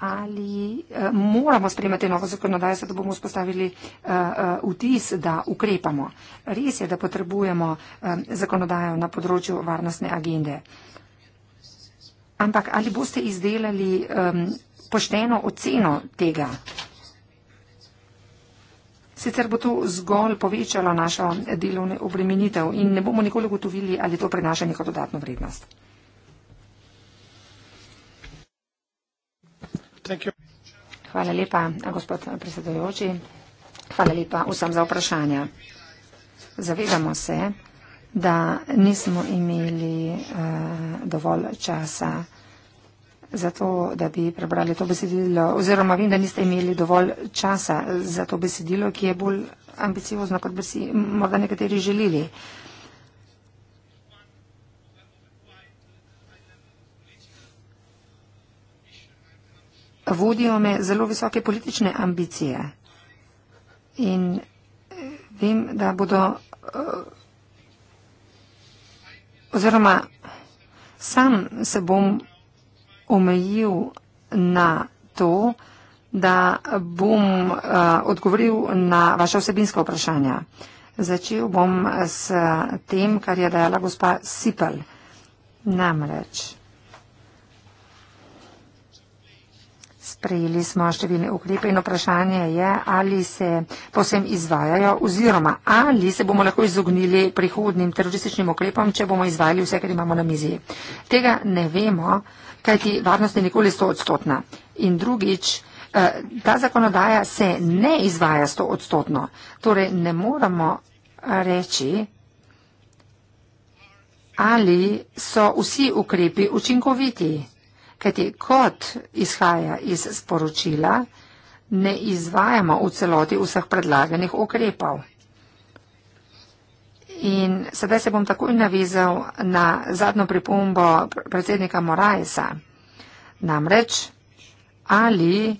ali uh, moramo sprejemati novo zakonodajo, da bomo spostavili uh, eh, uh, eh, vtis, da ukrepamo. Res je, da potrebujemo um, zakonodajo na področju varnostne agende. Ampak ali boste izdelali um, pošteno oceno tega? Sicer bo to zgolj povečalo našo delovno obremenitev in ne bomo nikoli gotovili, ali to prinaša neko dodatno vrednost. Hvala lepa, gospod predsedujoči. Hvala lepa vsem za vprašanja. Zavedamo se, da nismo imeli uh, dovolj časa za to, da bi prebrali to besedilo, oziroma vem, da niste imeli dovolj časa za to besedilo, ki je bolj ambiciozno, kot bi si morda nekateri želeli. Uh, vodijo me zelo visoke politične ambicije. In eh, vem, da bodo. Eh, oziroma, sam se bom omejil na to, da bom eh, odgovoril na vaše vsebinske vprašanja. Začel bom s tem, kar je dejala gospa Sipel. Namreč. sprejeli smo številne ukrepe in vprašanje je, ali se posem izvajajo oziroma ali se bomo lahko izognili prihodnim terorističnim ukrepom, če bomo izvajali vse, kar imamo na mizi. Tega ne vemo, kajti varnost je nikoli sto odstotna. In drugič, eh, ta zakonodaja se ne izvaja sto odstotno. Torej ne moramo reči, ali so vsi ukrepi učinkoviti kajti kot izhaja iz sporočila, ne izvajamo v celoti vseh predlaganih ukrepov. In sedaj se bom takoj navizal na zadnjo pripombo predsednika Moraesa. Namreč, ali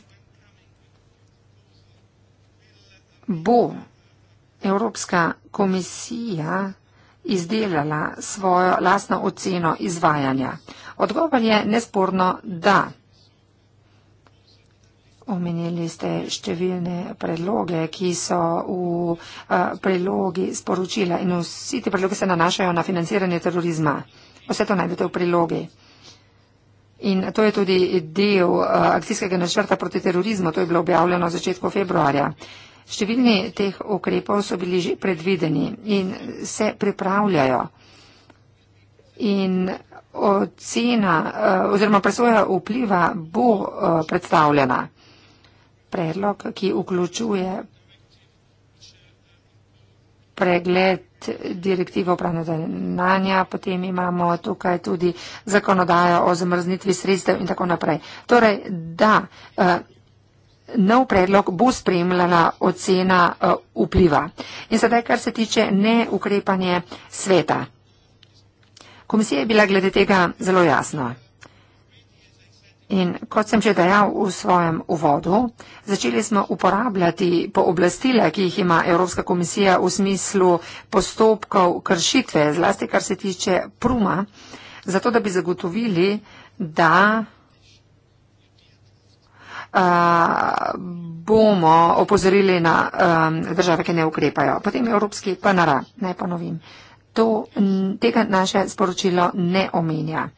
bo Evropska komisija izdelala svojo lastno oceno izvajanja? Odgovor je nesporno da. Omenili ste številne predloge, ki so v eh, prilogi sporočila in vsi ti predloge se nanašajo na financiranje terorizma. Vse to najdete v prilogi. In to je tudi del eh, akcijskega načrta proti terorizmu, to je bilo objavljeno v začetku februarja. Številni teh ukrepov so bili že predvideni in se pripravljajo. In ocena eh, oziroma presoja vpliva bo eh, predstavljena. Predlog, ki vključuje pregled direktive upravne denanja, potem imamo tukaj tudi zakonodajo o zamrznitvi sredstev in tako naprej. Torej, da eh, nov predlog bo spremljala ocena eh, vpliva. In sedaj, kar se tiče neukrepanje sveta. Komisija je bila glede tega zelo jasna. In kot sem že dejal v svojem uvodu, začeli smo uporabljati pooblastila, ki jih ima Evropska komisija v smislu postopkov kršitve, zlasti kar se tiče pruma, zato da bi zagotovili, da bomo opozorili na države, ki ne ukrepajo. Potem Evropski PNR, naj ponovim, to, tega naše sporočilo ne omenja.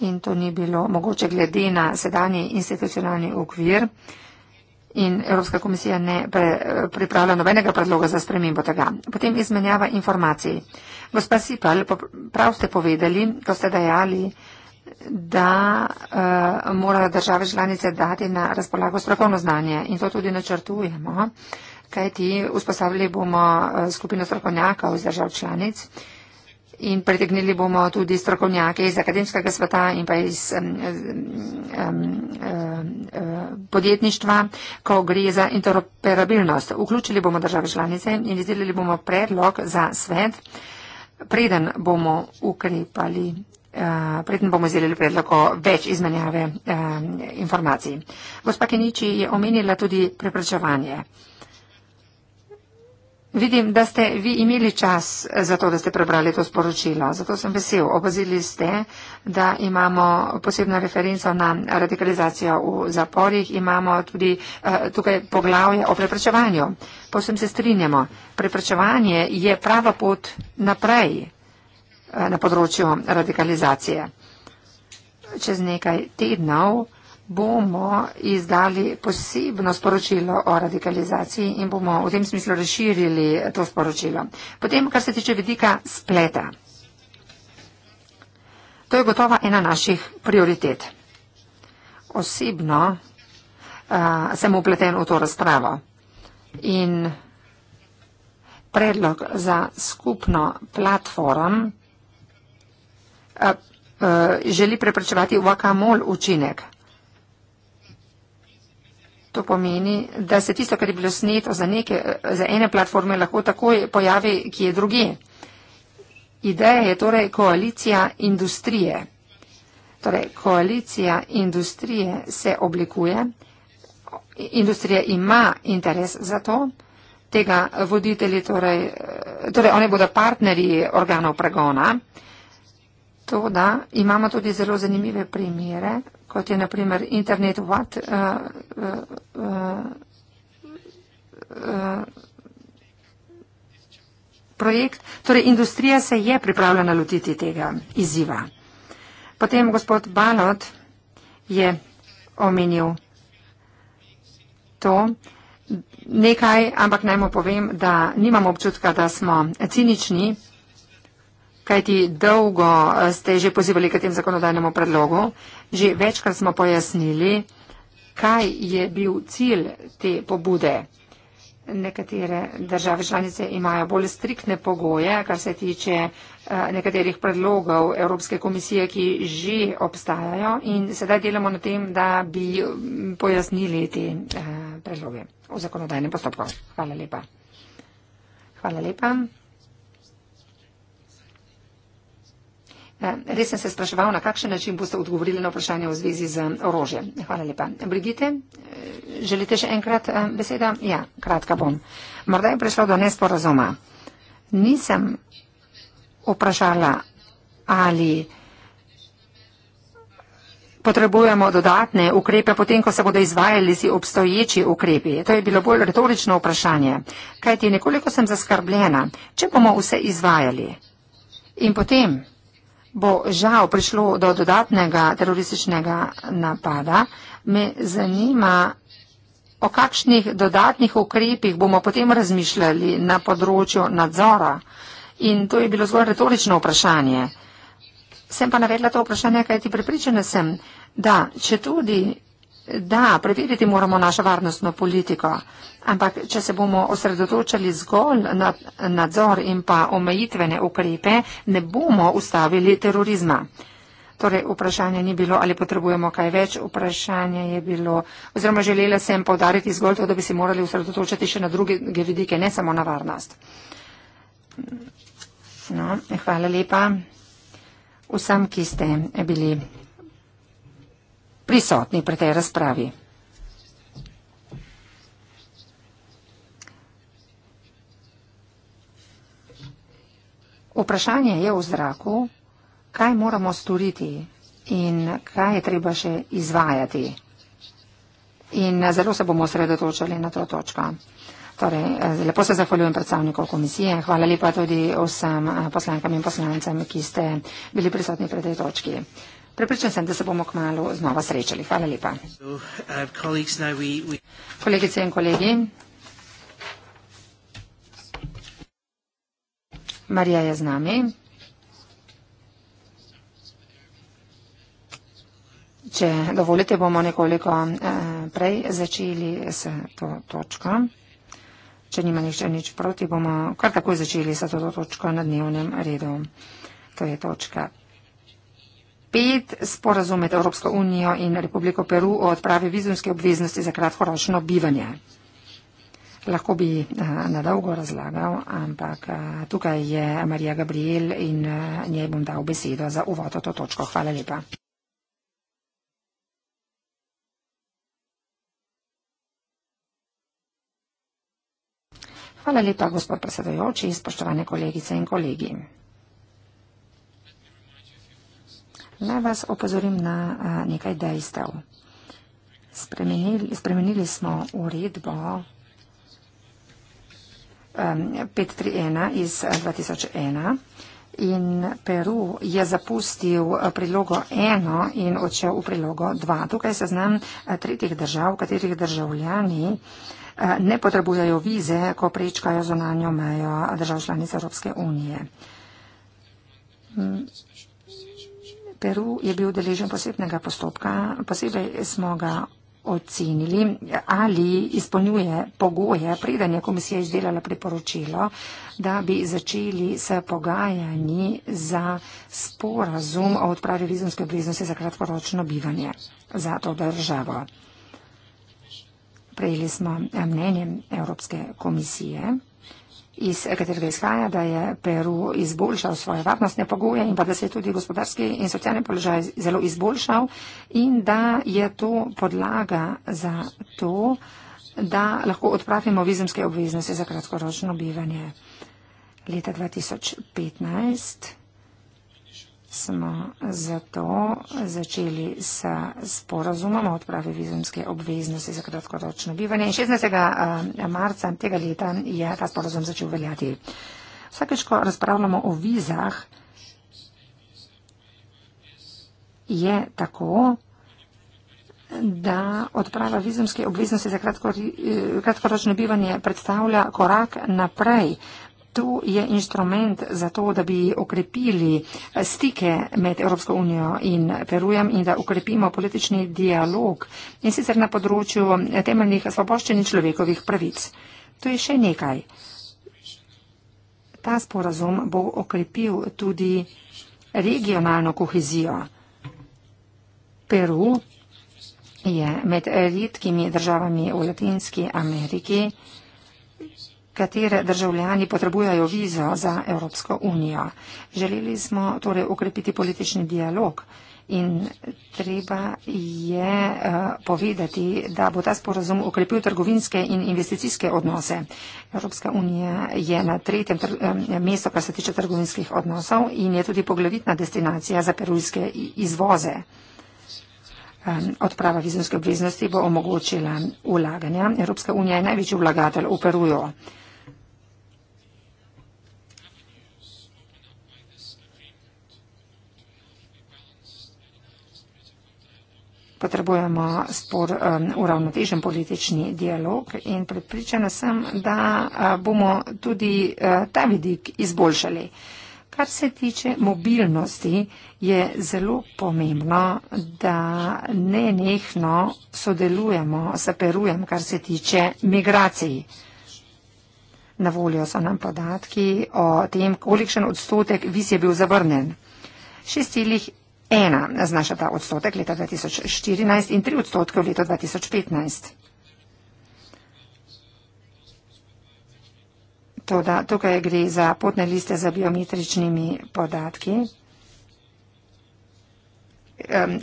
In to ni bilo mogoče glede na sedanji institucionalni okvir. In Evropska komisija ne pre, pripravlja nobenega predloga za spremembo tega. Potem izmenjava informacij. Gospa Sipal, prav ste povedali, ko ste dejali, da uh, morajo države članice dati na razpolago strokovno znanje in to tudi načrtujemo, kajti usposabili bomo eh, skupino strokovnjakov iz držav članic in pretegnili bomo tudi strokovnjake iz akademskega sveta in pa iz um, um, um, um, podjetništva, ko gre za interoperabilnost. Vključili bomo države članice in izdelili bomo predlog za svet, preden bomo ukrepali Eh, preden bomo izdelili predlog o več izmenjave eh, informacij. Gospa Kenici je omenila tudi preprečevanje. Vidim, da ste vi imeli čas za to, da ste prebrali to sporočilo. Zato sem vesel. Opazili ste, da imamo posebno referenco na radikalizacijo v zaporih. Imamo tudi uh, tukaj poglavje o preprečevanju. Posem se strinjamo. Preprečevanje je prava pot naprej. Eh, na področju radikalizacije. Čez nekaj tednov bomo izdali posebno sporočilo o radikalizaciji in bomo v tem smislu razširili to sporočilo. Potem, kar se tiče vidika spleta. To je gotova ena naših prioritet. Osebno uh, sem upleten v to razpravo in predlog za skupno platformo želi preprečevati vakamol učinek. To pomeni, da se tisto, kar je bilo sneto za, neke, za ene platforme, lahko takoj pojavi, ki je drugi. Ideja je torej koalicija industrije. Torej, koalicija industrije se oblikuje, industrija ima interes za to, tega voditelji, torej, torej oni bodo partnerji organov pregona. To, da imamo tudi zelo zanimive primere, kot je naprimer internet Watt, uh, eh, uh, eh, uh, eh, projekt. Torej, industrija se je pripravljena lotiti tega izziva. Potem gospod Balot je omenil to nekaj, ampak najmo povem, da nimam občutka, da smo cinični kajti dolgo eh, ste že pozivali k tem zakonodajnemu predlogu, že večkrat smo pojasnili, kaj je bil cilj te pobude. Nekatere države članice imajo bolj striktne pogoje, kar se tiče eh, nekaterih predlogov Evropske komisije, ki že obstajajo in sedaj delamo na tem, da bi mm, pojasnili te eh, predloge v zakonodajnem postopku. Hvala lepa. Hvala lepa. Eh, res sem se spraševal, na kakšen način boste odgovorili na vprašanje v zvezi z orožjem. Hvala lepa. Brigite, eh, želite še enkrat eh, beseda? Ja, kratka bom. Morda je prišlo do nesporazuma. Nisem vprašala, ali potrebujemo dodatne ukrepe, potem ko se bodo izvajali si obstoječi ukrepi. To je bilo bolj retorično vprašanje. Kajti nekoliko sem zaskrbljena, če bomo vse izvajali. In potem bo žal prišlo do dodatnega terorističnega napada, me zanima, o kakšnih dodatnih ukrepih bomo potem razmišljali na področju nadzora. In to je bilo zgolj retorično vprašanje. Sem pa navedla to vprašanje, kaj ti pripričana sem, da če tudi Da, preveriti moramo našo varnostno politiko, ampak če se bomo osredotočili zgolj na nadzor in pa omejitvene ukrepe, ne bomo ustavili terorizma. Torej, vprašanje ni bilo, ali potrebujemo kaj več, vprašanje je bilo, oziroma želela sem povdariti zgolj to, da bi se morali osredotočiti še na druge vidike, ne samo na varnost. No, hvala lepa vsem, ki ste bili prisotni pri tej razpravi. Vprašanje je v zraku, kaj moramo storiti in kaj je treba še izvajati. In eh, zelo se bomo osredotočali na to točko. Torej, eh, lepo se zahvaljujem predstavnikov komisije, hvala lepa tudi vsem eh, poslankam in poslancem, ki ste bili prisotni pri tej točki. Prepričan sem, da se bomo kmalo znova srečali. Hvala lepa. Uh, Kolegice in kolegi. Marija je z nami. Če dovolite, bomo nekoliko eh, prej začeli s to točko. Če nima nišče nič proti, bomo kar takoj začeli s to točko na dnevnem redu. To je točka 5. Sporazum med Evropsko unijo in Republiko Peru o odpravi vizumske obveznosti za kratkoročno bivanje. Lahko bi eh, nadolgo razlagal, ampak eh, tukaj je Marija Gabriel in eh, njej bom dal besedo za uvod o to točko. Hvala lepa. Hvala lepa, gospod predsedojoči, spoštovane kolegice in kolegi. Naj vas opozorim na nekaj dejstev. Spremenili, spremenili smo uredbo 531 iz 2001 in Peru je zapustil prilogo 1 in odšel v prilogo 2. Tukaj se znam tretjih držav, katerih državljani ne potrebujejo vize, ko prečkajo zonanjo mejo držav članic Evropske unije. Peru je bil deležen posebnega postopka, posebej smo ga ocenili, ali izpolnjuje pogoje, preden je komisija izdelala priporočilo, da bi začeli s pogajanji za sporazum o odpravi vizumske obveznosti za kratkoročno bivanje za to državo. Prejeli smo mnenje Evropske komisije iz katerega izhaja, da je Peru izboljšal svoje varnostne pogoje in pa da se je tudi gospodarski in socialni položaj zelo izboljšal in da je to podlaga za to, da lahko odpravimo vizumske obveznosti za kratkoročno bivanje. Leta 2015 smo zato začeli s sporazumom o odpravi vizumske obveznosti za kratkoročno bivanje. 16. Eh, marca tega leta je ta sporazum začel veljati. Vsakeč, ko razpravljamo o vizah, je tako, da odprava vizumske obveznosti za eh, kratkoročno bivanje predstavlja korak naprej to je instrument za to, da bi okrepili eh, stike med Evropsko unijo in Perujem in da okrepimo politični dialog in sicer na področju eh, temeljnih svoboščin in človekovih pravic. To je še nekaj. Ta sporazum bo okrepil tudi regionalno kohezijo. Peru je med redkimi državami v Latinski Ameriki katere državljani potrebujejo vizo za Evropsko unijo. Želeli smo torej ukrepiti politični dialog in treba je eh, povedati, da bo ta sporazum ukrepil trgovinske in investicijske odnose. Evropska unija je na tretjem eh, mestu, kar se tiče trgovinskih odnosov in je tudi poglavitna destinacija za perujske izvoze. Ehm, odprava vizumske obveznosti bo omogočila ulaganja. Evropska unija je največji vlagatelj v Peruju. potrebujemo spor, um, uravnotežen politični dialog in pripričana sem, da uh, bomo tudi uh, ta vidik izboljšali. Kar se tiče mobilnosti, je zelo pomembno, da ne nehno sodelujemo s Perujem, kar se tiče migracij. Na voljo so nam podatki o tem, kolikšen odstotek viz je bil zavrnen ena znaša ta odstotek leta 2014 in tri odstotke v letu 2015. Toda, tukaj gre za potne liste za biometričnimi podatki. Um,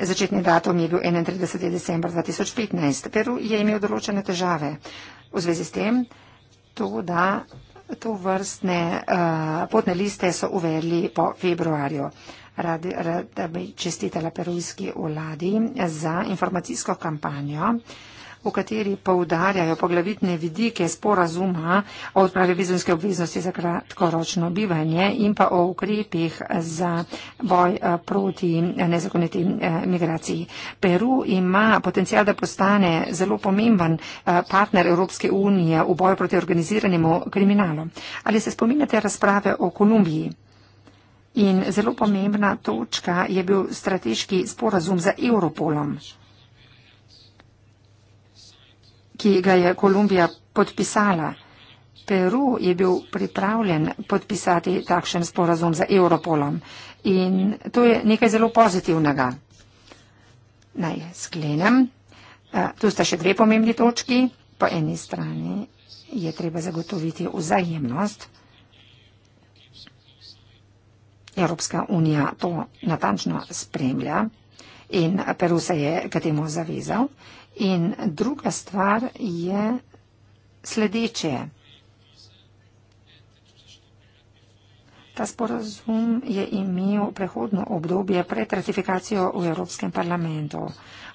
začetni datum je bil 31. december 2015. Peru je imel določene težave v zvezi s tem, to, da to vrstne uh, eh, potne liste so uvedli po februarju. Uh, Rada rad bi čestitala peruski vladi za informacijsko kampanjo, v kateri poudarjajo poglavitne vidike sporazuma o odpravi vizumske obveznosti za kratkoročno bivanje in pa o ukrepih za boj eh, proti eh, nezakoniti eh, migraciji. Peru ima potencial, da postane zelo pomemben partner Evropske unije v boju proti organiziranemu kriminalu. Ali se spominjate razprave o Kolumbiji? In zelo pomembna točka je bil strateški sporazum za Europolom, ki ga je Kolumbija podpisala. Peru je bil pripravljen podpisati takšen sporazum za Europolom in to je nekaj zelo pozitivnega. Naj sklenem. Tu sta še dve pomembni točki. Po eni strani je treba zagotoviti vzajemnost. Evropska unija to natančno spremlja in Peru se je k temu zavezal. In druga stvar je sledeče. Ta sporazum je imel prehodno obdobje pred ratifikacijo v Evropskem parlamentu.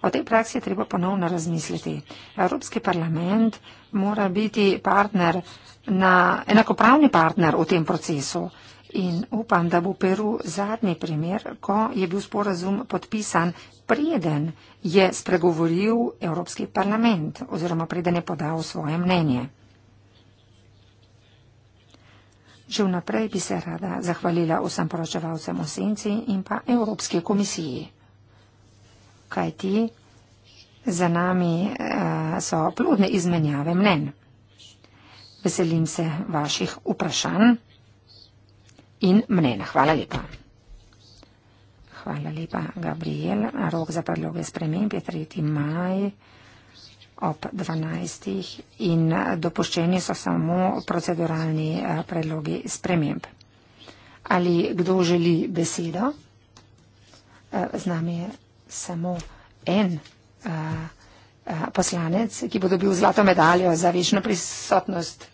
O tej praksi je treba ponovno razmisliti. Evropski parlament mora biti partner, na, enakopravni partner v tem procesu in upam, da bo Peru zadnji primer, ko je bil sporazum podpisan, preden je spregovoril Evropski parlament oziroma preden je podal svoje mnenje. Že vnaprej bi se rada zahvalila vsem poročevalcem v senci in pa Evropske komisiji. Kaj ti? Za nami eh, so plodne izmenjave mnen. Veselim se vaših vprašanj in mnena. Hvala lepa. Hvala lepa, Gabriel. Rok za predloge sprememb je 3. maj ob 12. in dopuščeni so samo proceduralni eh, predlogi sprememb. Ali kdo želi besedo? Eh, z nami je samo en eh, poslanec, ki bo dobil zlato medaljo za večno prisotnost.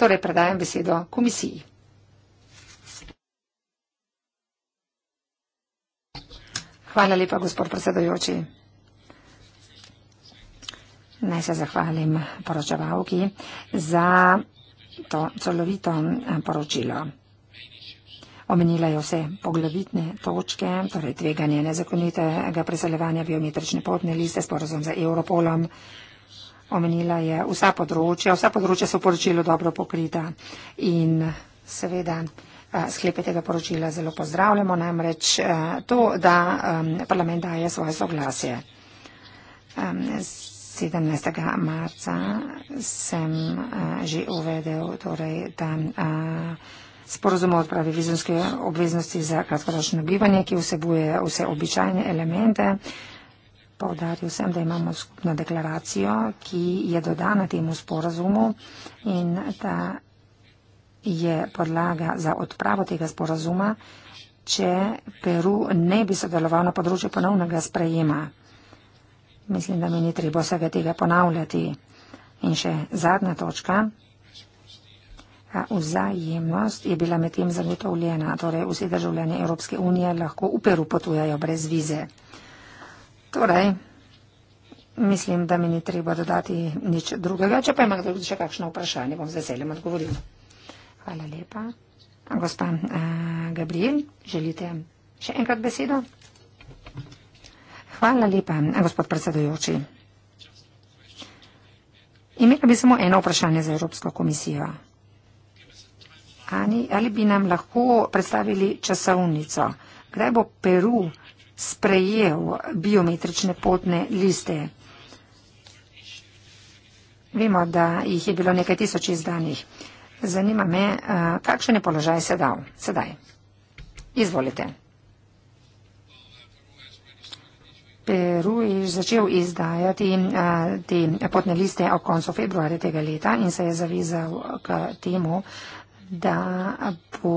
Torej predajam besedo komisiji. Hvala lepa, gospod predsedojoči. Naj se zahvalim poročevalki za to celovito eh, poročilo. Omenila je vse poglavitne točke, torej tveganje nezakonitega preseljevanja biometrične potne liste, sporozum za Europolom, omenila je vsa področja, vsa področja so poročilo dobro pokrita in seveda. Eh, sklepe tega poročila zelo pozdravljamo, namreč eh, to, da parlament daje svoje soglasje. 17. marca sem eh, že uvedel, torej, da sporozum o odpravi vizumske obveznosti za kratkoročno bivanje, ki vsebuje vse običajne elemente, Povdaril sem, da imamo skupno deklaracijo, ki je dodana temu sporazumu in da je podlaga za odpravo tega sporazuma, če Peru ne bi sodeloval na področju ponovnega sprejema. Mislim, da mi ni treba vsega tega ponavljati. In še zadnja točka. Vzajemnost je bila med tem zagotovljena, torej vsi državljani Evropske unije lahko v Peru potujajo brez vize. Torej, mislim, da mi ni treba dodati nič drugega. Če pa imate še kakšno vprašanje, bom z veseljem odgovoril. Hvala lepa. Gospa uh, Gabriel, želite še enkrat besedo? Hvala lepa, gospod predsedujoči. Imela bi samo eno vprašanje za Evropsko komisijo. Ani, ali bi nam lahko predstavili časovnico? Kdaj bo Peru? sprejel biometrične potne liste. Vemo, da jih je bilo nekaj tisoč izdanih. Zanima me, eh, kakšen je položaj sedal, sedaj. Izvolite. Peru je začel izdajati eh, te potne liste o koncu februarja tega leta in se je zavizal k temu, da bo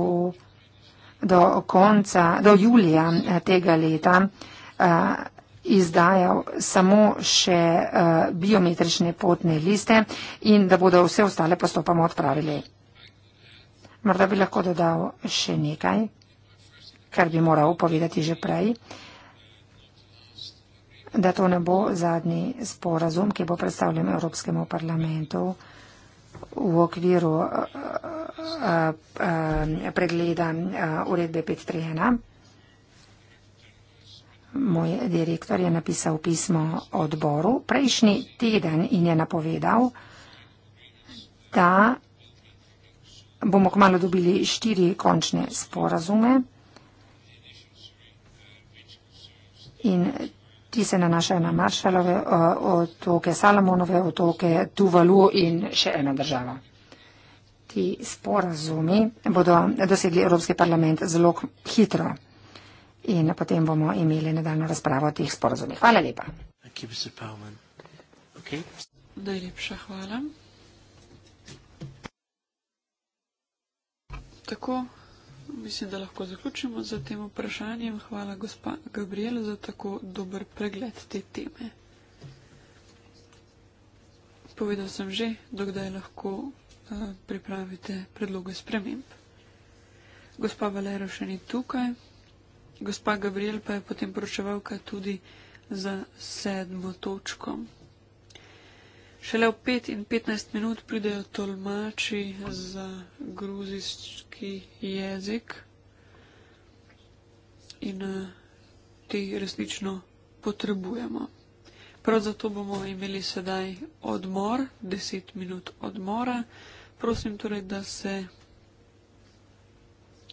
do konca, do julija eh, tega leta eh, izdajal samo še eh, biometrične potne liste in da bodo vse ostale postopamo odpravili. Morda bi lahko dodal še nekaj, kar bi moral povedati že prej, da to ne bo zadnji sporazum, ki bo predstavljen Evropskemu parlamentu v okviru a, a, a, pregleda a, eh, uredbe 531. Moj direktor je napisal pismo odboru prejšnji teden in je napovedal, da bomo kmalo dobili štiri končne sporazume in Ti se nanašajo na Maršalove otoke, Salamonove otoke, Tuvalu in še ena država. Ti sporazumi bodo dosegli Evropski parlament zelo hitro in potem bomo imeli nadaljno razpravo o teh sporazumih. Hvala lepa. Najlepša hvala. Tako, mislim, da lahko zaključimo z tem vprašanjem. Hvala, gospa Gabriela, za tako dober pregled te teme. Povedal sem že, dokdaj lahko uh, pripravite predloge sprememb. Gospa Valero še ni tukaj. Gospa Gabriel pa je potem poročevalka tudi za sedmo točko. Šele v 5 in 15 minut pridejo tolmači za gruzijski jezik in eh, ti resnično potrebujemo. Prav zato bomo imeli sedaj odmor, 10 minut odmora. Prosim torej, da se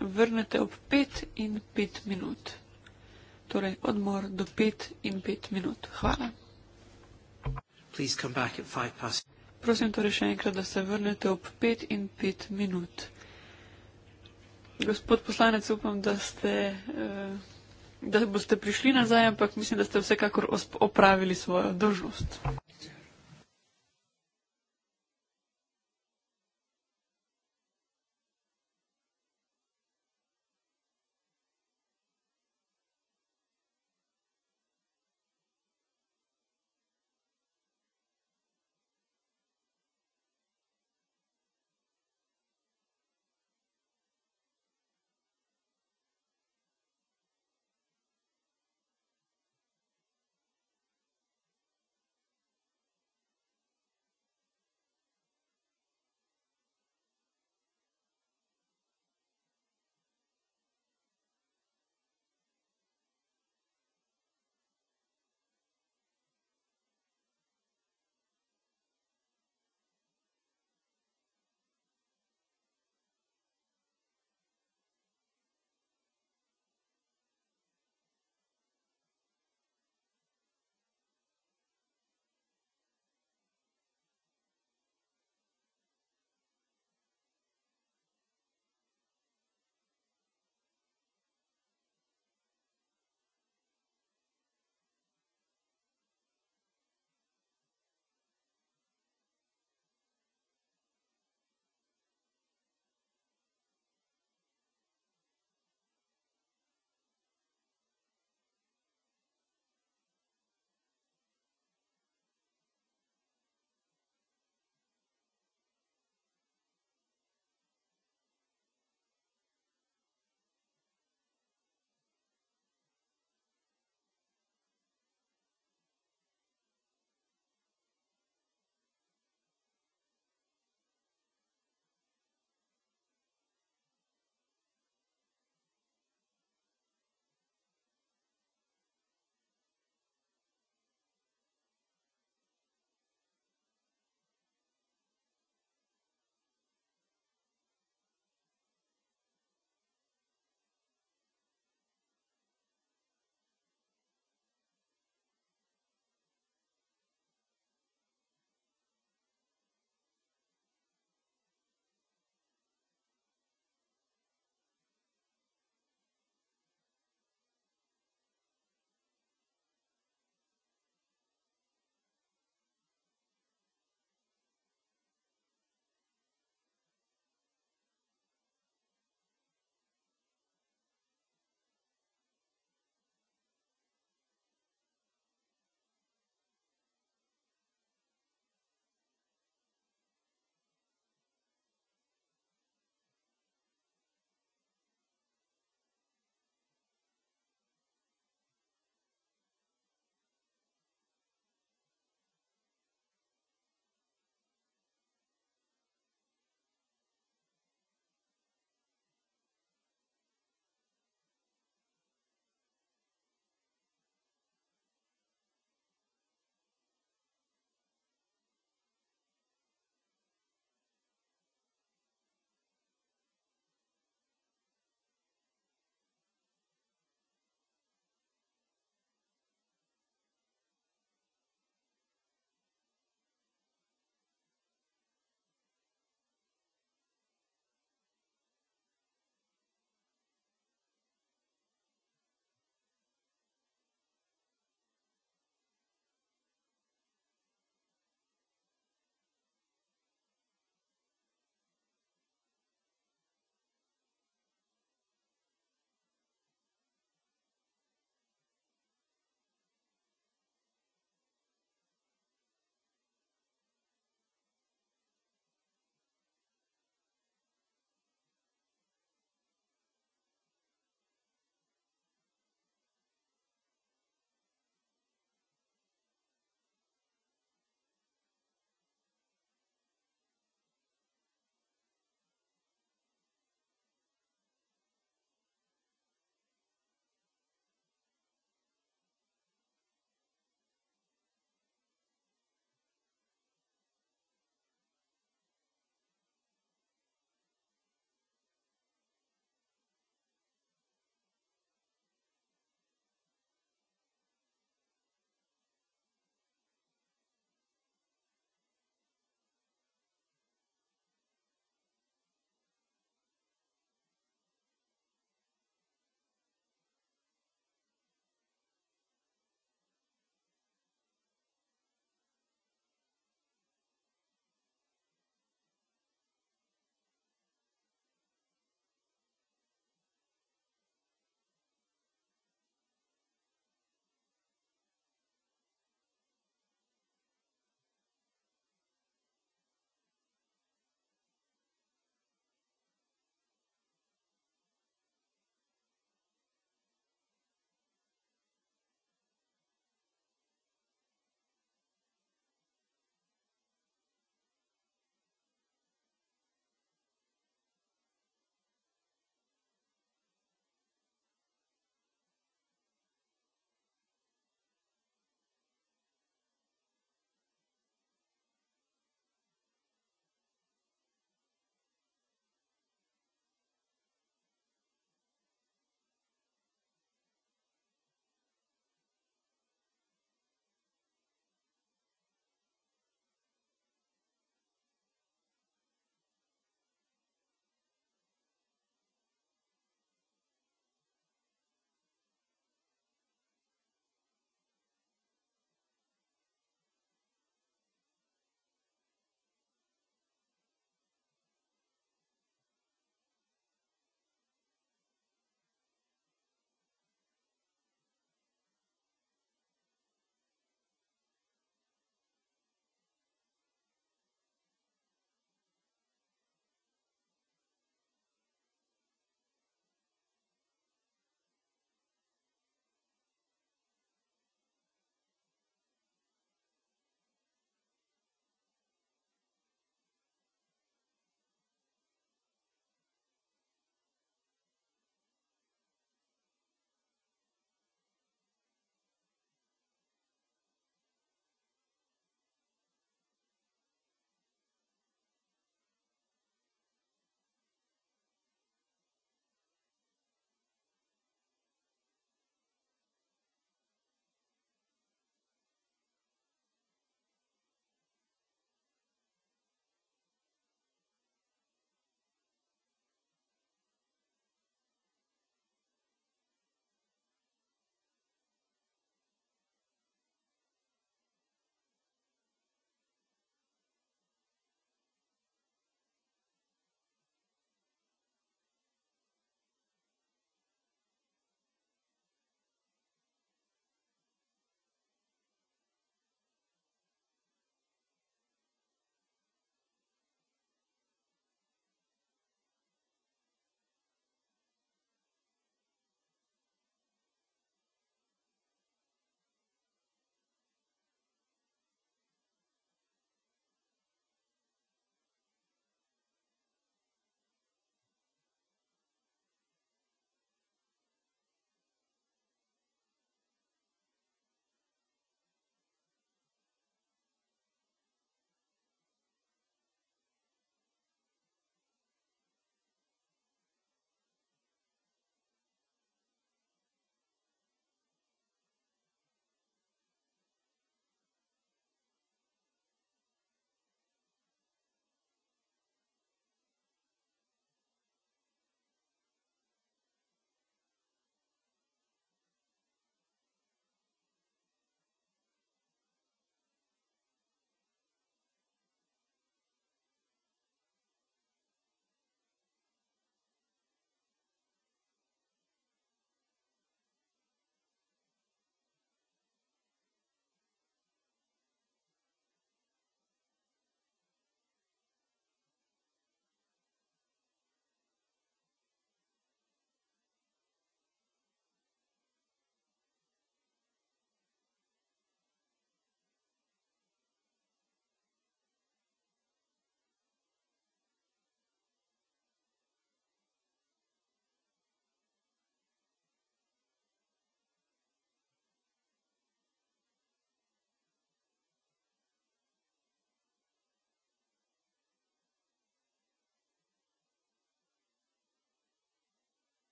vrnete ob 5 in 5 minut. Torej, odmor do 5 in 5 minut. Hvala. Hvala please come back at five past. Prosim torej še enkrat, da se vrnete ob pet in pet minut. Gospod poslanec, upam, da, ste, eh, da boste prišli nazaj, ampak mislim, da ste vsekakor opravili svojo dožnost.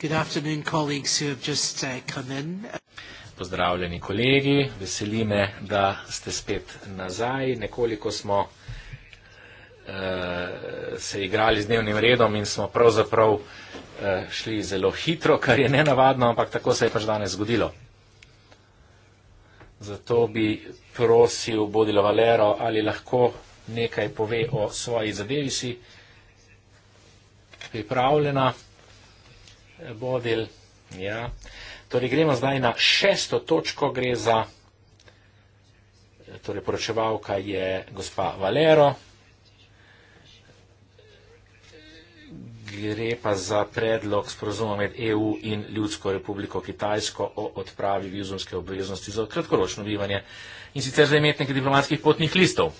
Good afternoon, colleagues who have just uh, come in. Pozdravljeni kolegi, veseli me, da ste spet nazaj. Nekoliko smo uh, se igrali z dnevnim redom in smo pravzaprav uh, šli zelo hitro, kar je nenavadno, ampak tako se je pač danes zgodilo. Zato bi prosil Bodilo Valero, ali lahko nekaj pove o svoji zadevi, si pripravljena vodil. Ja. Torej, gremo zdaj na šesto točko, gre za torej, poročevalka je gospa Valero. Gre pa za predlog sporozuma med EU in Ljudsko republiko Kitajsko o odpravi vizumske obveznosti za kratkoročno bivanje in sicer za imetnike diplomatskih potnih listov.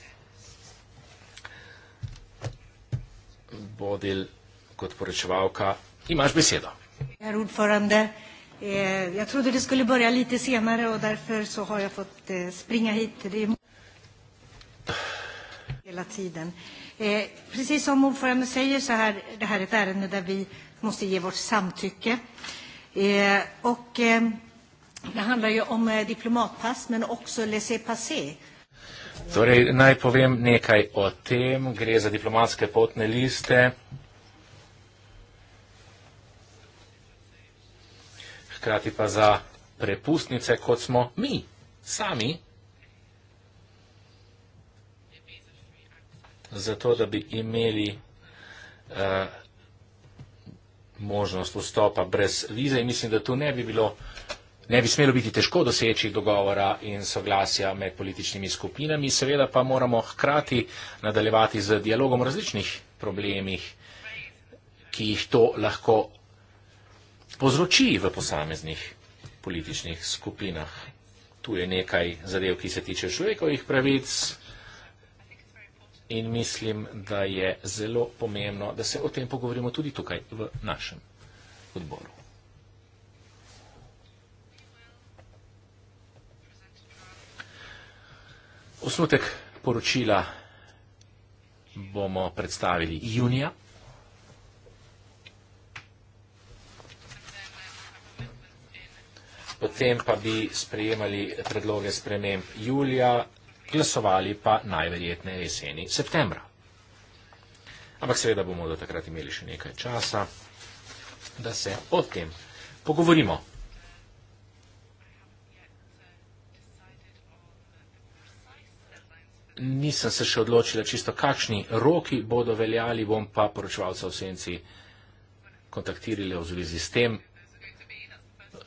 Bodil kot poročevalka, imaš besedo. Herr ordförande, eh, jag trodde det skulle börja lite senare och därför så har jag fått eh, springa hit. Det är... hela tiden. Eh, precis som ordförande säger så här, det här är ett ärende där vi måste ge vårt samtycke. Eh, och, eh, det handlar ju om eh, diplomatpass men också laissez-passé. Torej, naj povem nekaj o tem. Gre za diplomatske potne liste, hkrati pa za prepustnice, kot smo mi sami. Zato, da bi imeli uh, možnost vstopa brez vize in mislim, da tu ne bi bilo, ne bi smelo biti težko doseči dogovora in soglasja med političnimi skupinami. Seveda pa moramo hkrati nadaljevati z dialogom o različnih problemih, ki jih to lahko povzroči v posameznih političnih skupinah. Tu je nekaj zadev, ki se tiče človekovih pravic in mislim, da je zelo pomembno, da se o tem pogovorimo tudi tukaj v našem odboru. Osnutek poročila bomo predstavili junija. potem pa bi sprejemali predloge sprememb julija, glasovali pa najverjetneje jeseni septembra. Ampak seveda bomo do takrat imeli še nekaj časa, da se o tem pogovorimo. Nisem se še odločila čisto, kakšni roki bodo veljali, bom pa poročevalca v senci kontaktirali v zvezi s tem,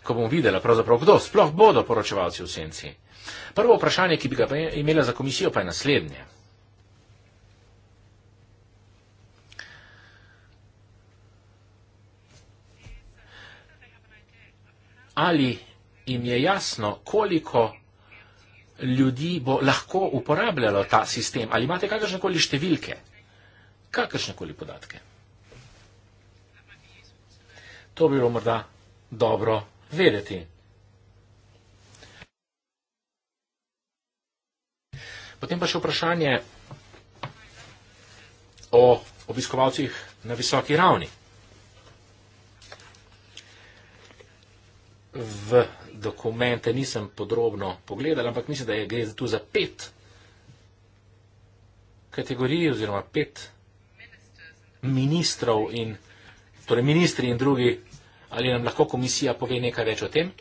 ko bomo videli, pravzaprav kdo sploh bodo poročevalci v senci. Prvo vprašanje, ki bi ga imela za komisijo, pa je naslednje. Ali jim je jasno, koliko ljudi bo lahko uporabljalo ta sistem? Ali imate kakršnekoli številke, kakršnekoli podatke? To bi bilo morda dobro vedeti. Potem pa še vprašanje o obiskovalcih na visoki ravni. V dokumente nisem podrobno pogledal, ampak mislim, da je gre tu za pet kategorij oziroma pet ministrov in torej ministri in drugi Ali nam lahko komisija pove nekaj več o tem?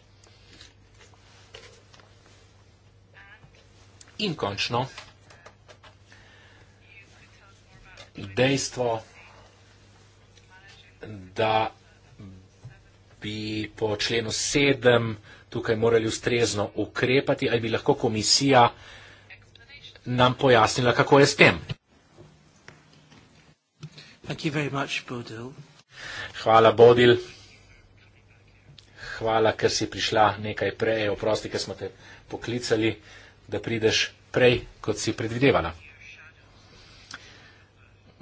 In končno, dejstvo, da bi po členu 7 tukaj morali ustrezno ukrepati, ali bi lahko komisija nam pojasnila, kako je s tem. Hvala, Bodil hvala, ker si prišla nekaj prej, oprosti, ker smo te poklicali, da prideš prej, kot si predvidevala.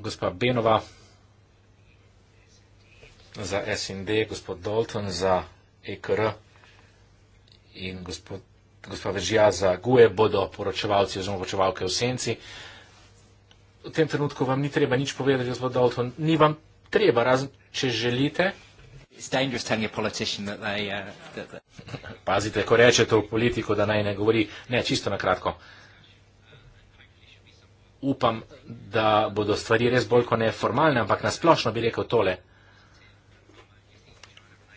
Gospa Benova za SND, gospod Dalton za EKR in gospod, gospa Vežija za GUE bodo poročevalci oziroma poročevalke v senci. V tem trenutku vam ni treba nič povedati, gospod Dalton, ni vam treba, razen če želite it's dangerous telling a politician that they... Uh, that, that... Pazite, ko rečete v politiko, da naj ne govori, ne, čisto na kratko. Upam, da bodo stvari res bolj kot neformalne, ampak nasplošno bi rekel tole.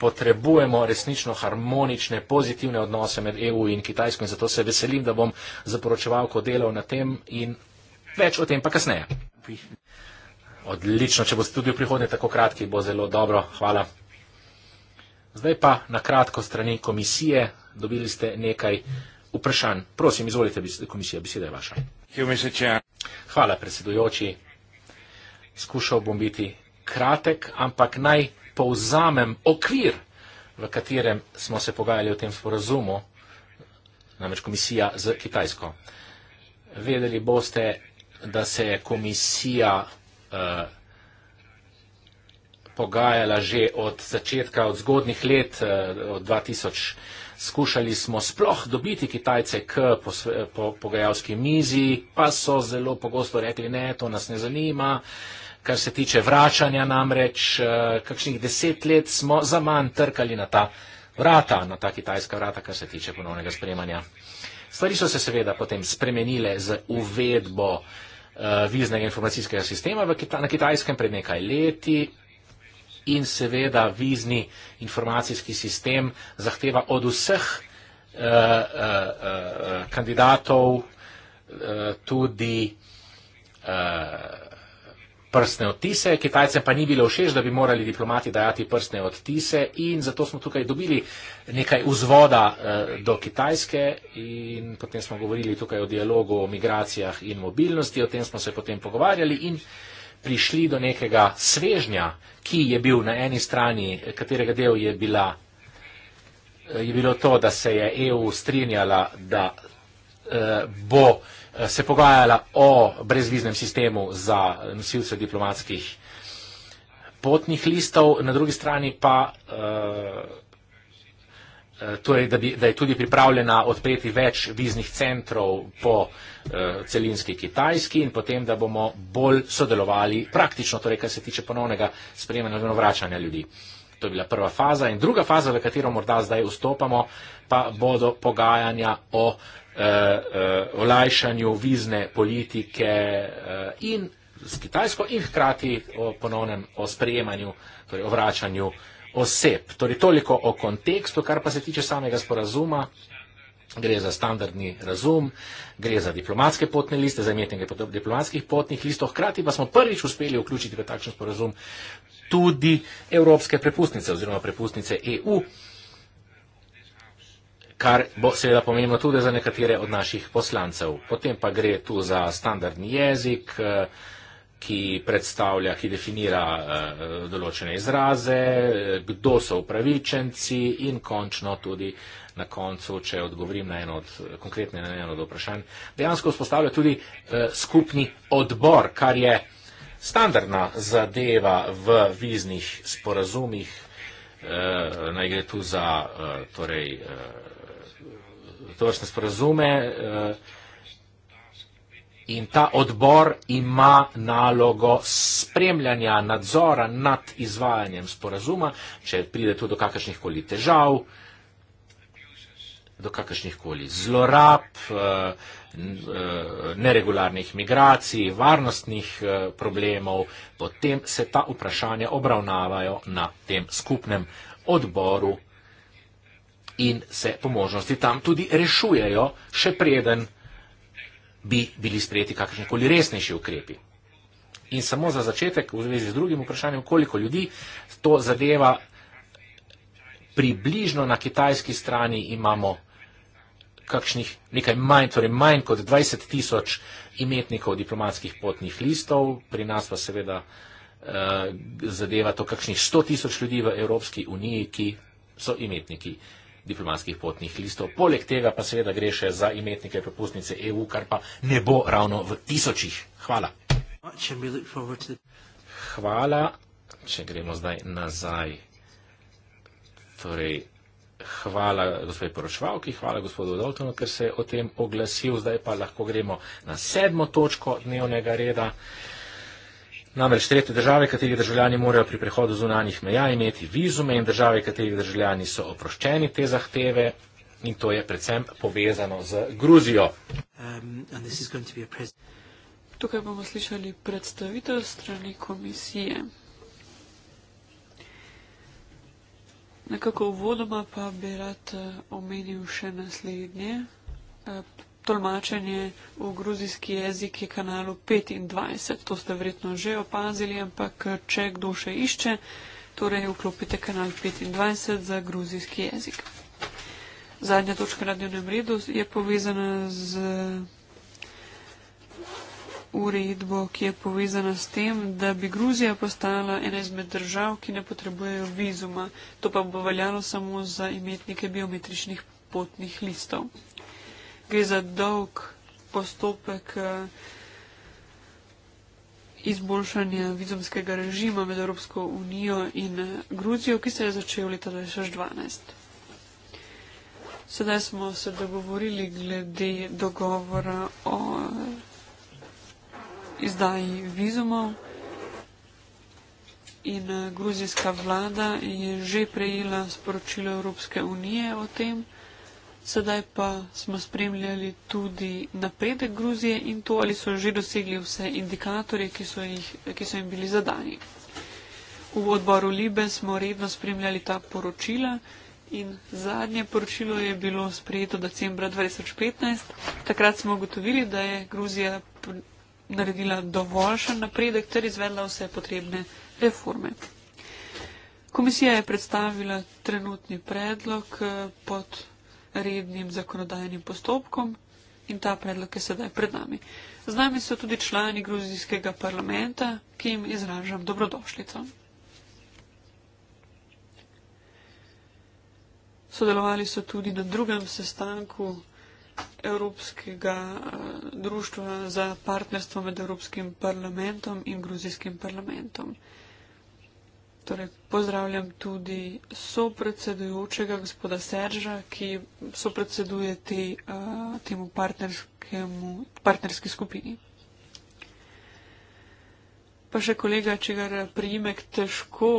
Potrebujemo resnično harmonične, pozitivne odnose med EU in Kitajsko in zato se veselim, da bom zaporočeval, ko delal na tem in več o tem pa kasneje. Odlično, če boste tudi v prihodnje tako kratki, bo zelo dobro. Hvala. Zdaj pa na kratko strani komisije dobili ste nekaj vprašanj. Prosim, izvolite, komisija, beseda je vaša. Hvala, predsedujoči. Skušal bom biti kratek, ampak naj povzamem okvir, v katerem smo se pogajali o tem sporazumu, namreč komisija z Kitajsko. Vedeli boste, da se je komisija. Uh, pogajala že od začetka, od zgodnih let, eh, od 2000. Skušali smo sploh dobiti Kitajce k pogajalski po, po mizi, pa so zelo pogosto rekli, ne, to nas ne zanima. Kar se tiče vračanja, namreč eh, kakšnih deset let smo za manj trkali na ta vrata, na ta kitajska vrata, kar se tiče ponovnega spremanja. Stvari so se seveda potem spremenile z uvedbo uh, viznega informacijskega sistema v, na kitajskem pred nekaj leti in seveda vizni informacijski sistem zahteva od vseh uh, uh, uh, kandidatov uh, tudi uh, prstne odtise. Kitajcem pa ni bilo všeč, da bi morali diplomati dajati prstne odtise in zato smo tukaj dobili nekaj vzvoda uh, do Kitajske in potem smo govorili tukaj o dialogu o migracijah in mobilnosti, o tem smo se potem pogovarjali in prišli do nekega svežnja, ki je bil na eni strani, katerega del je, bila, je bilo to, da se je EU strinjala, da eh, bo eh, se pogajala o brezviznem sistemu za nosilce diplomatskih potnih listov, na drugi strani pa. Eh, Eh, torej, da, bi, da je tudi pripravljena odpreti več viznih centrov po uh, celinski Kitajski in potem, da bomo bolj sodelovali praktično, torej, kar se tiče ponovnega sprejemanja in vračanja ljudi. To je bila prva faza in druga faza, v katero morda zdaj vstopamo, pa bodo pogajanja o uh, uh, olajšanju vizne politike uh, in s Kitajsko in hkrati o ponovnem o sprejemanju, torej o vračanju uh, oseb. Torej toliko o kontekstu, kar pa se tiče samega sporazuma. Gre za standardni razum, gre za diplomatske potne liste, za imetnike diplomatskih potnih listov. Hkrati pa smo prvič uspeli vključiti v takšen sporazum tudi evropske prepustnice oziroma prepustnice EU, kar bo seveda pomembno tudi za nekatere od naših poslancev. Potem pa gre tu za standardni jezik. Uh, ki predstavlja, ki definira eh, določene izraze, kdo so upravičenci in končno tudi na koncu, če odgovorim na eno od konkretne na eno od vprašanj, dejansko vzpostavlja tudi eh, skupni odbor, kar je standardna zadeva v viznih sporazumih. Eh, naj gre tu za torej, tovrstne sporazume. In ta odbor ima nalogo spremljanja, nadzora nad izvajanjem sporazuma, če pride tu do kakršnih koli težav, do kakršnih koli zlorab, eh, eh, neregularnih migracij, varnostnih eh, problemov, potem se ta vprašanja obravnavajo na tem skupnem odboru in se po možnosti tam tudi rešujejo, še preden bi bili sprejeti kakršnekoli resnejši ukrepi. In samo za začetek, v zvezi z drugim vprašanjem, koliko ljudi to zadeva, približno na kitajski strani imamo kakšnih nekaj manj, torej manj kot 20 tisoč imetnikov diplomatskih potnih listov, pri nas pa seveda eh, zadeva to kakšnih 100 tisoč ljudi v Evropski uniji, ki so imetniki diplomatskih potnih listov. Poleg tega pa seveda gre še za imetnike prepustnice EU, kar pa ne bo ravno v tisočih. Hvala. Hvala. Če gremo zdaj nazaj. Torej, hvala gospodi poročevalki, hvala gospodu Daltonu, ker se je o tem oglasil. Zdaj pa lahko gremo na sedmo točko dnevnega reda. Namreč tretje države, katerih državljani morajo pri prehodu zunanjih meja imeti vizume in države, katerih državljani so oproščeni te zahteve in to je predvsem povezano z Gruzijo. Um, Tukaj bomo slišali predstavitev strani komisije. Nekako uvodoma pa bi rad eh, omenil še naslednje. Eh, tolmačenje v gruzijski jezik je kanalu 25. To ste verjetno že opazili, ampak če kdo še išče, torej vklopite kanal 25 za gruzijski jezik. Zadnja točka na dnevnem redu je povezana z uredbo, ki je povezana s tem, da bi Gruzija postala ena izmed držav, ki ne potrebujejo vizuma. To pa bo veljalo samo za imetnike biometričnih potnih listov gre za dolg postopek eh, izboljšanja vizumskega režima med Evropsko unijo in Gruzijo, ki se je začel leta 2012. Sedaj smo se dogovorili glede dogovora o izdaji vizumov in eh, gruzijska vlada je že prejela sporočilo Evropske unije o tem. Sedaj pa smo spremljali tudi napredek Gruzije in to, ali so že dosegli vse indikatorje, ki so, jih, ki so jim bili zadani. V odboru Libe smo redno spremljali ta poročila in zadnje poročilo je bilo sprejeto decembra 2015. Takrat smo ugotovili, da je Gruzija naredila dovoljšen napredek ter izvedla vse potrebne reforme. Komisija je predstavila trenutni predlog eh, pod rednim zakonodajnim postopkom in ta predlog je sedaj pred nami. Z nami so tudi člani gruzijskega parlamenta, ki jim izražam dobrodošljico. Sodelovali so tudi na drugem sestanku Evropskega eh, društva za partnerstvo med Evropskim parlamentom in Gruzijskim parlamentom. Torej, pozdravljam tudi sopredsedujočega gospoda Serža, ki sopredseduje te, uh, temu partnerskemu, partnerski skupini. Pa še kolega, če ga prijimek težko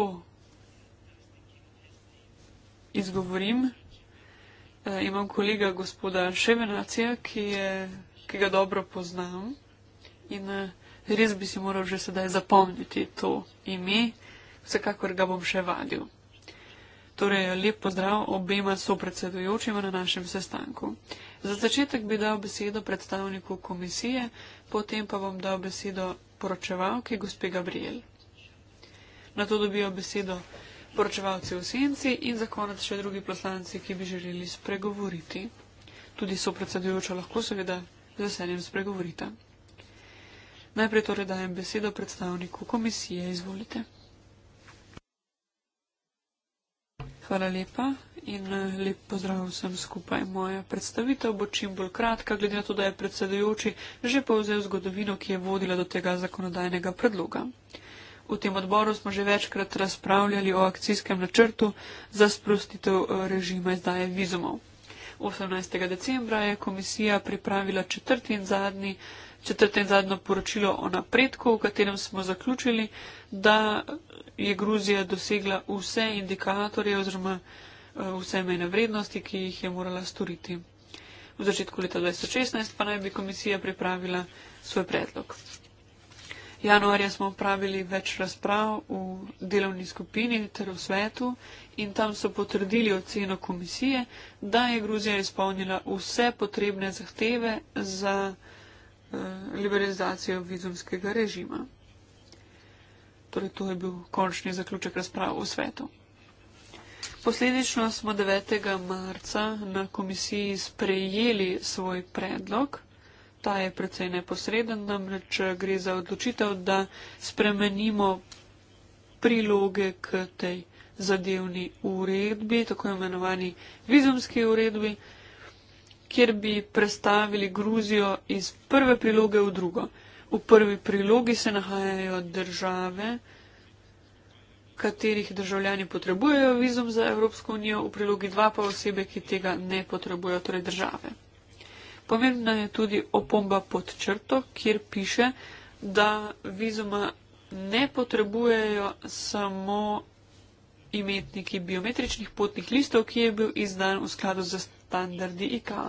izgovorim, uh, imam kolega gospoda Ševenacija, ki, je, ki ga dobro poznam in uh, res bi si moral že sedaj zapomniti to ime vsekakor ga bom še vadil. Torej, lep pozdrav obema sopredsedujočima na našem sestanku. Za začetek bi dal besedo predstavniku komisije, potem pa bom dal besedo poročevalki gospe Gabriel. Na to dobijo besedo poročevalci v senci in za konec še drugi poslanci, ki bi želeli spregovoriti. Tudi sopredsedujoča lahko seveda z veseljem spregovorita. Najprej torej dajem besedo predstavniku komisije. Izvolite. Hvala lepa in eh, lep pozdrav vsem skupaj. Moja predstavitev bo čim bolj kratka, glede na to, da je predsedujoči že povzel zgodovino, ki je vodila do tega zakonodajnega predloga. V tem odboru smo že večkrat razpravljali o akcijskem načrtu za sprostitev eh, režima izdaje vizumov. 18. decembra je komisija pripravila četrti in zadnji. Četrte in zadnjo poročilo o napredku, v katerem smo zaključili, da je Gruzija dosegla vse indikatorje oziroma eh, vse mejne vrednosti, ki jih je morala storiti. V začetku leta 2016 pa naj bi komisija pripravila svoj predlog. Januarja smo pravili več razprav v delovni skupini ter v svetu in tam so potrdili oceno komisije, da je Gruzija izpolnila vse potrebne zahteve za eh, liberalizacijo vizumskega režima. Torej, to je bil končni zaključek razprave v svetu. Posledično smo 9. marca na komisiji sprejeli svoj predlog. Ta je precej neposreden, namreč gre za odločitev, da spremenimo priloge k tej zadevni uredbi, tako imenovani vizumski uredbi, kjer bi prestavili Gruzijo iz prve priloge v drugo. V prvi prilogi se nahajajo države, katerih državljani potrebujejo vizum za Evropsko unijo, v prilogi dva pa osebe, ki tega ne potrebujejo, torej države. Pomembna je tudi opomba pod črto, kjer piše, da vizuma ne potrebujejo samo imetniki biometričnih potnih listov, ki je bil izdan v skladu z standardi IKA.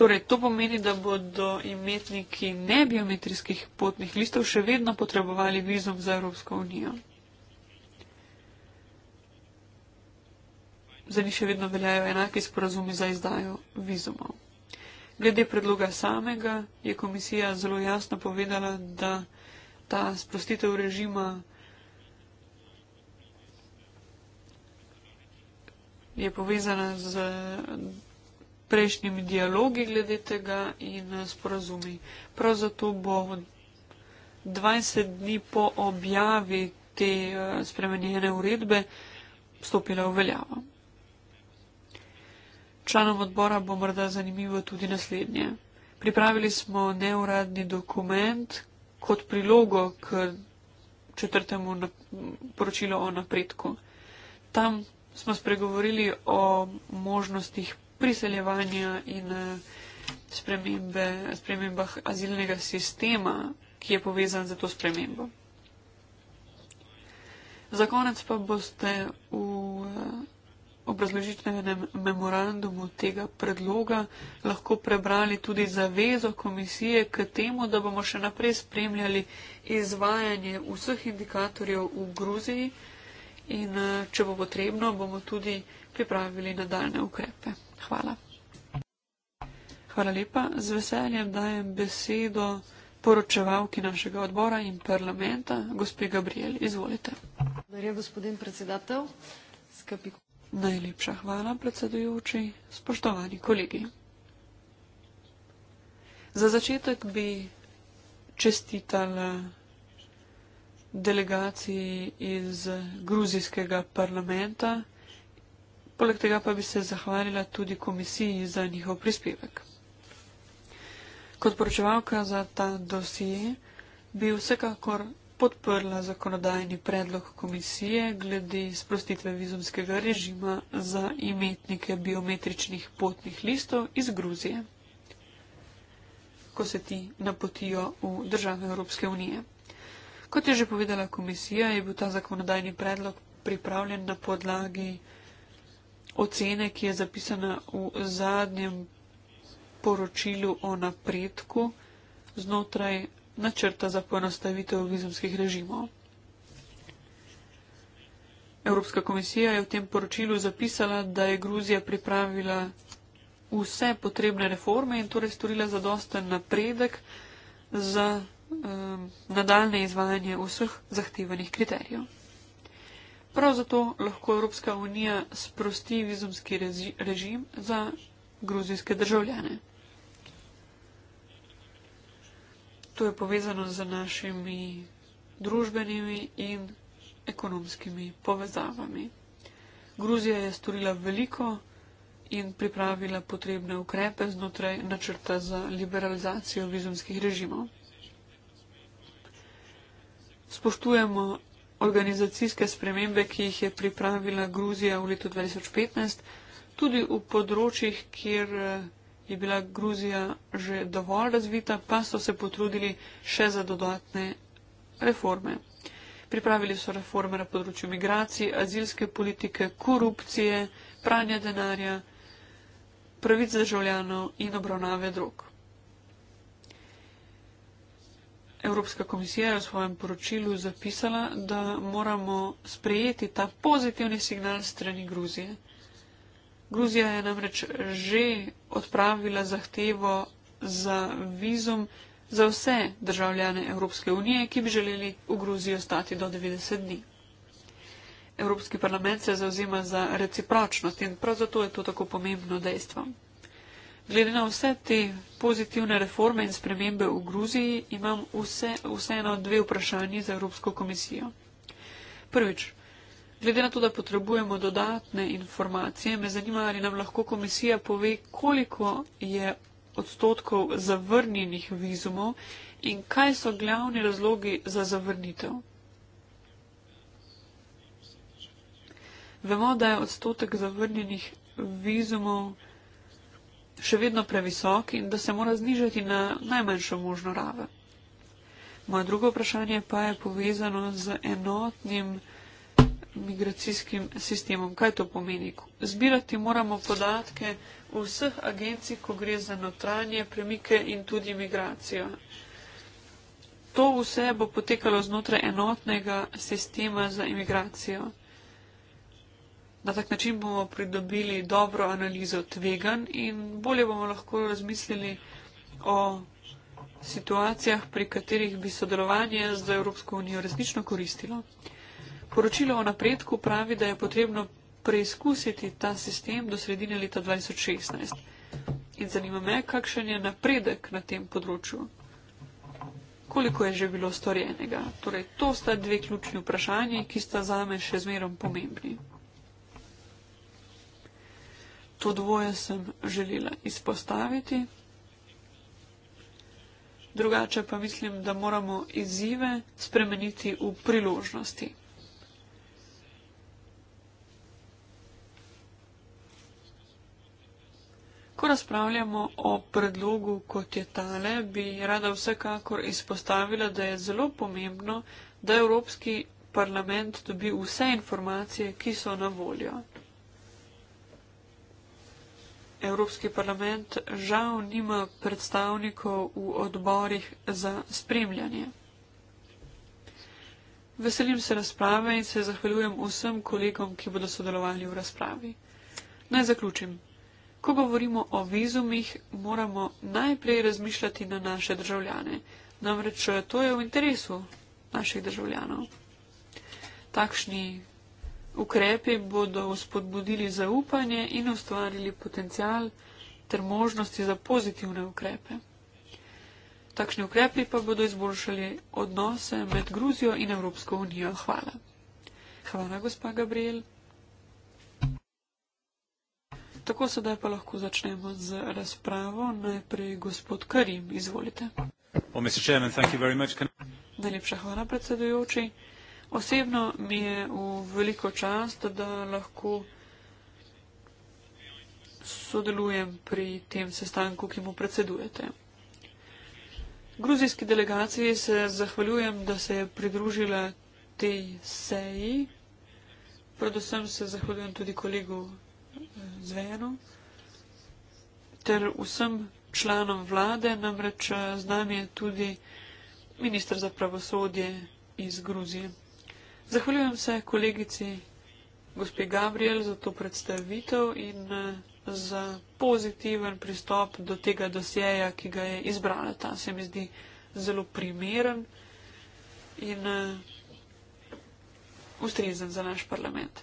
Torej, to pomeni, da bodo imetniki nebiometrijskih potnih listov še vedno potrebovali vizum za Evropsko unijo. Za njih še vedno veljajo enaki sporazumi za izdajo vizumov. Glede predloga samega je komisija zelo jasno povedala, da ta sprostitev režima je povezana z prejšnjimi dialogi glede tega in eh, sporazumi. Prav zato bo 20 dni po objavi te eh, spremenjene uredbe stopila v veljavo. Članom odbora bo morda zanimivo tudi naslednje. Pripravili smo neuradni dokument kot prilogo k četrtemu poročilu o napredku. Tam smo spregovorili o možnostih priseljevanja in eh, spremembah azilnega sistema, ki je povezan z to spremembo. Za konec pa boste v eh, obrazložitvenem memorandumu tega predloga lahko prebrali tudi zavezo komisije k temu, da bomo še naprej spremljali izvajanje vseh indikatorjev v Gruziji in eh, če bo potrebno, bomo tudi pripravili nadaljne ukrepe. Hvala. Hvala lepa. Z veseljem dajem besedo poročevalki našega odbora in parlamenta, gospe Gabriel. Izvolite. Darja, gospodin predsedatelj. Skapi... Najlepša hvala, predsedujoči. Spoštovani kolegi. Za začetek bi čestitala delegaciji iz gruzijskega parlamenta. Poleg tega pa bi se zahvalila tudi komisiji za njihov prispevek. Kot poročevalka za ta dosije bi vsekakor podprla zakonodajni predlog komisije glede sprostitve vizumskega režima za imetnike biometričnih potnih listov iz Gruzije, ko se ti napotijo v države Evropske unije. Kot je že povedala komisija, je bil ta zakonodajni predlog pripravljen na podlagi ocene, ki je zapisana v zadnjem poročilu o napredku znotraj načrta za poenostavitev vizumskih režimov. Evropska komisija je v tem poročilu zapisala, da je Gruzija pripravila vse potrebne reforme in torej storila zadosten napredek za um, nadaljne izvajanje vseh zahtevanih kriterijev. Prav zato lahko Evropska unija sprosti vizumski režim za gruzijske državljane. To je povezano z našimi družbenimi in ekonomskimi povezavami. Gruzija je storila veliko in pripravila potrebne ukrepe znotraj načrta za liberalizacijo vizumskih režimov. Spoštujemo organizacijske spremembe, ki jih je pripravila Gruzija v letu 2015, tudi v področjih, kjer eh, je bila Gruzija že dovolj razvita, pa so se potrudili še za dodatne reforme. Pripravili so reforme na področju migracij, azilske politike, korupcije, pranja denarja, pravic državljanov in obravnave drog. Evropska komisija je v svojem poročilu zapisala, da moramo sprejeti ta pozitivni signal strani Gruzije. Gruzija je namreč že odpravila zahtevo za vizum za vse državljane Evropske unije, ki bi želeli v Gruziji ostati do 90 dni. Evropski parlament se zauzima za recipročnost in prav zato je to tako pomembno dejstvo. Glede na vse te pozitivne reforme in spremembe v Gruziji, imam vse, vseeno dve vprašanji za Evropsko komisijo. Prvič, glede na to, da potrebujemo dodatne informacije, me zanima, ali nam lahko komisija pove, koliko je odstotkov zavrnjenih vizumov in kaj so glavni razlogi za zavrnitev. Vemo, da je odstotek zavrnjenih vizumov še vedno previsok in da se mora znižati na najmanjšo možno raven. Moje drugo vprašanje pa je povezano z enotnim migracijskim sistemom. Kaj to pomeni? Zbirati moramo podatke vseh agencij, ko gre za notranje premike in tudi migracijo. To vse bo potekalo znotraj enotnega sistema za imigracijo. Na tak način bomo pridobili dobro analizo tvegan in bolje bomo lahko razmislili o situacijah, pri katerih bi sodelovanje z Evropsko unijo resnično koristilo. Poročilo o napredku pravi, da je potrebno preizkusiti ta sistem do sredine leta 2016. In zanima me, kakšen je napredek na tem področju. Koliko je že bilo storjenega? Torej, to sta dve ključni vprašanji, ki sta zame še zmerom pomembni to dvoje sem želela izpostaviti. Drugače pa mislim, da moramo izzive spremeniti v priložnosti. Ko razpravljamo o predlogu kot je tale, bi rada vsekakor izpostavila, da je zelo pomembno, da Evropski parlament dobi vse informacije, ki so na voljo. Evropski parlament žal nima predstavnikov v odborih za spremljanje. Veselim se razprave in se zahvaljujem vsem kolegom, ki bodo sodelovali v razpravi. Naj zaključim. Ko govorimo o vizumih, moramo najprej razmišljati na naše državljane. Namreč to je v interesu naših državljanov. Takšni Ukrepi bodo spodbudili zaupanje in ustvarili potencial ter možnosti za pozitivne ukrepe. Takšni ukrepi pa bodo izboljšali odnose med Gruzijo in Evropsko unijo. Hvala. Hvala, gospa Gabriel. Tako sedaj pa lahko začnemo z razpravo. Najprej gospod Karim, izvolite. Well, Najlepša hvala, predsedujoči. Osebno mi je v veliko čast, da lahko sodelujem pri tem sestanku, ki mu predsedujete. Gruzijski delegaciji se zahvaljujem, da se je pridružila tej seji. Predvsem se zahvaljujem tudi kolegu eh, Zvenu ter vsem članom vlade, namreč eh, z nami je tudi ministr za pravosodje iz Gruzije. Zahvaljujem se kolegici gospe Gabriel za to predstavitev in eh, za pozitiven pristop do tega dosjeja, ki ga je izbrala. Ta se mi zdi zelo primeren in eh, ustrezen za naš parlament.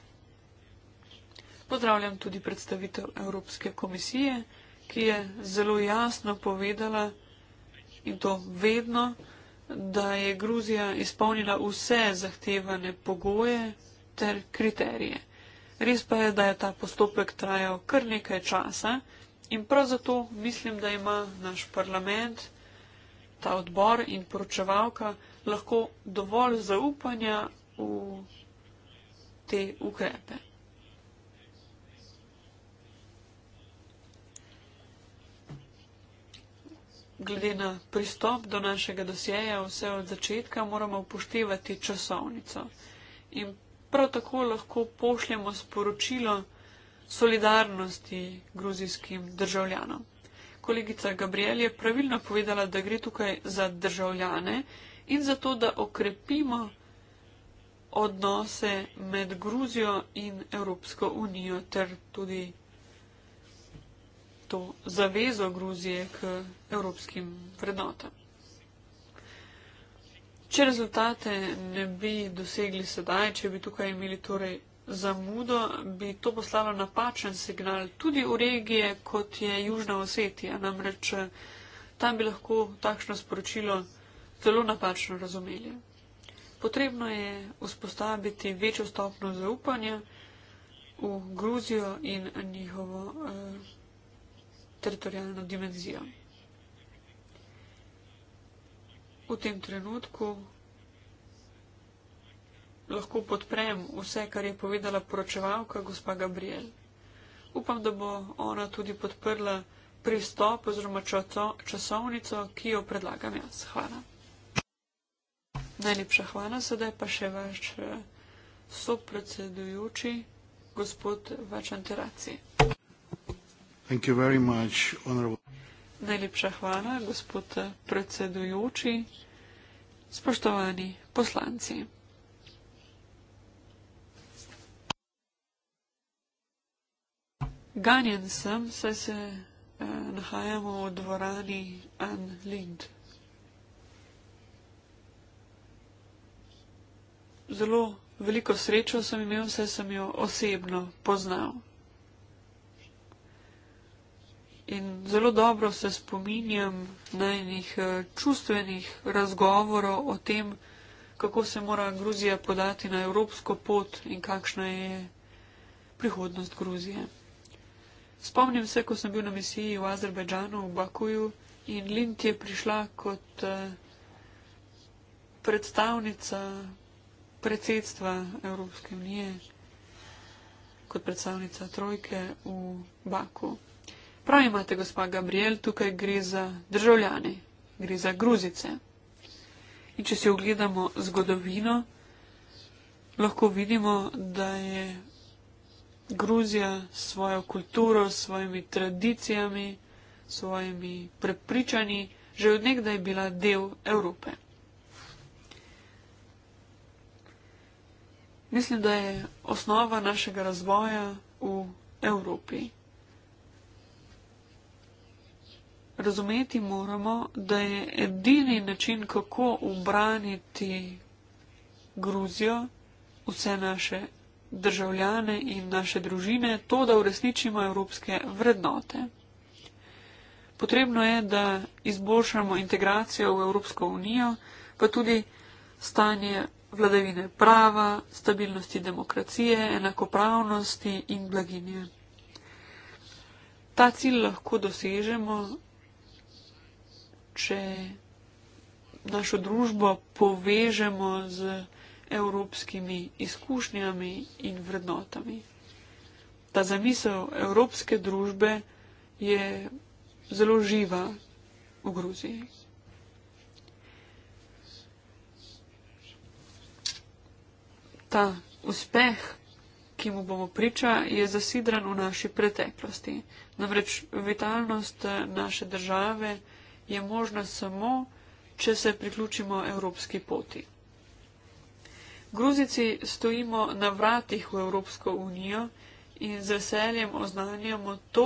Pozdravljam tudi predstavitev Evropske komisije, ki je zelo jasno povedala in to vedno, da je Gruzija izpolnila vse zahtevane pogoje ter kriterije. Res pa je, da je ta postopek trajal kar nekaj časa in prav zato mislim, da ima naš parlament, ta odbor in poročevalka lahko dovolj zaupanja v te ukrepe. glede na pristop do našega dosjeja, vse od začetka moramo upoštevati časovnico. In prav tako lahko pošljemo sporočilo solidarnosti gruzijskim državljanom. Kolegica Gabriel je pravilno povedala, da gre tukaj za državljane in za to, da okrepimo odnose med Gruzijo in Evropsko unijo ter tudi to zavezo Gruzije k evropskim vrednotam. Če rezultate ne bi dosegli sedaj, če bi tukaj imeli torej zamudo, bi to poslalo napačen signal tudi v regije, kot je Južna Osetija. Namreč tam bi lahko takšno sporočilo zelo napačno razumeli. Potrebno je vzpostaviti večjo stopno zaupanja v Gruzijo in njihovo. Eh, teritorijalno dimenzijo. V tem trenutku lahko podprem vse, kar je povedala poročevalka gospa Gabriel. Upam, da bo ona tudi podprla pristop oziroma časovnico, ki jo predlagam jaz. Hvala. Najlepša hvala, sedaj pa še vaš eh, sopredsedujoči, gospod Vačanteraci. Najlepša hvala, gospod predsedujoči. Spoštovani poslanci. Ganjen sem, saj se eh, nahajamo v dvorani An Lind. Zelo veliko srečo sem imel, saj sem jo osebno poznal. In zelo dobro se spominjam najnih eh, čustvenih razgovorov o tem, kako se mora Gruzija podati na evropsko pot in kakšna je prihodnost Gruzije. Spomnim se, ko sem bil na misiji v Azerbejdžanu v Bakuju in Lind je prišla kot eh, predstavnica predsedstva Evropske unije, kot predstavnica trojke v Bakuju. Prav imate, gospa Gabriel, tukaj gre za državljane, gre za gruzice. In če si ogledamo zgodovino, lahko vidimo, da je Gruzija s svojo kulturo, s svojimi tradicijami, s svojimi prepričanji že odnegdaj bila del Evrope. Mislim, da je osnova našega razvoja v Evropi. razumeti moramo, da je edini način, kako obraniti Gruzijo, vse naše državljane in naše družine, to, da uresničimo evropske vrednote. Potrebno je, da izboljšamo integracijo v Evropsko unijo, pa tudi stanje vladavine prava, stabilnosti demokracije, enakopravnosti in blaginje. Ta cilj lahko dosežemo, če našo družbo povežemo z evropskimi izkušnjami in vrednotami. Ta zamisel evropske družbe je zelo živa v Gruziji. Ta uspeh, ki mu bomo priča, je zasidran v naši preteklosti. Namreč vitalnost naše države je možna samo, če se priključimo evropski poti. Gruzici stojimo na vratih v Evropsko unijo in z veseljem oznanjamo to,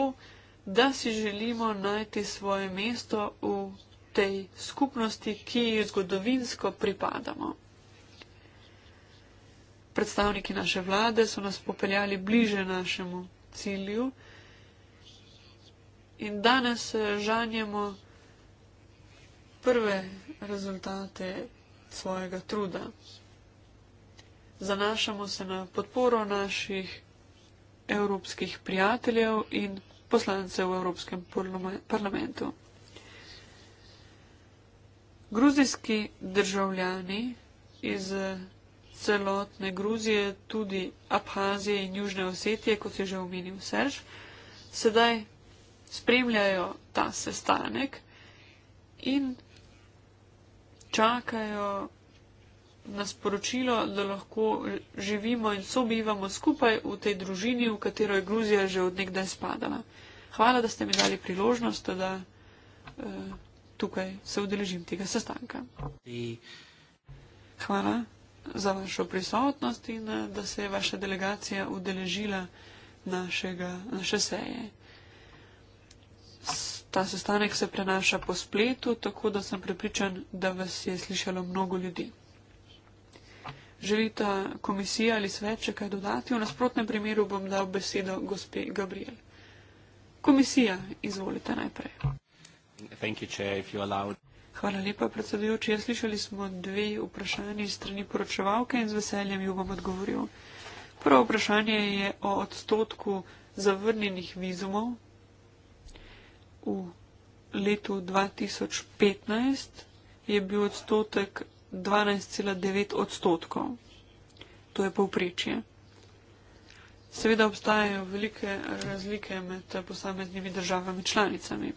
da si želimo najti svoje mesto v tej skupnosti, ki ji zgodovinsko pripadamo. Predstavniki naše vlade so nas popeljali bliže našemu cilju in danes žanjemo, prve rezultate svojega truda. Zanašamo se na podporo naših evropskih prijateljev in poslancev v Evropskem parlamentu. Gruzijski državljani iz celotne Gruzije, tudi Abhazije in Južne Osetije, kot je že omenil Serž, sedaj spremljajo ta sestanek in čakajo na sporočilo, da lahko živimo in sobivamo skupaj v tej družini, v katero je Gruzija že odnegdaj spadala. Hvala, da ste mi dali priložnost, da eh, tukaj se udeležim tega sestanka. Hvala za vašo prisotnost in eh, da se je vaša delegacija udeležila našega, naše seje ta sestanek se prenaša po spletu, tako da sem prepričan, da vas je slišalo mnogo ljudi. Želite komisija ali sveče kaj dodati? V nasprotnem primeru bom dal besedo gospe Gabriel. Komisija, izvolite najprej. Hvala lepa, predsedujoči. Ja, slišali smo dve vprašanje strani poročevalke in z veseljem jo bom odgovoril. Prvo vprašanje je o odstotku zavrnjenih vizumov, v letu 2015 je bil odstotek 12,9 odstotkov. To je povprečje. Seveda obstajajo velike razlike med posameznimi državami članicami.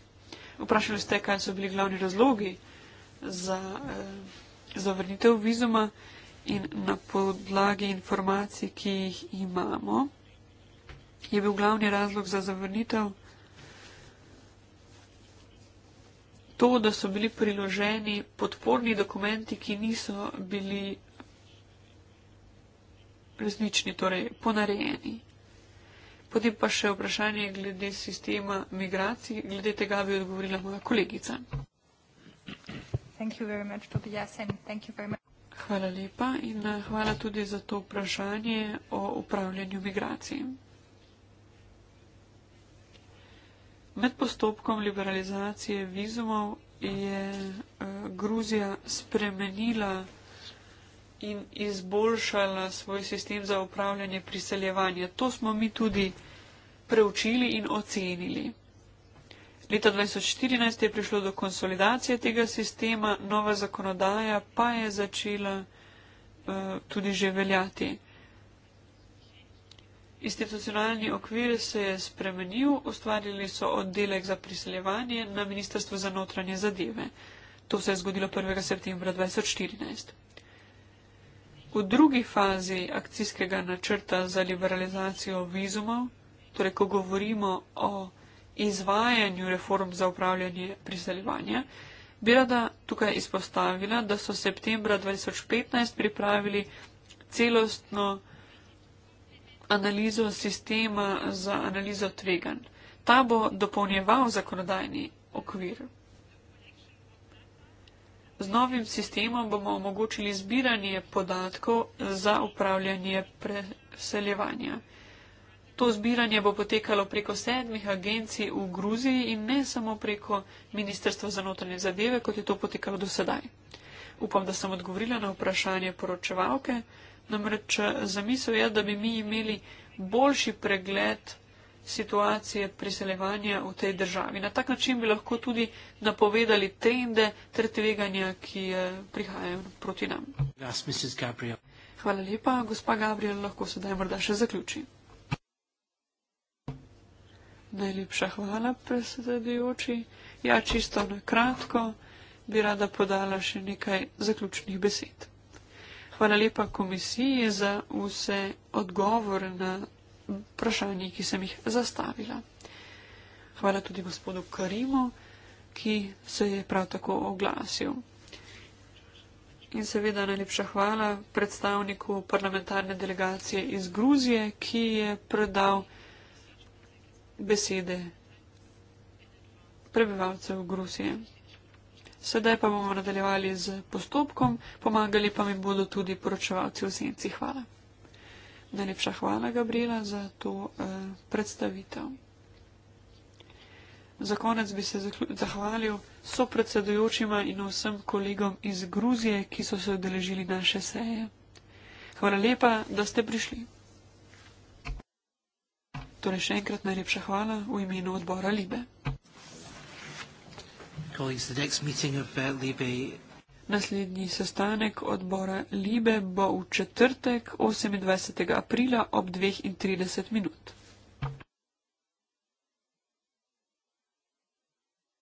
Vprašali ste, kaj so bili glavni razlogi za eh, zavrnitev vizuma in na podlagi informacij, ki jih imamo, je bil glavni razlog za zavrnitev. to, da so bili priloženi podporni dokumenti, ki niso bili resnični, torej ponarejeni. Potem pa še vprašanje glede sistema migracij, glede tega bi odgovorila moja kolegica. Much, Tobias, hvala lepa in eh, hvala tudi za to vprašanje o upravljanju migracij. Med postopkom liberalizacije vizumov je uh, Gruzija spremenila in izboljšala svoj sistem za upravljanje priseljevanja. To smo mi tudi preučili in ocenili. Leta 2014 je prišlo do konsolidacije tega sistema, nova zakonodaja pa je začela uh, tudi že veljati. Institucionalni okvir se je spremenil, ustvarili so oddelek za priseljevanje na Ministrstvu za notranje zadeve. To se je zgodilo 1. septembra 2014. V drugi fazi akcijskega načrta za liberalizacijo vizumov, torej ko govorimo o izvajanju reform za upravljanje priseljevanja, bi rada tukaj izpostavila, da so septembra 2015 pripravili celostno analizo sistema za analizo tvegan. Ta bo dopolnjeval zakonodajni okvir. Z novim sistemom bomo omogočili zbiranje podatkov za upravljanje preseljevanja. To zbiranje bo potekalo preko sedmih agencij v Gruziji in ne samo preko Ministrstva za notranje zadeve, kot je to potekalo do sedaj. Upam, da sem odgovorila na vprašanje poročevalke. Namreč eh, zamisel je, da bi mi imeli boljši pregled situacije priseljevanja v tej državi. Na tak način bi lahko tudi napovedali trende ter tveganja, ki eh, prihajajo proti nam. Hvala lepa, gospa Gabriel, lahko sedaj morda še zaključi. Najlepša hvala, predsedujoči. Ja, čisto na kratko bi rada podala še nekaj zaključnih besed. Hvala lepa komisiji za vse odgovore na vprašanje, ki sem jih zastavila. Hvala tudi gospodu Karimu, ki se je prav tako oglasil. In seveda najlepša hvala predstavniku parlamentarne delegacije iz Gruzije, ki je predal besede prebivalcev Gruzije. Sedaj pa bomo nadaljevali z postopkom, pomagali pa mi bodo tudi poročevalci v senci. Hvala. Najlepša hvala, Gabriela, za to eh, predstavitev. Za konec bi se zahvalil sopredsedujočima in vsem kolegom iz Gruzije, ki so se odeležili naše seje. Hvala lepa, da ste prišli. Torej še enkrat najlepša hvala v imenu odbora Libe. Colleagues, the next meeting of uh, Libe. Naslednji sestanek odbora Libe bo v četrtek 28. aprila ob 2.30 minut.